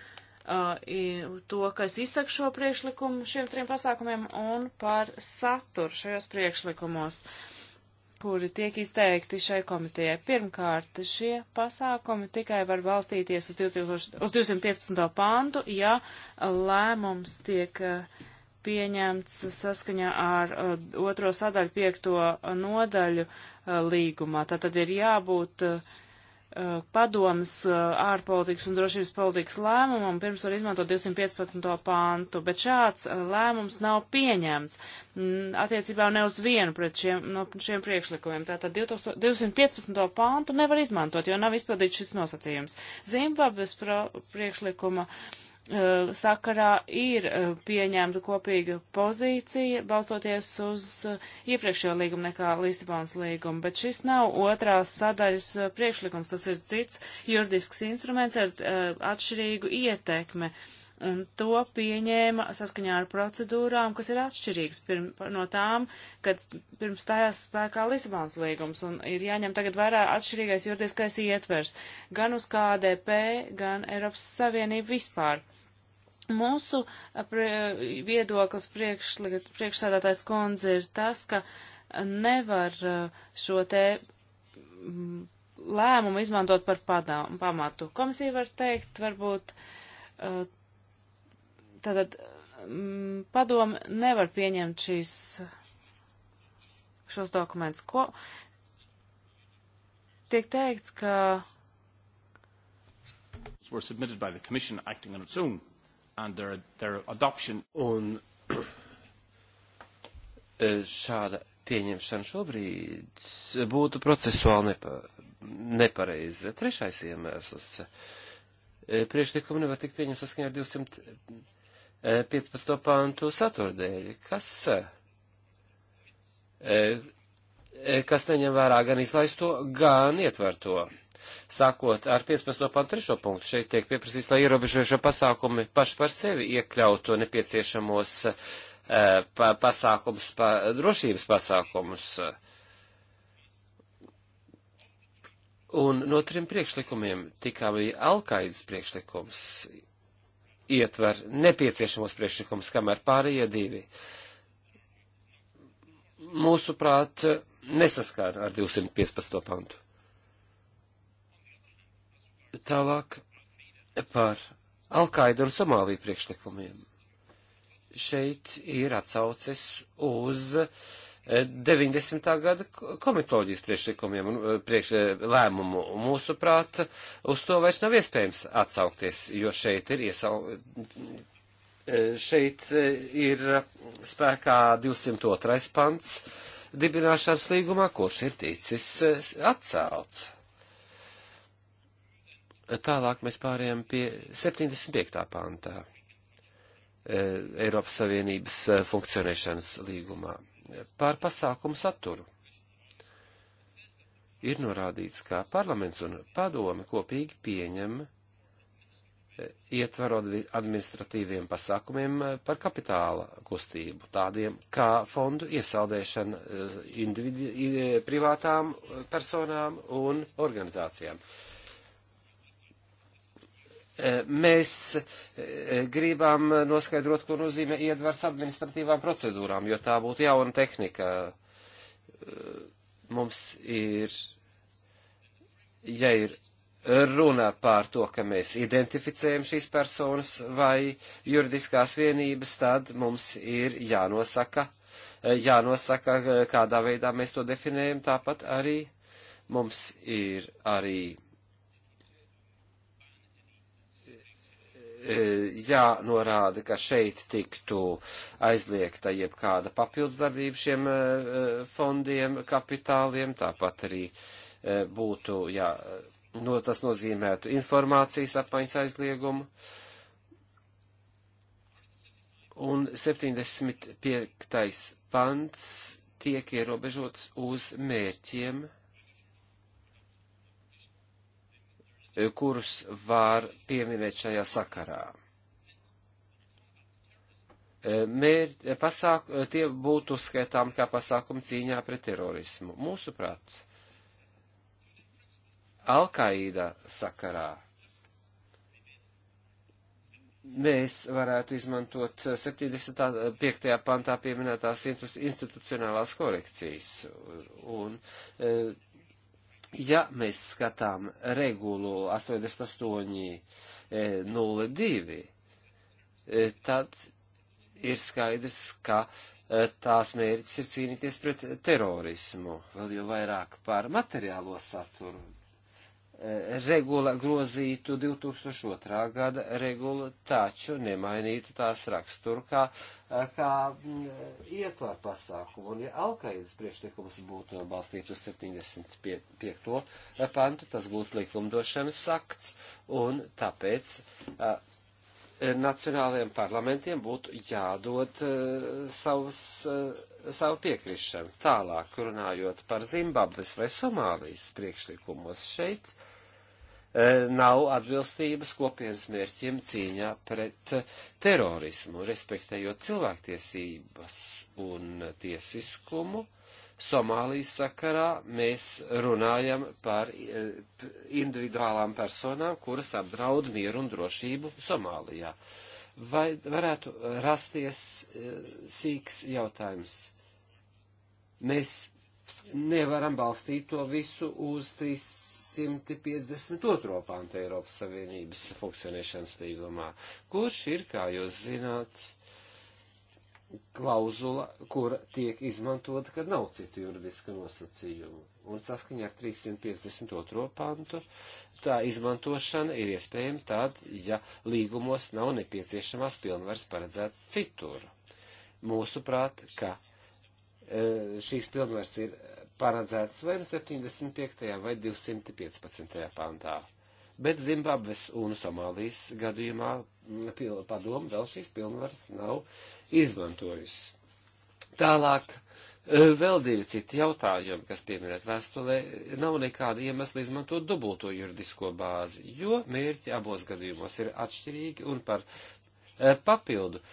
uh, to, ka es izsaku šo priekšlikumu šiem trim pasākumiem un par saturu šajos priekšlikumos, kuri tiek izteikti šai komitejai. Pirmkārt, šie pasākumi tikai var balstīties uz, 2000, uz 215. pantu, ja lēmums tiek uh, pieņemts saskaņā ar uh, otro sadaļu piekto uh, nodaļu uh, līgumā. Tātad ir jābūt uh, Uh, padomas uh, ārpolitikas un drošības politikas lēmumam, pirms var izmantot 215. pāntu, bet šāds uh, lēmums nav pieņemts mm, attiecībā ne uz vienu pret šiem, no šiem priekšlikumiem. Tātad 2000, 215. pāntu nevar izmantot, jo nav izpildīts šis nosacījums. Zimbabves priekšlikuma uh, Uh, sakarā ir uh, pieņemta kopīga pozīcija, balstoties uz uh, iepriekšējo līgumu nekā Lisabonas līgumu, bet šis nav otrās sadaļas priekšlikums, tas ir cits juridisks instruments ar atšķirīgu ietekmi. Un to pieņēma saskaņā ar procedūrām, kas ir atšķirīgas pirm, no tām, kad pirms stājās spēkā Lisabonas līgums, un ir jāņem tagad vērā atšķirīgais juridiskais ietvers gan uz KDP, gan Eiropas Savienību vispār. Uh, Mūsu eh, prie, viedoklis priekšsēdētājs kundze ir tas, ka nevar eh, šo te mm, lēmumu izmantot par padām, pamatu. Komisija var teikt, varbūt eh, tātad mm, padomu nevar pieņemt šīs, šos dokumentus. Ko tiek teikts, ka. were submitted by the Commission acting on its own and their, their adoption. Un <clears throat> eh, šāda pieņemšana šobrīd būtu procesuāli nepa, nepareiza. Trešais iemesls. Eh, priekšlikumi nevar tikt pieņemts saskaņā ar 215. Eh, pāntu saturdēļ. Kas, kas neņem vērā gan izlaisto, gan ietverto sākot ar 15. pantu 3. punktu. Šeit tiek pieprasīts, lai ierobežojušie pasākumi paši par sevi iekļautu nepieciešamos eh, pa, pasākumus, pa, drošības pasākumus. Un no trim priekšlikumiem tikai bija Alkaidas priekšlikums ietver nepieciešamos priekšlikumus, kamēr pārējie divi. Mūsuprāt, nesaskāra ar 215. pantu. Tālāk par Alkaidu un Somāliju priekšlikumiem. Šeit ir atsauces uz 90. Eh, gada komitoloģijas priekšlikumiem un eh, priekš, eh, lēmumu. Mūsuprāt, uz to vairs nav iespējams atsaukties, jo šeit ir iesau... šeit ir spēkā 202. pants dibināšanas līgumā, kurš ir ticis atcelts. Tālāk mēs pārējām pie 75. pantā e, Eiropas Savienības e, funkcionēšanas līgumā par pasākumu saturu. Ir norādīts, ka parlaments un padome kopīgi pieņem e, ietvaru administratīviem pasākumiem par kapitāla kustību, tādiem kā fondu iesaldēšana privātām personām un organizācijām. Uh, Mēs e, gribam noskaidrot, ko nozīmē iedvars administratīvām procedūrām, jo tā būtu jauna tehnika. E, mums ir, ja ir runa pār to, ka mēs identificējam šīs personas vai juridiskās vienības, tad mums ir jānosaka, e, jānosaka, kādā veidā mēs to definējam. Tāpat arī mums ir arī E, jānorāda, ka šeit tiktu aizliegta jebkāda papildusdarbība šiem e, e, fondiem, kapitāliem, tāpat arī būtu, jā, no, tas nozīmētu informācijas apmaiņas aizliegumu. Un 75. pants tiek ierobežots uz mērķiem kurus var pieminēt šajā sakarā. E, Mērķi, e, pasāk, e, tie būtu uzskaitām kā pasākumi cīņā pret terorismu. Mūsuprāt, Alkaīda sakarā mēs varētu izmantot 75. pantā pieminētās institucionālās korekcijas. Un, un ja mēs skatām regulu 88.02, eh, eh, tad ir skaidrs, ka eh, tās mērķis ir cīnīties pret terorismu, vēl jau vairāk par materiālo saturu regula grozītu 2002. gada regulu, taču nemainītu tās raksturu kā, kā ietvaru pasākumu. Un ja Alkaidas priekšlikums būtu balstīts uz 75. pantu, tas būtu likumdošanas akts, un tāpēc a, nacionālajiem parlamentiem būtu jādod a, savs. A, savu piekrišanu. Tālāk, runājot par Zimbabves vai Somālijas priekšlikumos šeit, e, nav atbilstības kopienas mērķiem cīņā pret terorismu, respektējot cilvēktiesības un tiesiskumu. Somālijas sakarā mēs runājam par e, individuālām personām, kuras apdraud mieru un drošību Somālijā. Vai varētu rasties e, sīks jautājums? Mēs nevaram balstīt to visu uz 352. pantu Eiropas Savienības funkcionēšanas līgumā, kurš ir, kā jūs zināt, klauzula, kura tiek izmantota, kad nav citu juridiska nosacījumu. Un saskaņā ar 352. pantu tā izmantošana ir iespējama tad, ja līgumos nav nepieciešamās pilnvaras paredzētas citur. Mūsuprāt, ka Eh, šīs pilnvars ir paredzētas vai nu 75. vai 215. pantā. Bet Zimbabves un Somālijas gadījumā mm, padomu vēl šīs pilnvaras nav izmantojusi. Tālāk eh, vēl divi citi jautājumi, kas pieminēt vēstulē, nav nekāda iemesla izmantot dubulto juridisko bāzi, jo mērķi abos gadījumos ir atšķirīgi un par eh, papildu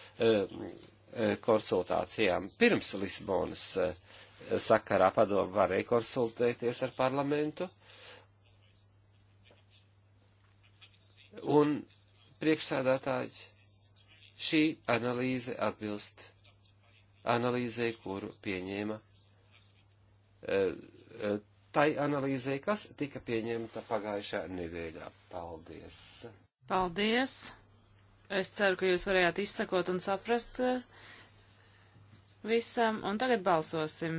Eh, konsultācijām. Pirms Lisbonas eh, sakarā padomu varēja konsultēties ar parlamentu. Un priekšsēdētāji, šī analīze atbilst analīzē, kuru pieņēma, eh, tai analīzē, kas tika pieņemta pagājušā nedēļā. Paldies! Paldies! Es ceru, ka jūs varējāt izsakot un saprast eh, visam, un tagad balsosim.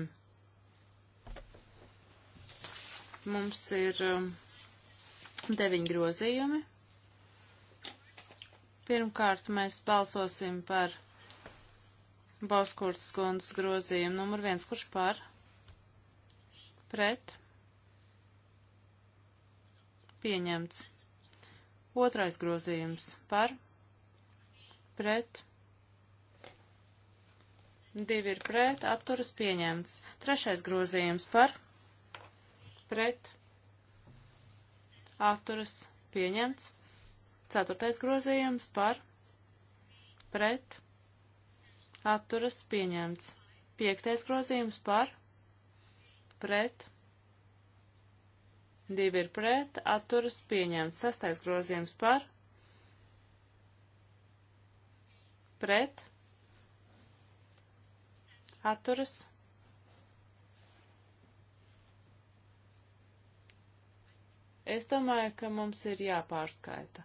Mums ir um, deviņi grozījumi. Pirmkārt, mēs balsosim par Bauskurtas kundas grozījumu numur viens, kurš par, pret, pieņemts. Otrais grozījums par, pret, divi ir pret, atturas pieņemts. Trešais grozījums par, pret, atturas pieņemts. Ceturtais grozījums par, pret, atturas pieņemts. Piektais grozījums par, pret, divi ir pret, atturas pieņemts. Sastais grozījums par, pret pret, atturas. Es domāju, ka mums ir jāpārskaita.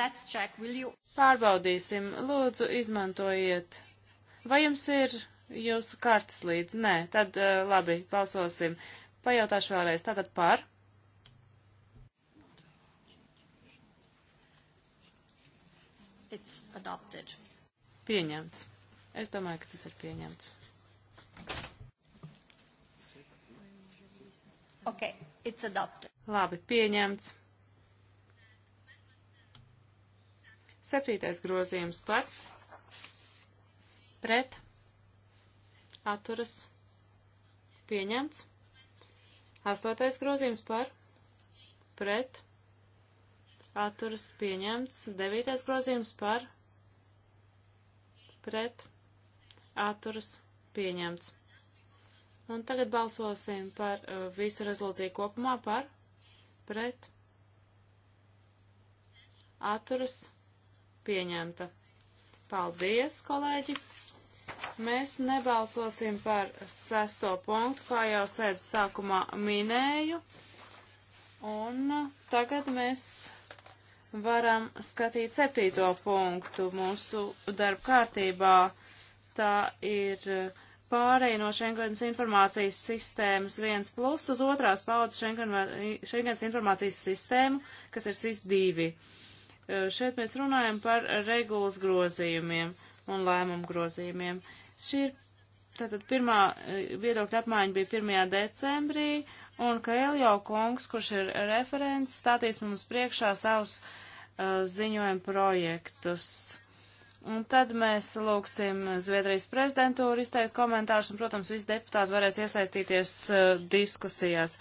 Let's check, will you... Pārbaudīsim, lūdzu, izmantojiet. Vai jums ir jūsu kartas līdzi? Nē, tad uh, labi, balsosim. Pajautāšu vēlreiz. Tātad par. It's adopted. Pieņemts. Es domāju, ka tas ir pieņemts. Okay, it's adopted. Labi, pieņemts. Septītais grozījums par pret atturas pieņemts. Astotais grozījums par pret atturas pieņemts. Devītais grozījums par pret atturas pieņemts. Un tagad balsosim par uh, visu rezolūciju kopumā par pret atturas pieņemta. Paldies, kolēģi! Mēs nebalsosim par sesto punktu, kā jau sēdz sākumā minēju. Un uh, tagad mēs varam skatīt septīto punktu mūsu darba kārtībā. Tā ir eh, pārēja no Schengens informācijas sistēmas 1 plus uz otrās paudzes Schengens informācijas sistēmu, kas ir SIS 2. Eh, šeit mēs runājam par regulas grozījumiem un lēmumu grozījumiem. Šī ir tātad pirmā eh, viedokļa apmaiņa bija 1. decembrī, un ka Eljo kungs, kurš ir referents, stādīs mums priekšā savus uh, ziņojumu projektus. Un tad mēs lūgsim Zviedrijas prezidentūru izteikt komentārus, un, protams, visi deputāti varēs iesaistīties uh, diskusijās.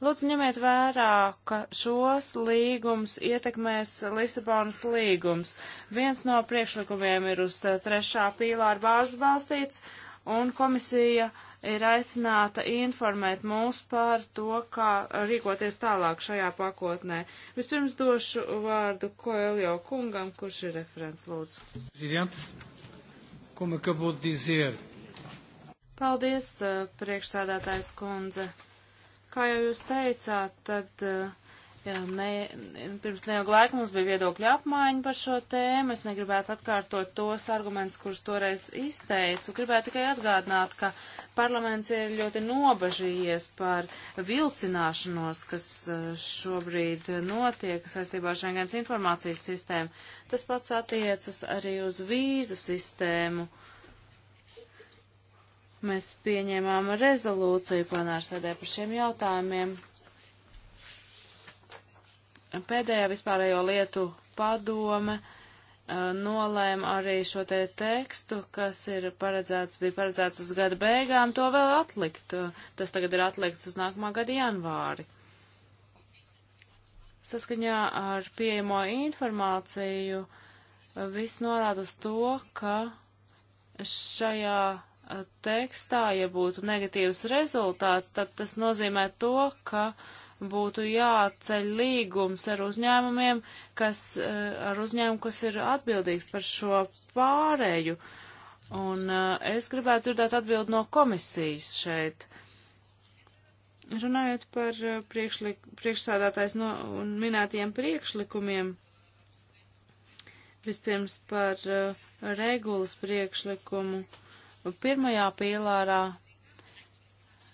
Lūdzu, ņemiet vērā, ka šos līgums ietekmēs Lisabonas līgums. Viens no priekšlikumiem ir uz uh, trešā pīlāra bāzes balstīts, un komisija uh, ir aicināta informēt mūs par to, kā rīkoties tālāk šajā pakotnē. Vispirms došu vārdu Koeljo kungam, kurš ir referents lūdzu. Paldies, eh, priekšsādātājs kundze. Kā jau jūs teicāt, tad uh, ne, pirms neilga laika mums bija viedokļa apmaiņa par šo tēmu. Es negribētu atkārtot tos argumentus, kurus toreiz izteicu. Gribētu tikai atgādināt, ka parlaments ir ļoti nobažījies par vilcināšanos, kas eh, šobrīd notiek saistībā ar Schengens informācijas sistēmu. Tas pats attiecas arī uz vīzu sistēmu. Mēs pieņēmām rezolūciju plenārsēdē par šiem jautājumiem. Pēdējā vispārējo lietu padome uh, nolēma arī šo te tekstu, kas ir paredzēts, bija paredzēts uz gada beigām, to vēl atlikt. Uh, tas tagad ir atlikts uz nākamā gada janvāri. Saskaņā ar pieejamo informāciju uh, viss norāda uz to, ka šajā tekstā, ja būtu negatīvs rezultāts, tad tas nozīmē to, ka uh, būtu jāceļ līgums ar uzņēmumiem, kas, eh, ar uzņēmumu, kas ir atbildīgs par šo pārēju. Un eh, es gribētu dzirdēt atbildi no komisijas šeit. Runājot par eh, priekšlik, priekšsādātājs no, un minētajiem priekšlikumiem, vispirms par regulas priekšlikumu. Pirmajā pīlārā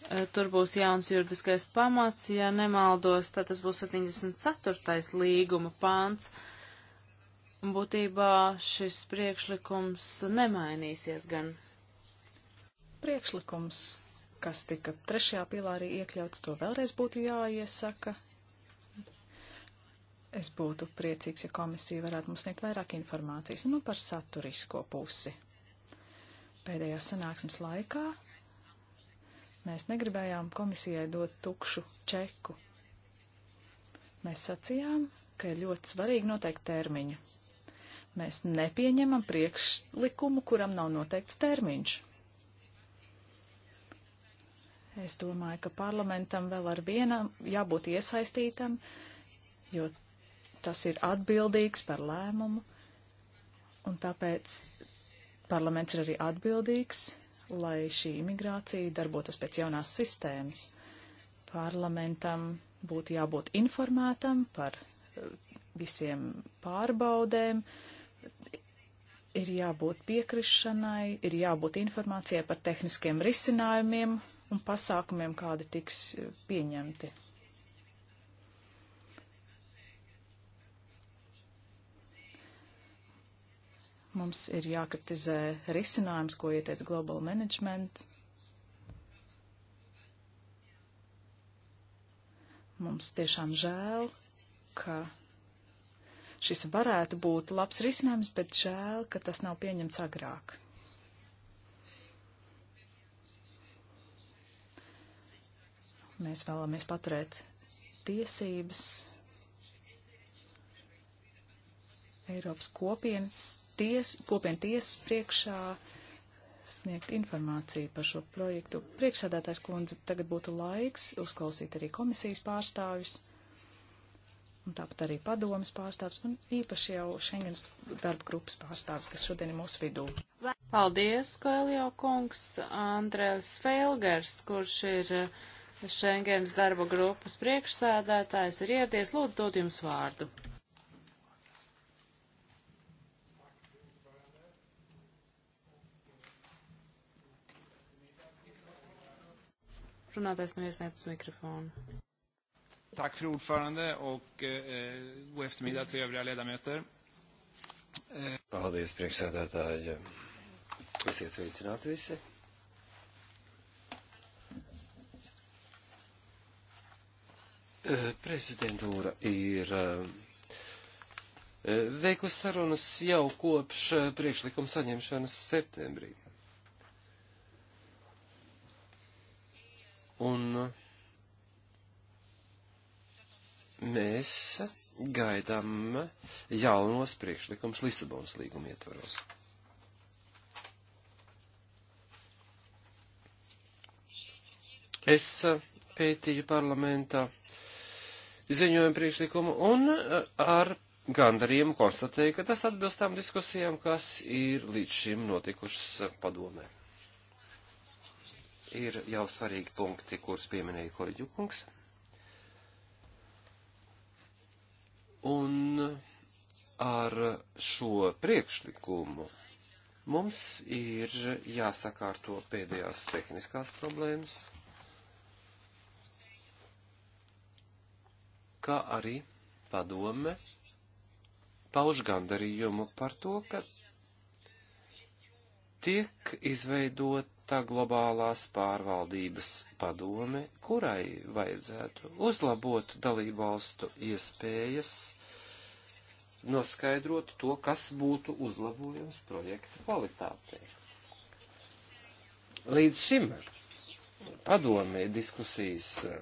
Eh, tur būs jauns juridiskais pamats, ja nemaldos, tad tas būs 74. līguma pāns. Būtībā šis priekšlikums nemainīsies gan. Priekšlikums, kas tika trešajā pilārī iekļauts, to vēlreiz būtu jāiesaka. Es būtu priecīgs, ja komisija varētu mums sniegt vairāk informācijas nu, par saturisko pusi. Pēdējās sanāksmes laikā Mēs negribējām komisijai dot tukšu čeku. Mēs sacījām, ka ir ļoti svarīgi noteikt termiņu. Mēs nepieņemam priekšlikumu, kuram nav noteikts termiņš. Es domāju, ka parlamentam vēl ar vienam jābūt iesaistītam, jo tas ir atbildīgs par lēmumu, un tāpēc parlaments ir arī atbildīgs lai šī imigrācija darbotos pēc jaunās sistēmas. Parlamentam būtu jābūt informētam par eh, visiem pārbaudēm, ir jābūt piekrišanai, ir jābūt informācijai par tehniskiem risinājumiem un pasākumiem, kādi tiks eh, pieņemti. Mums ir jākritizē risinājums, ko ieteica Global Management. Mums tiešām žēl, ka šis varētu būt labs risinājums, bet žēl, ka tas nav pieņemts agrāk. Mēs vēlamies paturēt tiesības Eiropas kopienas ties, kopien tiesas priekšā sniegt informāciju par šo projektu. Priekšsēdētājs kundze, tagad būtu laiks uzklausīt arī komisijas pārstāvis, un tāpat arī padomas pārstāvis, un īpaši jau Schengens darba grupas pārstāvis, kas šodien ir mūsu vidū. Paldies, Koelio kungs, Andrēs Feilgers, kurš ir eh, Schengens darba grupas priekšsēdētājs, ir ieradies, lūdzu, dod jums vārdu. Runātājs nav iesniedzis mikrofonu. Tack för ordförande och eh, god eftermiddag till övriga ledamöter. Eh. Paldies, priekšsēdētāji. Esiet sveicināti visi. Eh, prezidentūra ir eh, veikusi sarunas jau kopš eh, priekšlikuma saņemšanas septembrī. Un mēs gaidām jaunos priekšlikums Lisabonas līguma ietvaros. Es pētīju parlamentā ziņojumu priekšlikumu un ar gandarījumu konstatēju, ka tas atbilst tām diskusijām, kas ir līdz šim notikušas padomē ir jau svarīgi punkti, kurus pieminēja kolēģi Kungs. Un ar šo priekšlikumu mums ir jāsakārto pēdējās tehniskās problēmas, kā arī padome pauž gandarījumu par to, ka tiek izveidot pamata globālās pārvaldības padome, kurai vajadzētu uzlabot dalībvalstu iespējas noskaidrot to, kas būtu uzlabojums projekta kvalitātei. Līdz šim padomē diskusijas eh,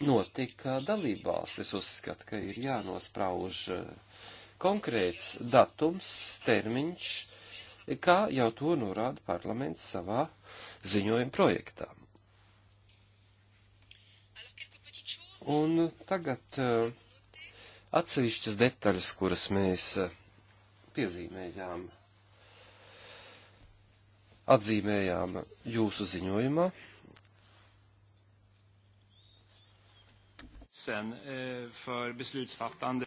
notika dalībvalstis uzskata, ka ir jānosprauž eh, konkrēts datums, termiņš, kā jau to norāda parlaments savā ziņojuma projektā. Un tagad eh, atsevišķas detaļas, kuras mēs eh, piezīmējām, atzīmējām jūsu ziņojumā. Sen, eh, för beslutsfattande.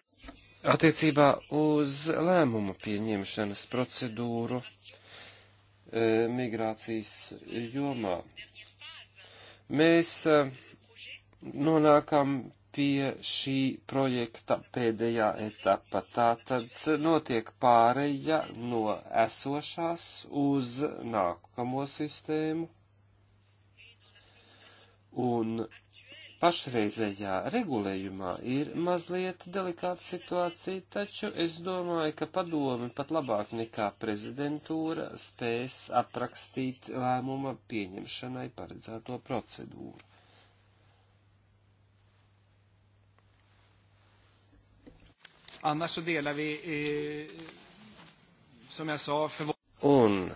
Attiecībā uz lēmumu pieņemšanas procedūru e, migrācijas jomā mēs e, nonākam pie šī projekta pēdējā etapa. Tātad notiek pāreja no esošās uz nākamo sistēmu. Un pašreizējā regulējumā ir mazliet delikāta situācija, taču es domāju, ka padomi pat labāk nekā prezidentūra spēs aprakstīt lēmuma pieņemšanai paredzēto procedūru. Annars så delar vi, eh, som jag sa, för... Un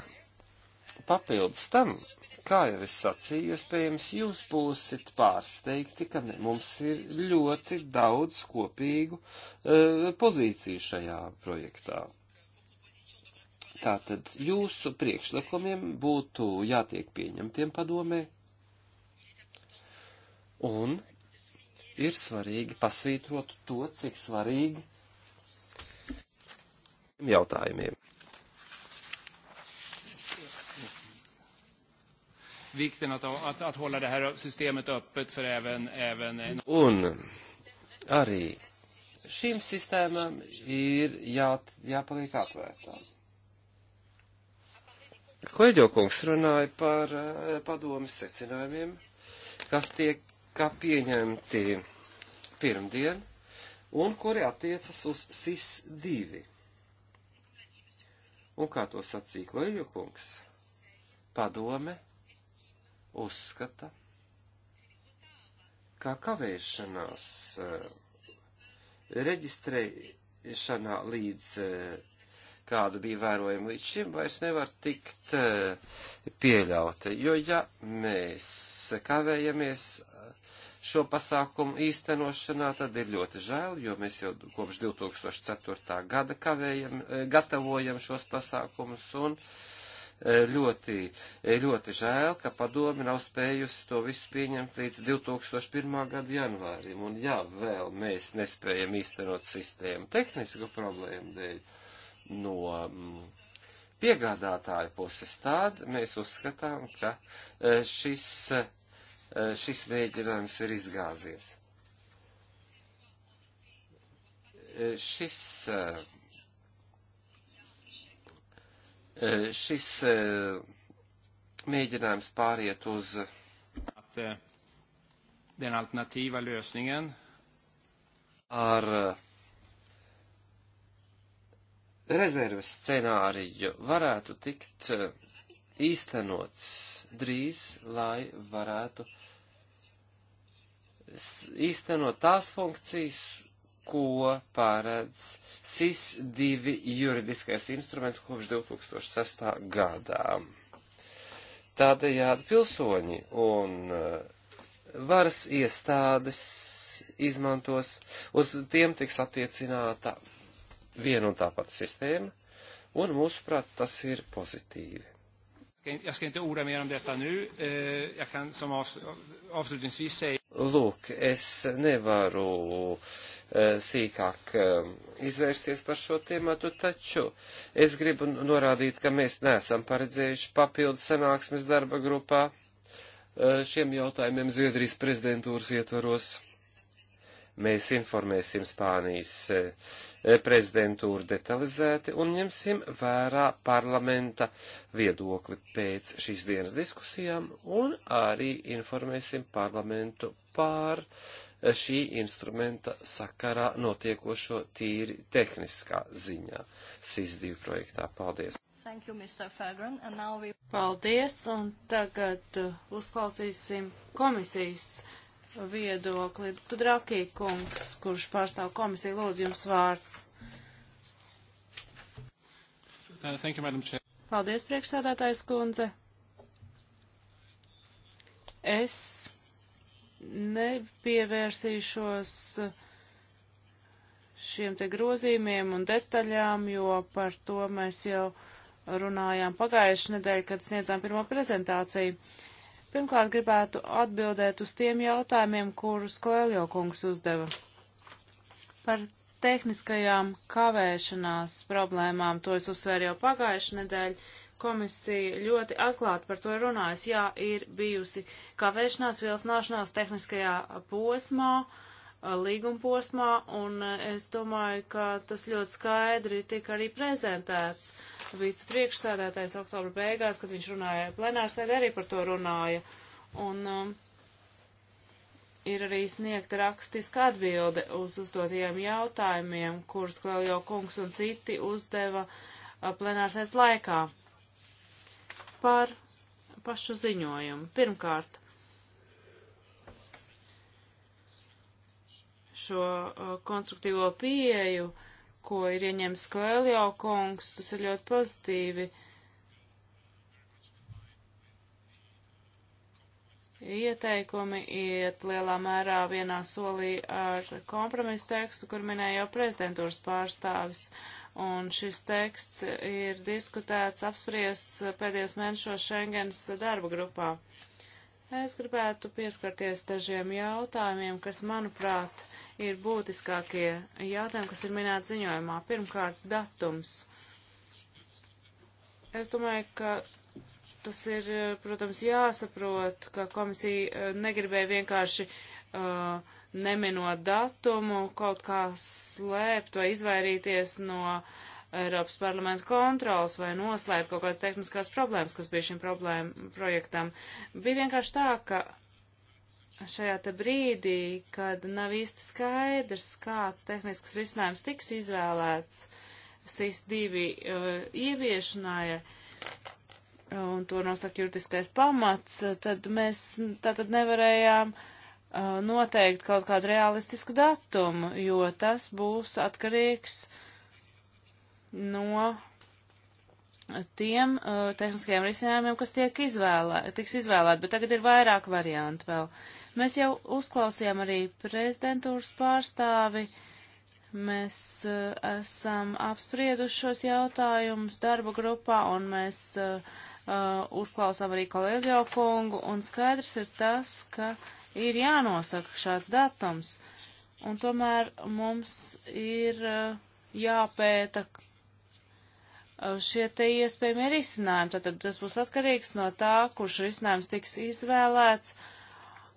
papildus tam kā jau es sacīju, iespējams, jūs būsit pārsteigti, ka mums ir ļoti daudz kopīgu uh, pozīciju šajā projektā. Tātad jūsu priekšlikumiem būtu jātiek pieņemtiem padomē, un ir svarīgi pasvītrot to, cik svarīgi jautājumiem. vikten att, att, att hålla det här systemet öppet för även... även en... Un arī šīm sistēmām ir jā, jāpaliek atvērtām. Koeģo kungs runāja par eh, padomas secinājumiem, kas tiek kā pieņemti pirmdien un kuri attiecas uz SIS 2. Un kā to sacīja Koeļu kungs? Padome uzskata, ka kavēšanās eh, reģistrēšanā līdz eh, kādu bija vērojama līdz šim, vairs nevar tikt eh, pieļauta. Jo ja mēs kavējamies šo pasākumu īstenošanā, tad ir ļoti žēl, jo mēs jau kopš 2004. gada kavējam, gatavojam šos pasākumus un uh, ļoti, ļoti žēl, ka padomi nav spējusi to visu pieņemt līdz 2001. gada janvārim. Un jā, vēl mēs nespējam īstenot sistēmu tehnisku problēmu dēļ no mm, piegādātāja puses. Tād mēs uzskatām, ka e, šis, e, šis mēģinājums ir izgāzies. E, šis uh, Eh, šis eh, mēģinājums pāriet uz. Eh, At, den alternatīva lösningen. Ar rezerves scenāriju varētu tikt īstenots drīz, lai varētu īstenot tās funkcijas, ko pārēdz SIS-2 juridiskais instruments kopš 2006. gadā. Tādējādi pilsoņi un eh, varas iestādes izmantos, uz tiem tiks attiecināta viena un tā pati sistēma, un mūsuprāt tas ir pozitīvi. Jag ska inte orda mer om detta nu. Eh, jag kan som avslutningsvis säga... Lūk, es nevaru uh, Eh, sīkāk eh, izvērsties par šo tēmatu, taču es gribu norādīt, ka mēs neesam paredzējuši papildu sanāksmes darba grupā eh, šiem jautājumiem Zviedrijas prezidentūras ietvaros. Mēs informēsim Spānijas prezidentūru detalizēti un ņemsim vērā parlamenta viedokli pēc šīs dienas diskusijām un arī informēsim parlamentu pār uh, šī instrumenta sakarā notiekošo tīri tehniskā ziņā SIS-2 projektā. Paldies! Thank you, Mr. Fagran, and now we... Paldies, un tagad uh, uzklausīsim komisijas viedokli. Tudrakī kungs, kurš pārstāv komisiju, lūdzu jums vārds. Uh, thank you, Madam Chair. Paldies, priekšsādātājs kundze. Es nepievērsīšos šiem te grozījumiem un detaļām, jo par to mēs jau runājām pagājušajā nedēļā, kad sniedzām pirmo prezentāciju. Pirmkārt, gribētu atbildēt uz tiem jautājumiem, kurus Koeljo kungs uzdeva. Par tehniskajām kavēšanās problēmām, to es uzsvēru jau pagājušajā nedēļā, Komisija ļoti atklāti par to runājas. Jā, ir bijusi kavēšanās, vilcināšanās tehniskajā posmā, līguma posmā, un es domāju, ka tas ļoti skaidri tika arī prezentēts. Vīca priekšsēdētājs oktobra beigās, kad viņš runāja plenārsēdē, arī par to runāja. Un, um, ir arī sniegta rakstiska atbilde uz uzdotajiem jautājumiem, kurus Kvēljo kungs un citi uzdeva plenārsēdes laikā par pašu ziņojumu. Pirmkārt, šo uh, konstruktīvo pieeju, ko ir ieņēmis Koeljo kungs, tas ir ļoti pozitīvi. Ieteikumi iet lielā mērā vienā solī ar kompromisu tekstu, kur minēja jau prezidentūras pārstāvis. Uh, Un šis teksts ir diskutēts, apspriests pēdējos mēnešos Schengens darba grupā. Es gribētu pieskarties dažiem jautājumiem, kas, manuprāt, ir būtiskākie jautājumi, kas ir minēti ziņojumā. Pirmkārt, datums. Es domāju, ka tas ir, protams, jāsaprot, ka komisija eh, negribēja vienkārši uh, neminot datumu, kaut kā slēpt vai izvairīties no Eiropas parlamenta kontrols vai noslēpt kaut kādas tehniskās problēmas, kas bija šim problēma projektam. Bija vienkārši tā, ka šajā te brīdī, kad nav īsti skaidrs, kāds tehnisks risinājums tiks izvēlēts SIS-2 uh, ieviešanai, un to nosaka juridiskais pamats, tad mēs tātad nevarējām uh, noteikt kaut kādu realistisku datumu, jo tas būs atkarīgs no tiem uh, tehniskajiem risinājumiem, kas tiek izvēlē, tiks izvēlēti, bet tagad ir vairāk variantu vēl. Mēs jau uzklausījām arī prezidentūras pārstāvi, mēs uh, esam apsprieduši šos jautājumus darba grupā un mēs uh, uh, uzklausām arī kolēģi Kungu un skaidrs ir tas, ka uh, ir jānosaka šāds datums, un tomēr mums ir uh, jāpēta uh, šie te iespējami risinājumi. Tātad tas būs atkarīgs no tā, kurš risinājums tiks izvēlēts.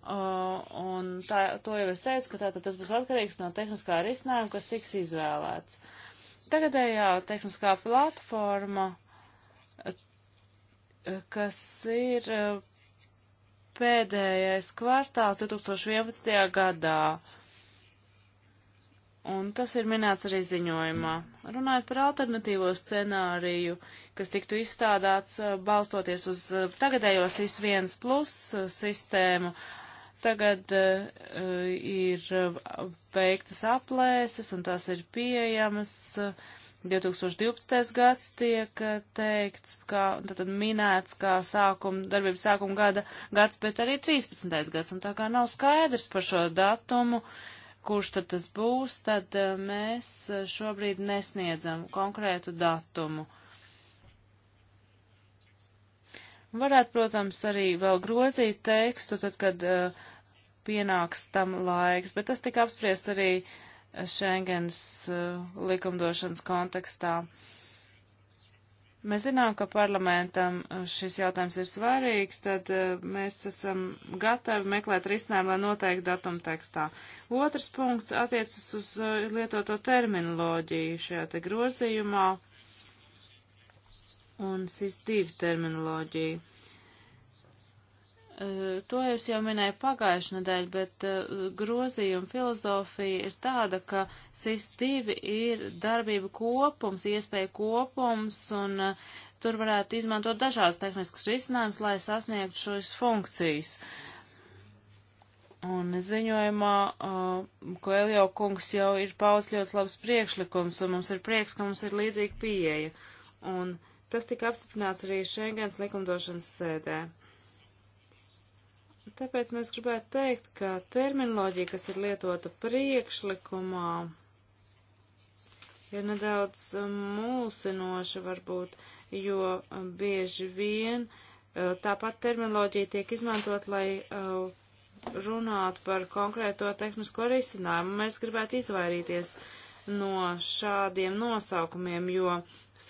Uh, un tā, to jau es teicu, ka tātad tas būs atkarīgs no tehniskā risinājuma, kas tiks izvēlēts. Tagadējā tehniskā platforma, uh, kas ir pēdējais kvartāls 2011. gadā. Un tas ir minēts arī ziņojumā. Runājot par alternatīvo scenāriju, kas tiktu izstādāts eh, balstoties uz eh, tagadējo SIS-1 plus eh, sistēmu, tagad uh, ir veiktas aplēses un tās ir pieejamas. Uh, 2012. gads tiek eh, teikts, kā, tad minēts kā sākuma, darbības sākuma gada gads, bet arī 13. gads, un tā kā nav skaidrs par šo datumu, kurš tad tas būs, tad eh, mēs eh, šobrīd nesniedzam konkrētu datumu. Varētu, protams, arī vēl grozīt tekstu, tad, kad uh, pienāks tam laiks, bet tas tika apspriest arī uh, Schengens eh, likumdošanas kontekstā. Mēs zinām, ka parlamentam eh, šis jautājums ir svarīgs, tad eh, mēs esam gatavi meklēt risinājumu, lai noteikti datumu tekstā. Otrs punkts attiecas uz lietoto terminoloģiju šajā te grozījumā un SIS-2 terminoloģiju. Eh, to es jau minēju pagājušajā nedēļā, bet eh, grozījuma filozofija ir tāda, ka SIS-2 ir darbība kopums, iespēja kopums, un eh, tur varētu izmantot dažādas tehniskas risinājumus, lai sasniegtu šīs funkcijas. Un ziņojumā, ko Elio kungs jau ir pauds ļoti labs priekšlikums, un mums ir prieks, ka mums ir līdzīga pieeja. Un tas tika apstiprināts arī Schengens likumdošanas sēdē. Tāpēc mēs gribētu teikt, ka terminoloģija, kas ir lietota priekšlikumā, ir nedaudz um, mulsinoša varbūt, jo um, bieži vien uh, tāpat terminoloģija tiek izmantot, lai uh, runāt par konkrēto tehnisko risinājumu. Mēs gribētu izvairīties no šādiem nosaukumiem, jo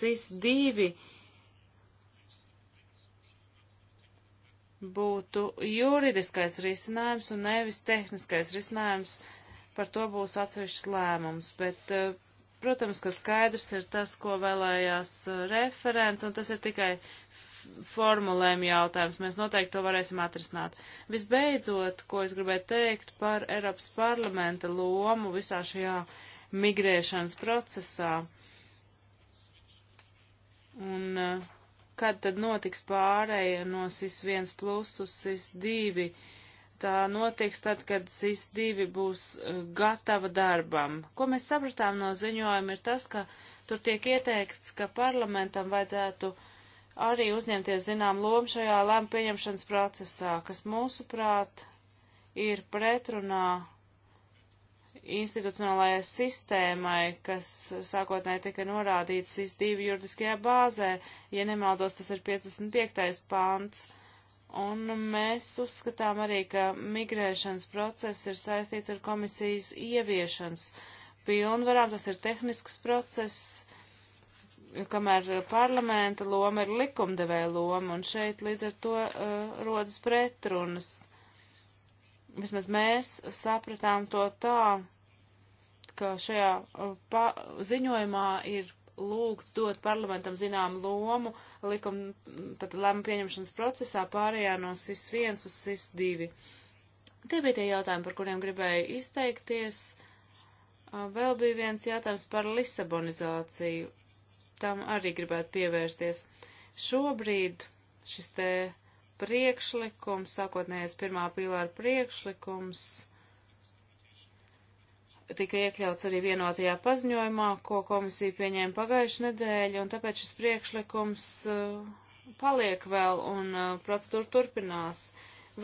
SIS 2 būtu juridiskais risinājums un nevis tehniskais risinājums. Par to būs atsevišķs lēmums. Bet, eh, protams, ka skaidrs ir tas, ko vēlējās eh, referents, un tas ir tikai formulēm jautājums. Mēs noteikti to varēsim atrisināt. Visbeidzot, ko es gribēju teikt par Eiropas parlamenta lomu visā šajā migrēšanas procesā. Un uh, kad tad notiks pārēja no SIS 1 plus uz SIS 2. Tā notiks tad, kad SIS 2 būs uh, gatava darbam. Ko mēs sapratām no ziņojuma ir tas, ka tur tiek ieteikts, ka parlamentam vajadzētu arī uzņemties zinām lomu šajā lēmu pieņemšanas procesā, kas mūsuprāt ir pretrunā institucionālajai sistēmai, kas sākotnēji tika norādīts SIS-2 juridiskajā bāzē, ja nemaldos, tas ir 55. pants. Un mēs uzskatām arī, ka migrēšanas process ir saistīts ar komisijas ieviešanas pilnvarām, tas ir tehnisks process, kamēr parlamenta loma ir likumdevēja loma, un šeit līdz ar to uh, rodas pretrunas vismaz mēs sapratām to tā, ka šajā uh, ziņojumā ir lūgts dot parlamentam zinām lomu likuma, tad lēma pieņemšanas procesā pārējā no SIS 1 uz SIS 2. Tie bija tie jautājumi, par kuriem gribēju izteikties. Uh, vēl bija viens jautājums par Lisabonizāciju. Tam arī gribētu pievērsties. Šobrīd šis te priekšlikums, sākotnējais pirmā pīlāra priekšlikums, uh, tika iekļauts arī vienotajā paziņojumā, ko komisija pieņēma pagājušajā nedēļā, un tāpēc šis priekšlikums uh, paliek vēl un uh, procedūra turpinās.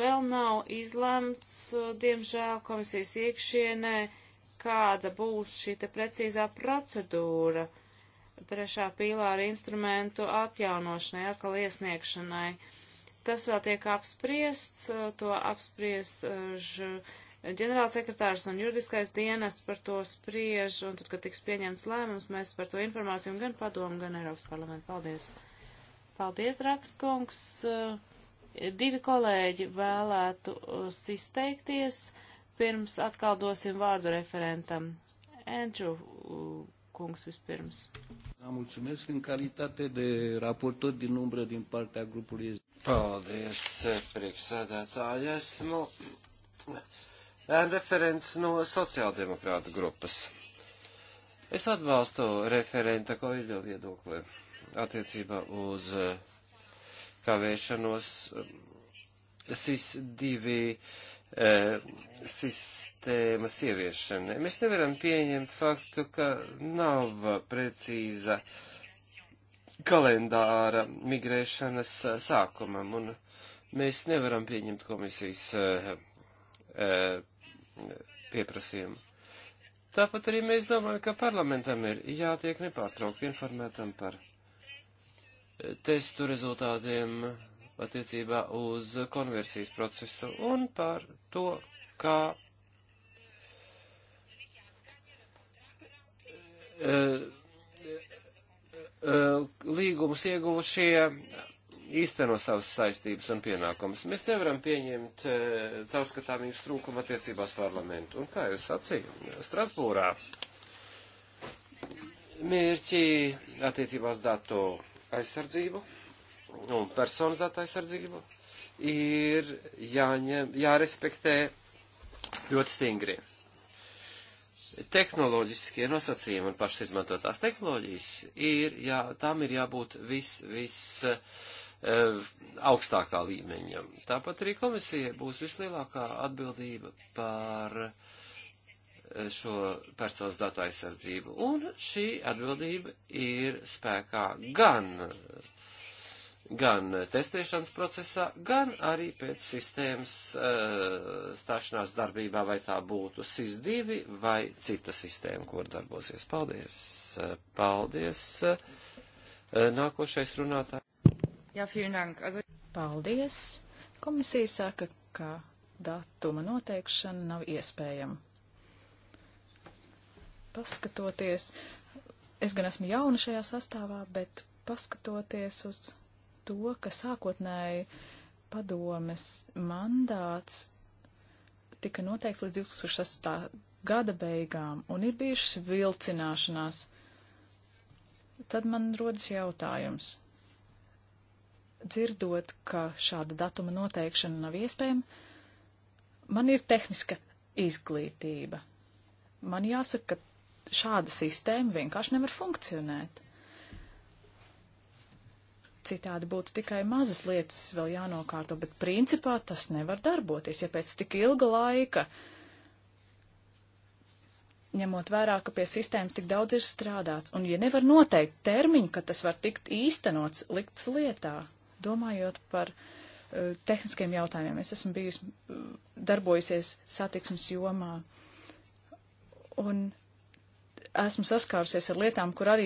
Vēl nav izlemts, uh, diemžēl, komisijas iekšienē, kāda būs šī te precīzā procedūra trešā pīlāra instrumentu atjaunošanai, atkal iesniegšanai. Tas vēl tiek apspriests, to apspries ž, uh, ģenerālsekretārs un juridiskais dienests par to spriež, un tad, kad tiks pieņemts lēmums, mēs par to informāsim gan padomu, gan Eiropas parlamentu. Paldies! Paldies, Rakskungs! Eh, divi kolēģi vēlētu eh, izteikties, pirms atkal dosim vārdu referentam. Andrew eh, Kungs vispirms. Da, mulțumesc în calitate de raportor din umbră din partea grupului. Paldies, priekšsēdētāji, esmu referents no sociāldemokrāta grupas. Es atbalstu referenta Koļļo viedokli attiecībā uz eh, kavēšanos eh, SIS-2 eh, sistēmas ieviešanai. Mēs nevaram pieņemt faktu, ka nav precīza kalendāra migrēšanas sākumam, un mēs nevaram pieņemt komisijas pieprasījumu. Tāpat arī mēs domājam, ka parlamentam ir jātiek nepārtraukti informētam par testu rezultātiem attiecībā uz konversijas procesu un par to, kā eh, eh, eh, līgumus ieguvušie īsteno savas saistības un pienākumus. Mēs nevaram pieņemt e, caurskatāmības trūkumu attiecībās parlamentu. Un kā jūs sacījāt, Strasbūrā mērķi attiecībās datu aizsardzību un personas datu aizsardzību ir jāņem, jārespektē ļoti stingri. Tehnoloģiskie nosacījumi un pašas izmantotās tehnoloģijas ir, jā, tam ir jābūt vis, vis, uh, E, augstākā līmeņa. Tāpat arī komisijai būs vislielākā atbildība par e, šo personas datu aizsardzību. Un šī atbildība ir spēkā gan, gan testēšanas procesā, gan arī pēc sistēmas uh, stāšanās darbībā, vai tā būtu SIS-2 vai cita sistēma, kur darbosies. Paldies! Paldies! Nākošais runātājs. Jā, dank. Also... Paldies. Komisija saka, ka datuma noteikšana nav iespējama. Paskatoties, es gan esmu jauna šajā sastāvā, bet paskatoties uz to, ka sākotnēji padomes mandāts tika noteikts līdz 2006. gada beigām un ir bijušas vilcināšanās, tad man rodas jautājums dzirdot, ka šāda datuma noteikšana nav iespējama, man ir tehniska izglītība. Man jāsaka, ka šāda sistēma vienkārši nevar funkcionēt. Citādi būtu tikai mazas lietas vēl jānokārto, bet principā tas nevar darboties, ja pēc tik ilga laika, ņemot vērā, ka pie sistēmas tik daudz ir strādāts, un ja nevar noteikt termiņu, ka tas var tikt īstenots, likts lietā, Domājot par uh, tehniskiem jautājumiem, es esmu bijusi uh, e, darbojusies satiksmes jomā un esmu saskārusies ar lietām, kur arī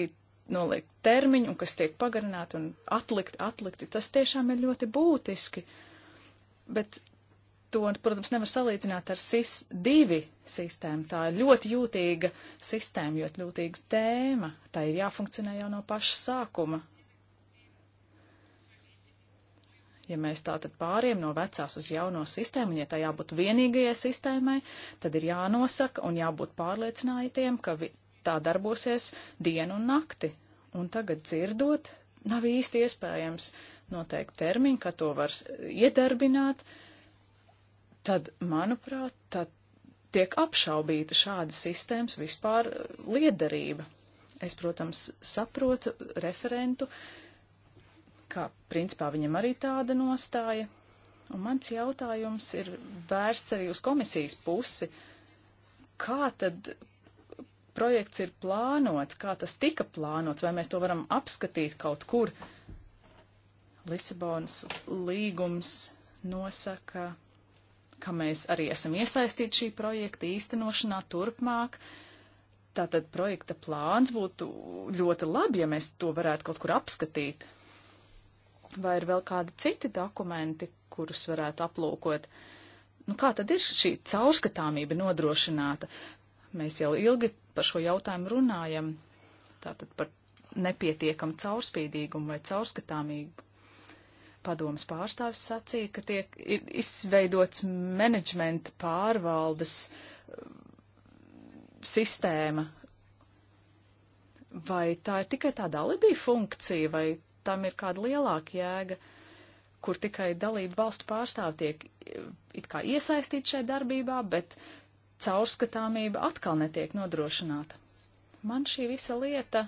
noliek termiņu un kas tiek pagarināti un atlikt, atlikti. Tas tiešām ir ļoti būtiski, bet to, protams, nevar salīdzināt ar SIS-2 sistēmu. Tā ir ļoti jūtīga sistēma, ļoti jūtīgs tēma. Tā ir jāfunkcionē jau no paša sākuma. Ja mēs tātad pāriem no vecās uz jauno sistēmu, un ja tā jābūt vienīgajai sistēmai, tad ir jānosaka un jābūt pārliecinātiem, ka tā darbosies dienu un nakti. Un tagad dzirdot, nav īsti iespējams noteikt termiņu, ka to var iedarbināt, tad, manuprāt, tad tiek apšaubīta šāda sistēmas vispār eh, liederība. Es, protams, saprotu referentu uh, ka principā viņam arī tāda nostāja. Un mans jautājums ir vērsts arī uz komisijas pusi. Kā tad projekts ir plānots, kā tas tika plānots, vai mēs to varam apskatīt kaut kur? Lisabonas līgums nosaka, ka mēs arī esam iesaistīti šī projekta īstenošanā turpmāk. Tātad projekta plāns būtu ļoti labi, ja mēs to varētu kaut kur apskatīt. Vai ir vēl kādi citi dokumenti, kurus varētu aplūkot? Nu, kā tad ir šī caurskatāmība nodrošināta? Mēs jau ilgi par šo jautājumu runājam, tātad par nepietiekamu caurspīdīgumu vai caurskatāmību. Padomas pārstāvis sacīja, ka tiek izveidots menedžmenta pārvaldes uh, sistēma. Vai tā ir tikai tāda alibija funkcija, vai tam ir kāda lielāka jēga, kur tikai dalību valstu pārstāv tiek eh, it kā iesaistīt šai darbībā, bet caurskatāmība atkal netiek nodrošināta. Man šī visa lieta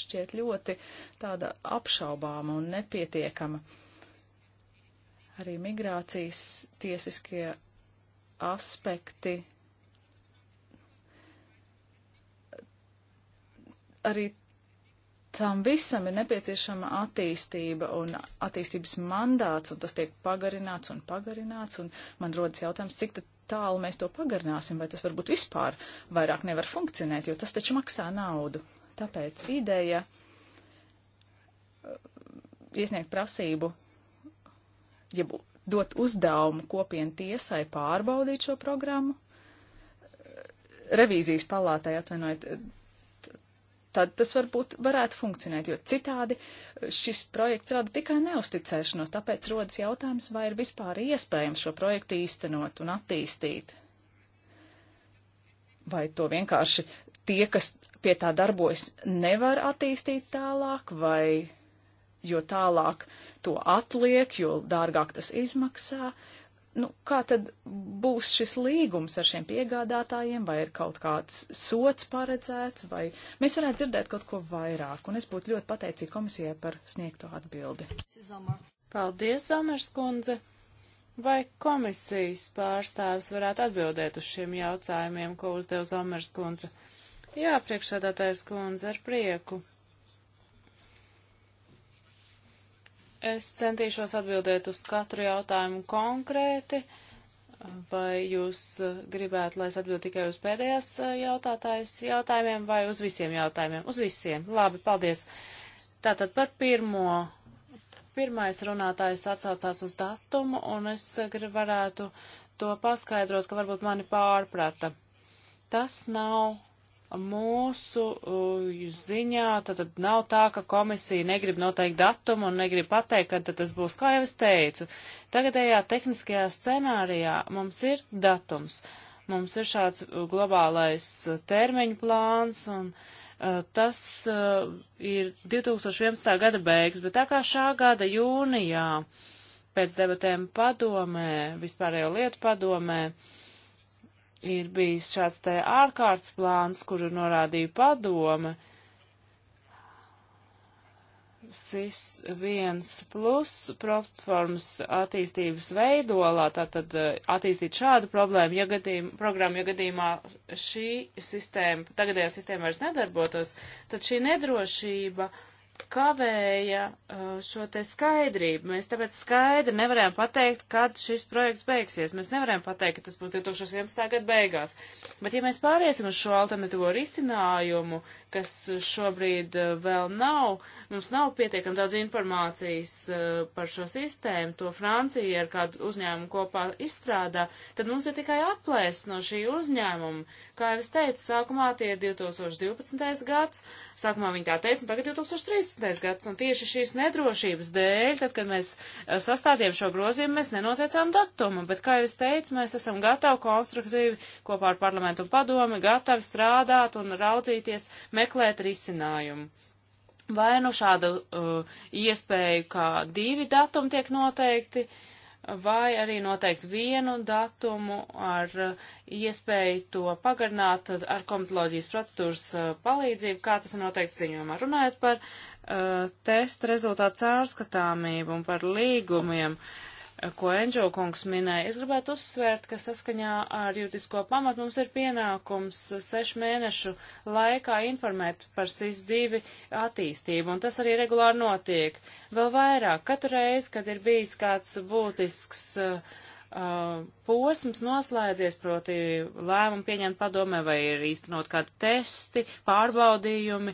šķiet ļoti tāda apšaubāma un nepietiekama. Arī migrācijas tiesiskie aspekti arī tam visam ir nepieciešama attīstība un attīstības mandāts, un tas tiek pagarināts un pagarināts, un man rodas jautājums, cik tālu mēs to pagarināsim, vai tas varbūt vispār vairāk nevar funkcionēt, jo tas taču maksā naudu. Tāpēc ideja uh, iesniegt prasību, ja dot uzdevumu kopienu tiesai pārbaudīt šo programmu, uh, revīzijas palātai atvainojiet tad tas varbūt varētu funkcionēt, jo citādi eh, šis projekts rada tikai neusticēšanos, tāpēc rodas jautājums, vai ir vispār iespējams šo projektu īstenot un attīstīt. Vai to vienkārši tie, kas pie tā darbojas, nevar attīstīt tālāk, vai jo tālāk to atliek, jo dārgāk tas izmaksā, nu, kā tad būs šis līgums ar šiem piegādātājiem, vai ir kaut kāds sots paredzēts, vai mēs varētu dzirdēt kaut ko vairāk, un es būtu ļoti pateicīga komisijai par sniegto atbildi. Paldies, Zamers kundze! Vai komisijas pārstāvis varētu atbildēt uz šiem jautājumiem, ko uzdev Zamers kundze? Jā, priekšsādātājs kundze, ar prieku. Es centīšos atbildēt uz katru jautājumu konkrēti. Vai jūs eh, gribētu, lai es atbildu tikai uz pēdējās eh, jautātājas jautājumiem vai uz visiem jautājumiem? Uz visiem. Labi, paldies. Tātad par pirmo. Pirmais runātājs atsaucās uz datumu, un es eh, varētu to paskaidrot, ka varbūt mani pārprata. Tas nav mūsu ziņā tad nav tā, ka komisija negrib noteikt datumu un negrib pateikt, kad tas būs, kā jau es teicu. Tagadējā tehniskajā scenārijā mums ir datums, mums ir šāds globālais termiņu plāns un tas ir 2011. gada beigas, bet tā kā šā gada jūnijā pēc debatēm padomē, vispārējo lietu padomē, uh, ir bijis šāds te ārkārtas plāns, kuru norādīja padome. SIS 1 plus platformas attīstības veidolā, tātad eh, attīstīt šādu problēmu, ja gadījum, programmu, ja gadījumā šī sistēma, tagadējā sistēma vairs nedarbotos, tad šī nedrošība uh, kavēja uh, šo te skaidrību. Mēs tāpēc skaidri nevarējām pateikt, kad šis projekts beigsies. Mēs nevarējām pateikt, ka tas būs 2011. gada beigās. Bet ja mēs pāriesim uz šo alternatīvo risinājumu, kas šobrīd uh, vēl nav, mums nav pietiekam daudz informācijas uh, par šo sistēmu, to Francija ar kādu uzņēmumu kopā izstrādā, tad mums ir tikai aplēs no šī uzņēmuma, Kā jau es teicu, sākumā tie ir 2012. gads, sākumā viņi tā teica, un tagad 2013. gads, un tieši šīs nedrošības dēļ, tad, kad mēs eh, sastādījām šo grozījumu, mēs nenoteicām datumu, bet, kā jau es teicu, mēs esam gatavi konstruktīvi kopā ar parlamentu un padomi, gatavi strādāt un raudzīties, meklēt risinājumu. Vai nu šādu uh, eh, iespēju, kā divi datumi tiek noteikti, uh, vai arī noteikt vienu datumu ar uh, iespēju to pagarināt ar komitoloģijas procedūras uh, palīdzību, kā tas ir noteikts ziņojumā. Runājot par uh, testa rezultātu cārskatāmību un par līgumiem, uh, ko Enžo kungs minēja. Es gribētu uzsvērt, ka saskaņā ar jūtisko pamatu mums ir pienākums sešu mēnešu laikā informēt par SIS-2 attīstību, un tas arī regulāri notiek. Vēl vairāk, katru reizi, kad ir bijis kāds būtisks uh, Uh, posms noslēdzies, proti lēmumu pieņemt padomē vai ir īstenot kādi testi, pārbaudījumi,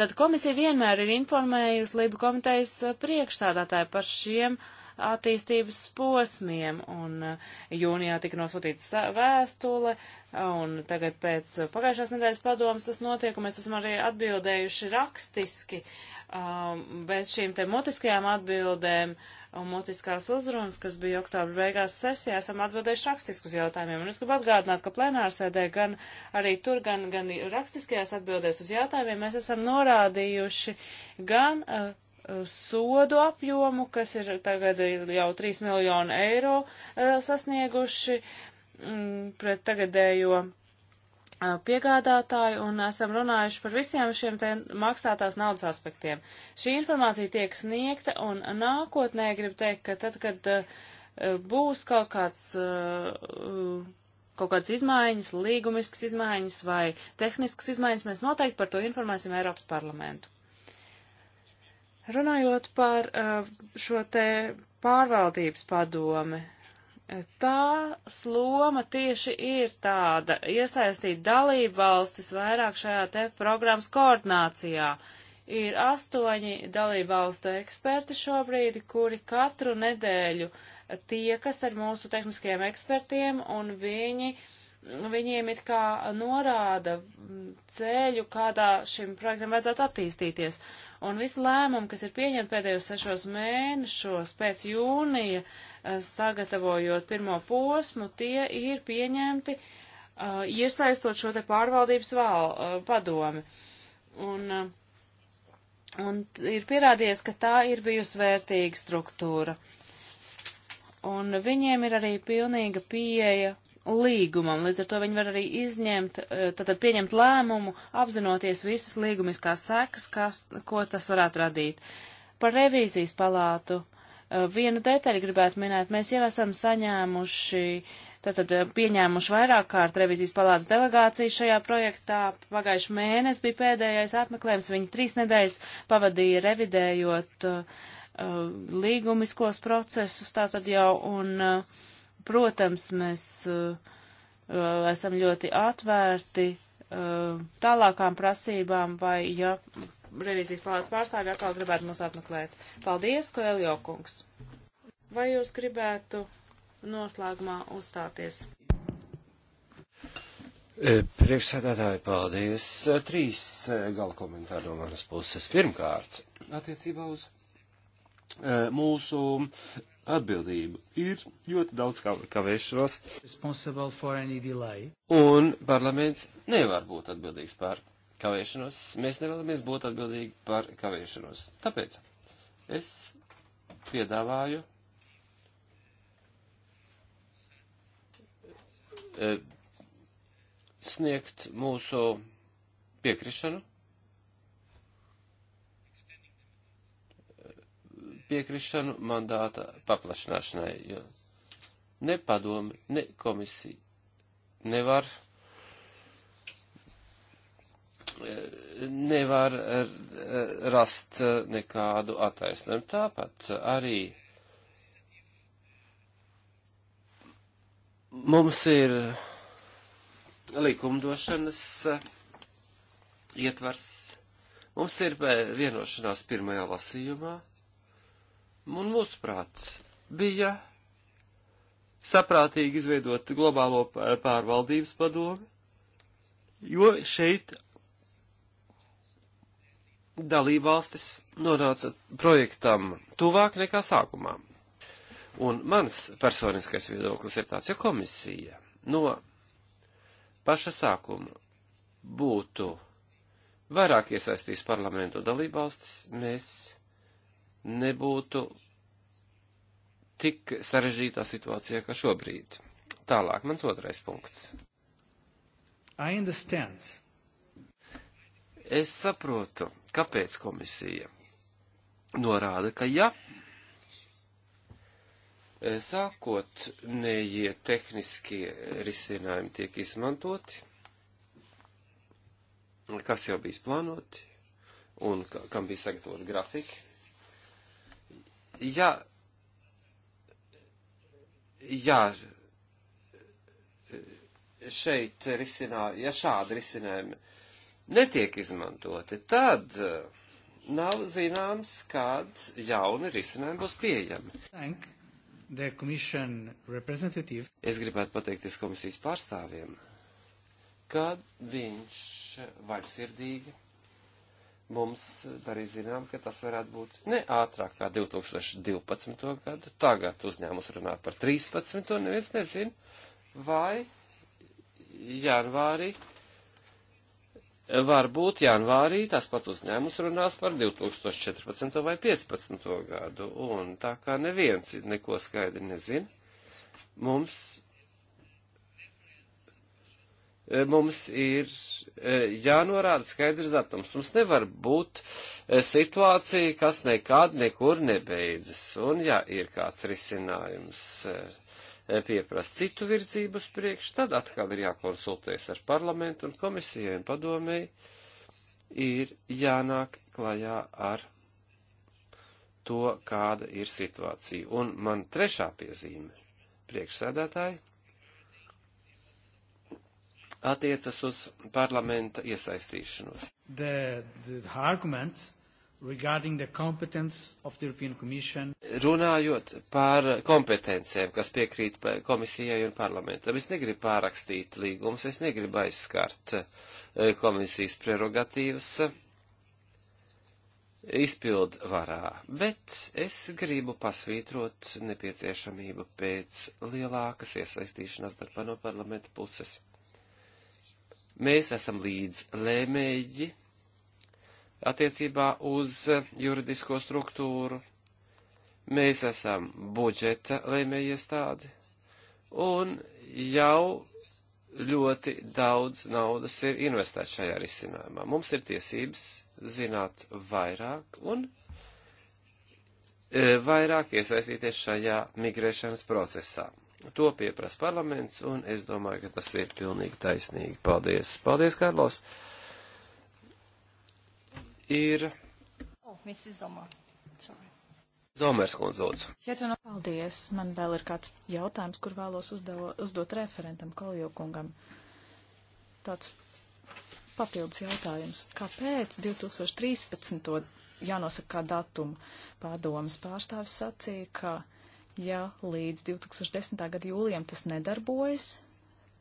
tad komisija vienmēr ir informējusi Lība komitejas priekšsādātāju par šiem uh, attīstības posmiem, un eh, jūnijā tika nosūtīta vēstule, un tagad pēc pagājušās nedēļas padomas tas notiek, un mēs esam arī atbildējuši rakstiski um, bez šīm te motiskajām atbildēm un motiskās uzrunas, kas bija oktobra beigās sesijā, esam atbildējuši rakstiskus jautājumiem. Un es gribu atgādināt, ka plenārsēdē gan arī tur, gan, gan rakstiskajās atbildēs uz jautājumiem mēs esam norādījuši gan uh, sodu apjomu, kas ir tagad jau 3 miljonu eiro eh, sasnieguši mm, pret tagadējo eh, piegādātāju un esam runājuši par visiem šiem te maksātās naudas aspektiem. Šī informācija tiek sniegta un nākotnē gribu teikt, ka tad, kad eh, būs kaut kāds kaut kādas izmaiņas, līgumiskas izmaiņas vai tehniskas izmaiņas, mēs noteikti par to informēsim Eiropas parlamentu. Runājot par eh, šo te pārvaldības padomi, tā sloma tieši ir tāda - iesaistīt dalību valstis vairāk šajā te programmas koordinācijā. Ir astoņi dalību valstu eksperti šobrīd, kuri katru nedēļu tiekas ar mūsu tehniskajiem ekspertiem, un viņi, viņiem it kā norāda mm, ceļu, kādā šim projektam vajadzētu attīstīties. Uh, Un visi lēmumi, kas ir pieņemti pēdējos sešos mēnešos pēc jūnija, eh, sagatavojot pirmo posmu, tie ir pieņemti uh, iesaistot šo te pārvaldības val, uh, padomi. Un, uh, un ir pierādījies, ka tā ir bijusi vērtīga struktūra. Un viņiem ir arī pilnīga pieeja līgumam. Līdz ar to viņi var arī izņemt, eh, tātad pieņemt lēmumu, apzinoties visas līgumiskās sekas, kas, ko tas varētu radīt. Par revīzijas palātu eh, vienu detaļu gribētu minēt. Mēs jau esam saņēmuši, tātad eh, pieņēmuši vairāk kārt revīzijas palātas delegāciju šajā projektā. Pagājuši mēnesi bija pēdējais apmeklējums. Viņi trīs nedēļas pavadīja revidējot uh, līgumiskos procesus, tātad jau, un uh, Protams, mēs uh, uh, esam ļoti atvērti uh, tālākām prasībām vai, ja revīzijas palātas pārstāvi atkal gribētu mūs apmeklēt. Paldies, Koeljo kungs! Vai jūs gribētu noslēgumā uzstāties? E, priekšsēdētāji, paldies. E, trīs e, gala komentāri no manas puses. Pirmkārt, attiecībā uz mūsu atbildību. Ir ļoti daudz kavēšanos, un parlaments nevar būt atbildīgs par kavēšanos. Mēs nevēlamies būt atbildīgi par kavēšanos. Tāpēc es piedāvāju eh, sniegt mūsu piekrišanu piekrišanu mandāta paplašināšanai, jo ne padomi, ne komisija nevar, nevar rast nekādu attaisnojumu. Tāpat arī mums ir likumdošanas ietvars. Mums ir vienošanās pirmajā lasījumā Un mūsuprāt, bija saprātīgi izveidot globālo pārvaldības padomi, jo šeit dalībvalstis nonāca projektam tuvāk nekā sākumā. Un mans personiskais viedoklis ir tāds, ja komisija no paša sākuma būtu vairāk iesaistījis parlamentu dalībvalstis, mēs nebūtu tik sarežģītā situācijā kā šobrīd. Tālāk, mans otrais punkts. Es saprotu, kāpēc komisija norāda, ka ja sākotnējie tehniskie risinājumi tiek izmantoti, kas jau bijis plānoti un kam bija sagatavot grafiki, ja, ja šeit risinājumi, ja šādi risinājumi netiek izmantoti, tad eh, nav zināms, kāds jauni risinājumi būs pieejami. Thank. Es gribētu pateikties komisijas pārstāvjiem, kad viņš vaļsirdīgi mums arī zinām, ka tas varētu būt ne ātrāk kā 2012. gadu. Tagad uzņēmums runā par 13. un neviens nezin, vai janvārī, varbūt janvārī tas pats uzņēmums runās par 2014. vai 2015. gadu. Un tā kā neviens neko skaidri nezin, mums mums ir e, jānorāda skaidrs datums. Mums nevar būt e, situācija, kas nekad nekur nebeidzas. Un, ja ir kāds risinājums e, pieprast citu virzību uz priekšu, tad atkal ir jākonsultēs ar parlamentu un komisijai un padomēji ir jānāk klajā ar to, kāda ir situācija. Un man trešā piezīme priekšsēdētāji attiecas uz parlamenta iesaistīšanos. The, the argument regarding the competence of the European Commission. Runājot par kompetencēm, kas piekrīt komisijai un parlamentam, es negribu pārakstīt līgumus, es negribu aizskart eh, komisijas prerogatīvas izpildu varā, bet es gribu pasvītrot nepieciešamību pēc lielākas iesaistīšanās darbā no parlamenta puses. Mēs esam līdz lēmēji attiecībā uz juridisko struktūru. Mēs esam budžeta lēmēji iestādi. Un jau ļoti daudz naudas ir investēts šajā risinājumā. Mums ir tiesības zināt vairāk un e, vairāk iesaistīties šajā migrēšanas procesā. To pieprasa parlaments, un es domāju, ka tas ir pilnīgi taisnīgi. Paldies. Paldies, Karlos. Ir. Oh, Zomers kundze, lūdzu. Ja tu nopaldies, man vēl ir kāds jautājums, kur vēlos uzdevo, uzdot referentam Kaljokungam. Tāds papildus jautājums. Kāpēc 2013. jānosaka kā datumu? Pārdomas pārstāvis sacīja, ka Ja līdz 2010. gada jūlijam tas nedarbojas,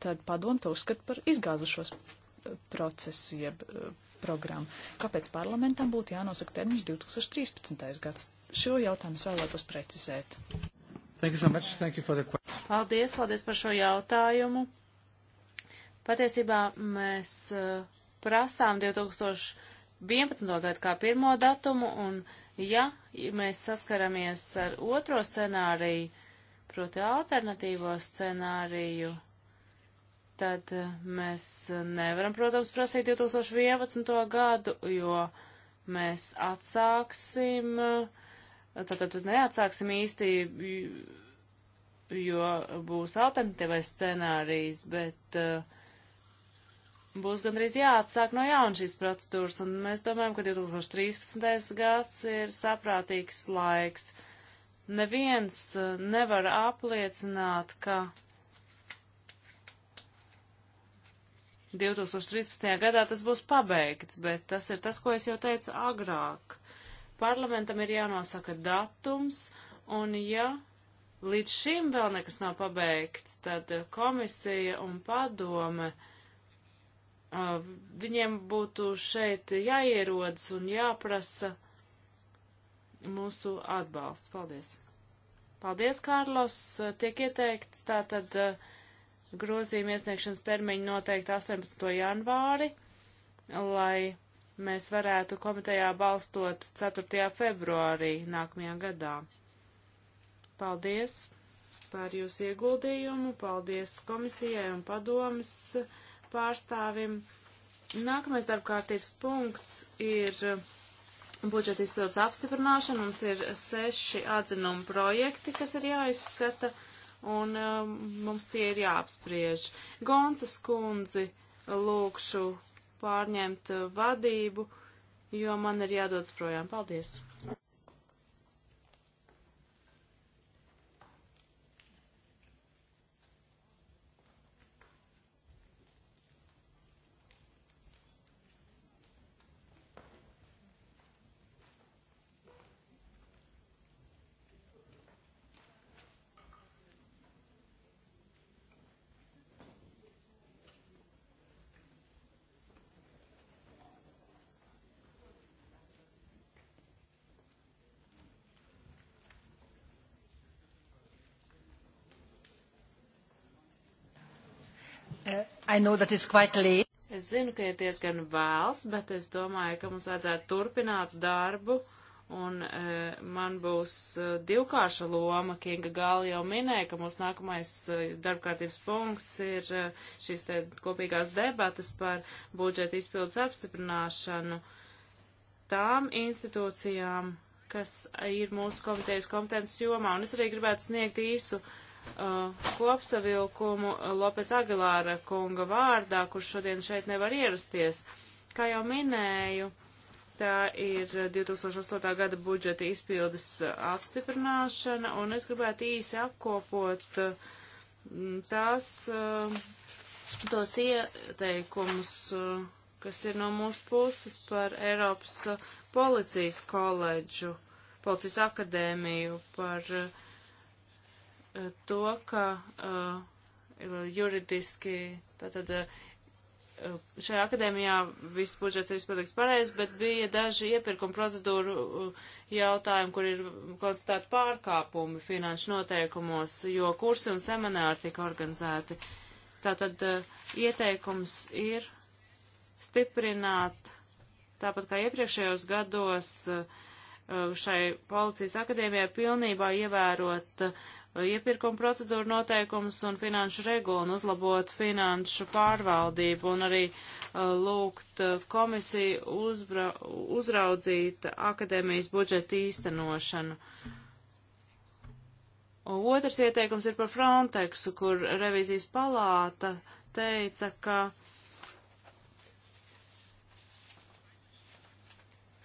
tad padom to uzskat par izgāzušos eh, procesu jeb eh, programmu. Kāpēc parlamentam būtu jānosaka termiņš 2013. gads? Šo jautājumu es vēlētos precizēt. Thank you so much. Thank you for the question. Paldies, paldies par šo jautājumu. Patiesībā mēs eh, prasām 2011. gadu kā pirmo datumu un Ja mēs saskaramies ar otro scenāriju, proti alternatīvo scenāriju, tad eh, mēs nevaram, protams, prasīt 2011. gadu, jo mēs atsāksim, tātad eh, neatsāksim īsti, jo būs alternatīvais scenārijs, bet uh, būs gandrīz jāatsāk no jauna šīs procedūras, un mēs domājam, ka 2013. gads ir saprātīgs laiks. Neviens eh, nevar apliecināt, ka 2013. gadā tas būs pabeigts, bet tas ir tas, ko es jau teicu agrāk. Parlamentam ir jānosaka datums, un ja līdz šim vēl nekas nav pabeigts, tad komisija un padome uh, viņiem būtu šeit jāierodas un jāprasa mūsu atbalsts. Paldies! Paldies, Kārlos! Tiek ieteikts tātad grozījuma iesniegšanas termiņu noteikti 18. janvāri, lai mēs varētu komitejā balstot 4. februārī nākamajā gadā. Paldies par jūsu ieguldījumu, paldies komisijai un padomas pārstāvim. Nākamais darbkārtības punkts ir uh, budžeta izpildes apstiprināšana. Mums ir seši atzinuma projekti, kas ir jāizskata, un um, mums tie ir jāapspriež. Gonsas kundzi lūkšu pārņemt uh, vadību, jo man ir jādodas projām. Paldies! Es zinu, ka ir diezgan vēls, bet es domāju, ka mums vajadzētu turpināt darbu, un e, man būs e, divkārša loma. Kinga Gāla jau minēja, ka mūsu nākamais e, darbkārtības punkts ir e, šīs te kopīgās debatas par budžeta izpildes apstiprināšanu tām institūcijām, kas ir mūsu komitejas kompetences jomā, un es arī gribētu sniegt īsu uh, Uh, kopsavilkumu Lopes Agilāra kunga vārdā, kurš šodien šeit nevar ierasties. Kā jau minēju, tā ir 2008. gada budžeta izpildes apstiprināšana, un es gribētu īsi apkopot mm, tās, uh, tos ieteikumus, uh, kas ir no mūsu puses par Eiropas policijas koledžu, policijas akadēmiju, par uh, to, ka uh, juridiski tātad uh, šajā akadēmijā viss budžets ir izpildīts pareizi, bet bija daži iepirkuma procedūru uh, jautājumi, kur ir konstatēti pārkāpumi finanšu noteikumos, jo kursi un semināri tika organizēti. Tātad ieteikums ir stiprināt, tāpat kā iepriekšējos gados, šai policijas akadēmijai pilnībā ievērot iepirkuma procedūru noteikumus un finanšu regulu un uzlabot finanšu pārvaldību un arī uh, lūgt uh, komisiju uzbra, uzraudzīt akadēmijas budžeta īstenošanu. Otrs ieteikums ir par Frontexu, kur revizijas palāta teica, ka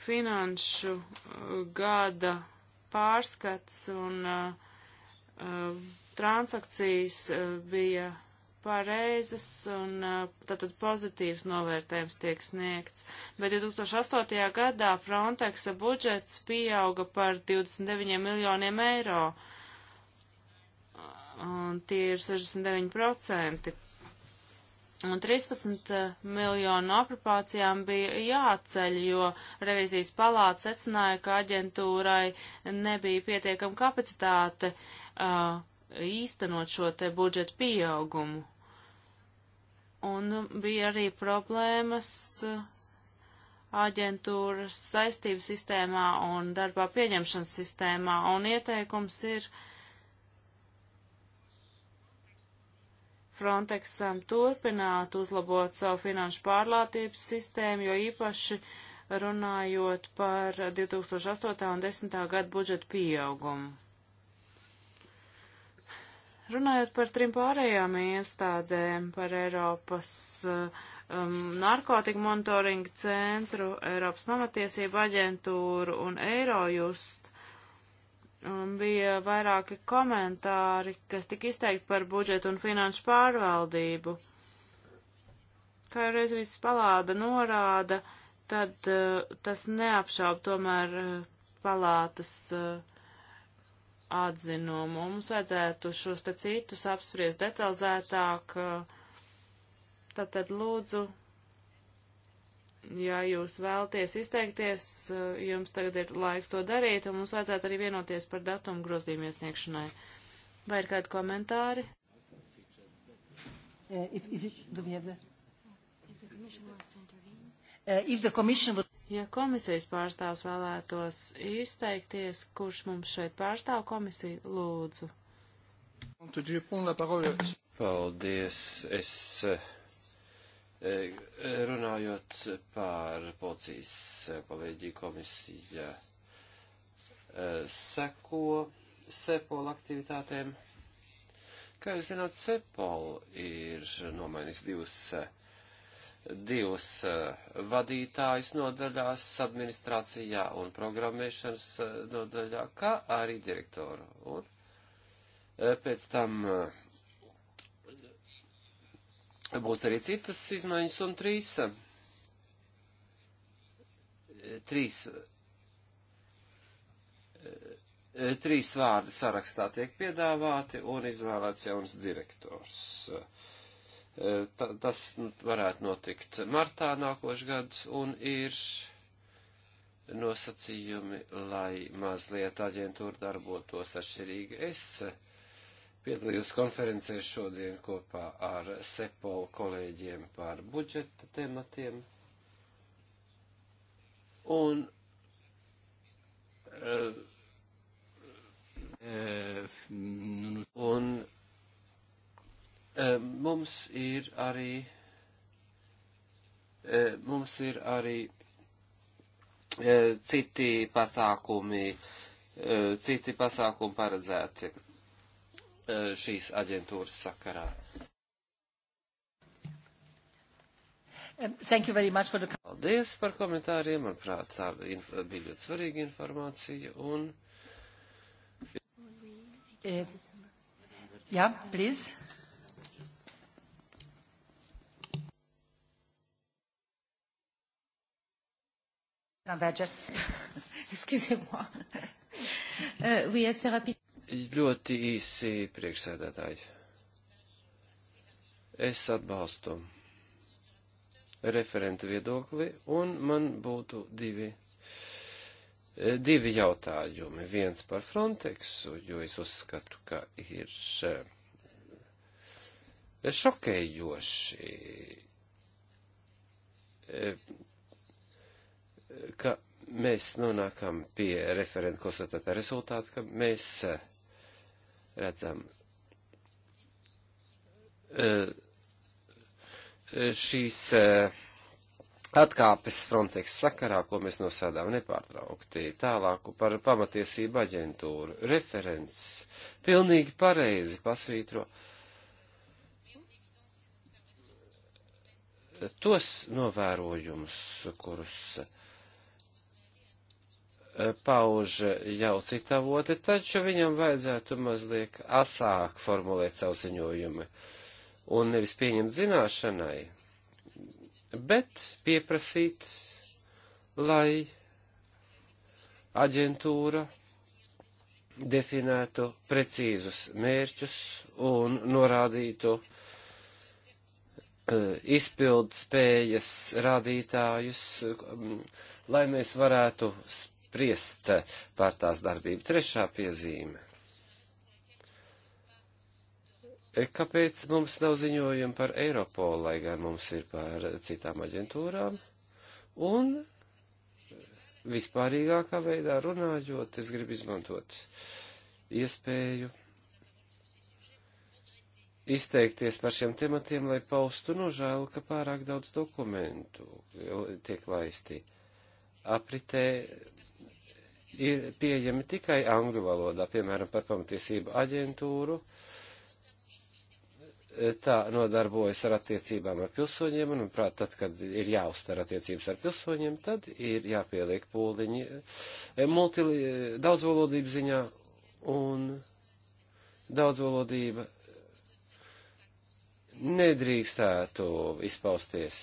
finanšu uh, gada pārskats un uh, transakcijas bija pareizas un tātad pozitīvs novērtējums tiek sniegts. Bet 2008. gadā Frontexa budžets pieauga par 29 miljoniem eiro. Un tie ir 69%. Un 13 eh, miljonu apropācijām bija jāceļ, jo revizijas palāta secināja, ka aģentūrai nebija pietiekama kapacitāte uh, īstenot šo te budžetu pieaugumu. Un eh, bija arī problēmas aģentūras saistību sistēmā un darbā pieņemšanas sistēmā, un ieteikums ir uh, Frontexam turpināt uzlabot savu finanšu pārlātības sistēmu, jo īpaši runājot par 2008. un 2010. gadu budžetu pieaugumu. Runājot par trim pārējām iestādēm, par Eiropas um, narkotiku monitoringu centru, Eiropas pamatiesību aģentūru un Eirojust, Un bija vairāki komentāri, kas tika izteikti par budžetu un finanšu pārvaldību. Kā jau reiz viss palāda norāda, tad uh, tas neapšaub tomēr uh, palātas uh, atzinumu. Mums vajadzētu šos te citus apspriest detalizētāk. Uh, tad, tad lūdzu ja jūs vēlties izteikties, eh, jums tagad ir laiks to darīt, un mums vajadzētu arī vienoties par datumu grozījumu iesniegšanai. Vai ir kādi komentāri? Uh, if, it, uh, commission... Ja komisijas pārstāvs vēlētos izteikties, kurš mums šeit pārstāv komisiju, lūdzu. Paldies. Es uh, E, runājot par policijas kolēģiju komisija e, seko sepola aktivitātēm. Kā jūs zināt, Sepol ir nomainījis divus, divus e, vadītājus nodaļās administrācijā un programmēšanas nodaļā, kā arī direktoru. Un pēc tam uh, Būs arī citas izmaiņas un trīs, eh, trīs, eh, trīs vārdi sarakstā tiek piedāvāti un izvēlēts jauns direktors. Eh, ta, tas varētu notikt martā nākošais gads un ir nosacījumi, lai mazliet aģentūra darbotos atšķirīgi. Es piedalījos konferencē šodien kopā ar SEPOL kolēģiem par budžeta tematiem. Un eh, Un eh, mums ir arī eh, mums ir arī citi pasākumi, citi pasākumi paredzēti Eh, šīs aģentūras sakarā. Um, the... Paldies par komentāriem, manuprāt, tā bija ļoti svarīga informācija. Un... Jā, yeah, please. <laughs> Excusez-moi. Euh, oui, assez rapide. Ļoti īsi priekšsēdētāji. Es atbalstu referenta viedokli, un man būtu divi, eh, divi jautājumi. Viens par Frontexu, jo es uzskatu, ka ir eh, šokējoši, eh, ka mēs nonākam pie referenta konstatētā rezultāta, ka mēs redzam. E, e, šīs e, atkāpes Frontex sakarā, ko mēs nosēdām nepārtraukti, tālāku par pamatiesību aģentūru, referents, pilnīgi pareizi pasvītro tos novērojumus, kurus uh, Eh, pauž jau cita avoti, taču viņam vajadzētu mazliet asāk formulēt savu ziņojumu un nevis pieņemt zināšanai, bet pieprasīt, lai aģentūra definētu precīzus mērķus un norādītu eh, izpildu spējas rādītājus, mm, lai mēs varētu spēlēt spriest par tās darbību. Trešā piezīme. E, kāpēc mums nav ziņojumi par Eiropolu, lai gan mums ir par citām aģentūrām? Un vispārīgākā veidā runājot, es gribu izmantot iespēju izteikties par šiem tematiem, lai paustu nožēlu, ka pārāk daudz dokumentu tiek laisti apritē ir pieejami tikai angļu valodā, piemēram, par pamatiesību aģentūru. Tā nodarbojas ar attiecībām ar pilsoņiem, un, manuprāt, tad, kad ir jāuztver attiecības ar pilsoņiem, tad ir jāpieliek pūliņi e, multi, e, daudzvalodību ziņā, un daudzvalodība nedrīkstētu izpausties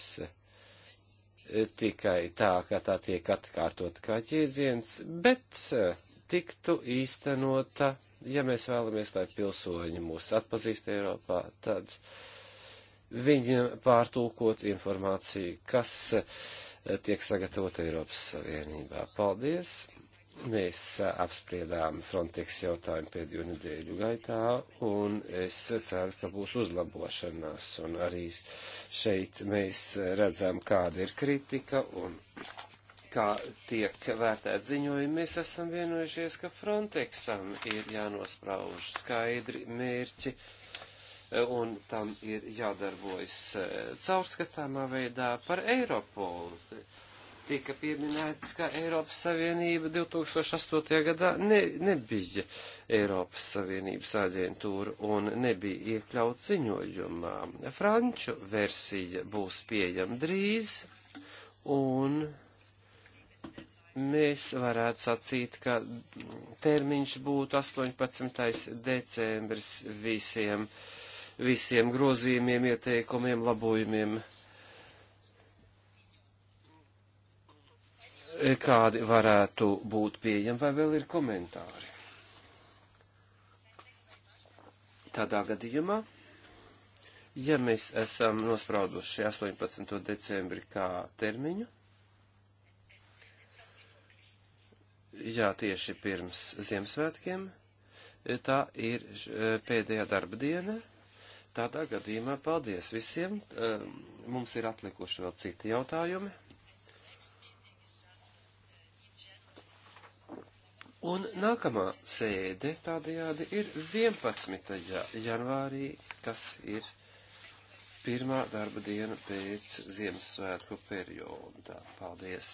tikai tā, ka tā tiek atkārtot kā ķēdziens, bet eh, tiktu īstenota, ja mēs vēlamies, lai pilsoņi mūs atpazīst Eiropā, tad viņiem pārtulkot informāciju, kas eh, tiek sagatavota Eiropas Savienībā. Paldies! Mēs apspriedām Frontex jautājumu pēdējo nedēļu gaitā, un es ceru, ka būs uzlabošanās, un arī šeit mēs redzam, kāda ir kritika, un kā tiek vērtēt ziņojumi, mēs esam vienojušies, ka Frontexam ir jānosprauž skaidri mērķi, un tam ir jādarbojas caurskatāmā veidā par Eiropolu tika pieminēts, ka Eiropas Savienība 2008. gadā ne, nebija Eiropas Savienības aģentūra un nebija iekļauts ziņojumā. Franču versija būs pieejama drīz, un mēs varētu sacīt, ka termiņš būtu 18. decembris visiem, visiem grozījumiem, ieteikumiem, labojumiem kādi varētu būt pieejami, vai vēl ir komentāri. Tādā gadījumā, ja mēs esam nosprauduši 18. decembri kā termiņu, jā, tieši pirms Ziemassvētkiem, tā ir eh, pēdējā darba diena. Tādā gadījumā paldies visiem. Ehm, mums ir atlikuši vēl citi jautājumi. Un nākamā sēde tādajādi ir 11. janvārī, kas ir pirmā darba diena pēc Ziemassvētku perioda. Paldies!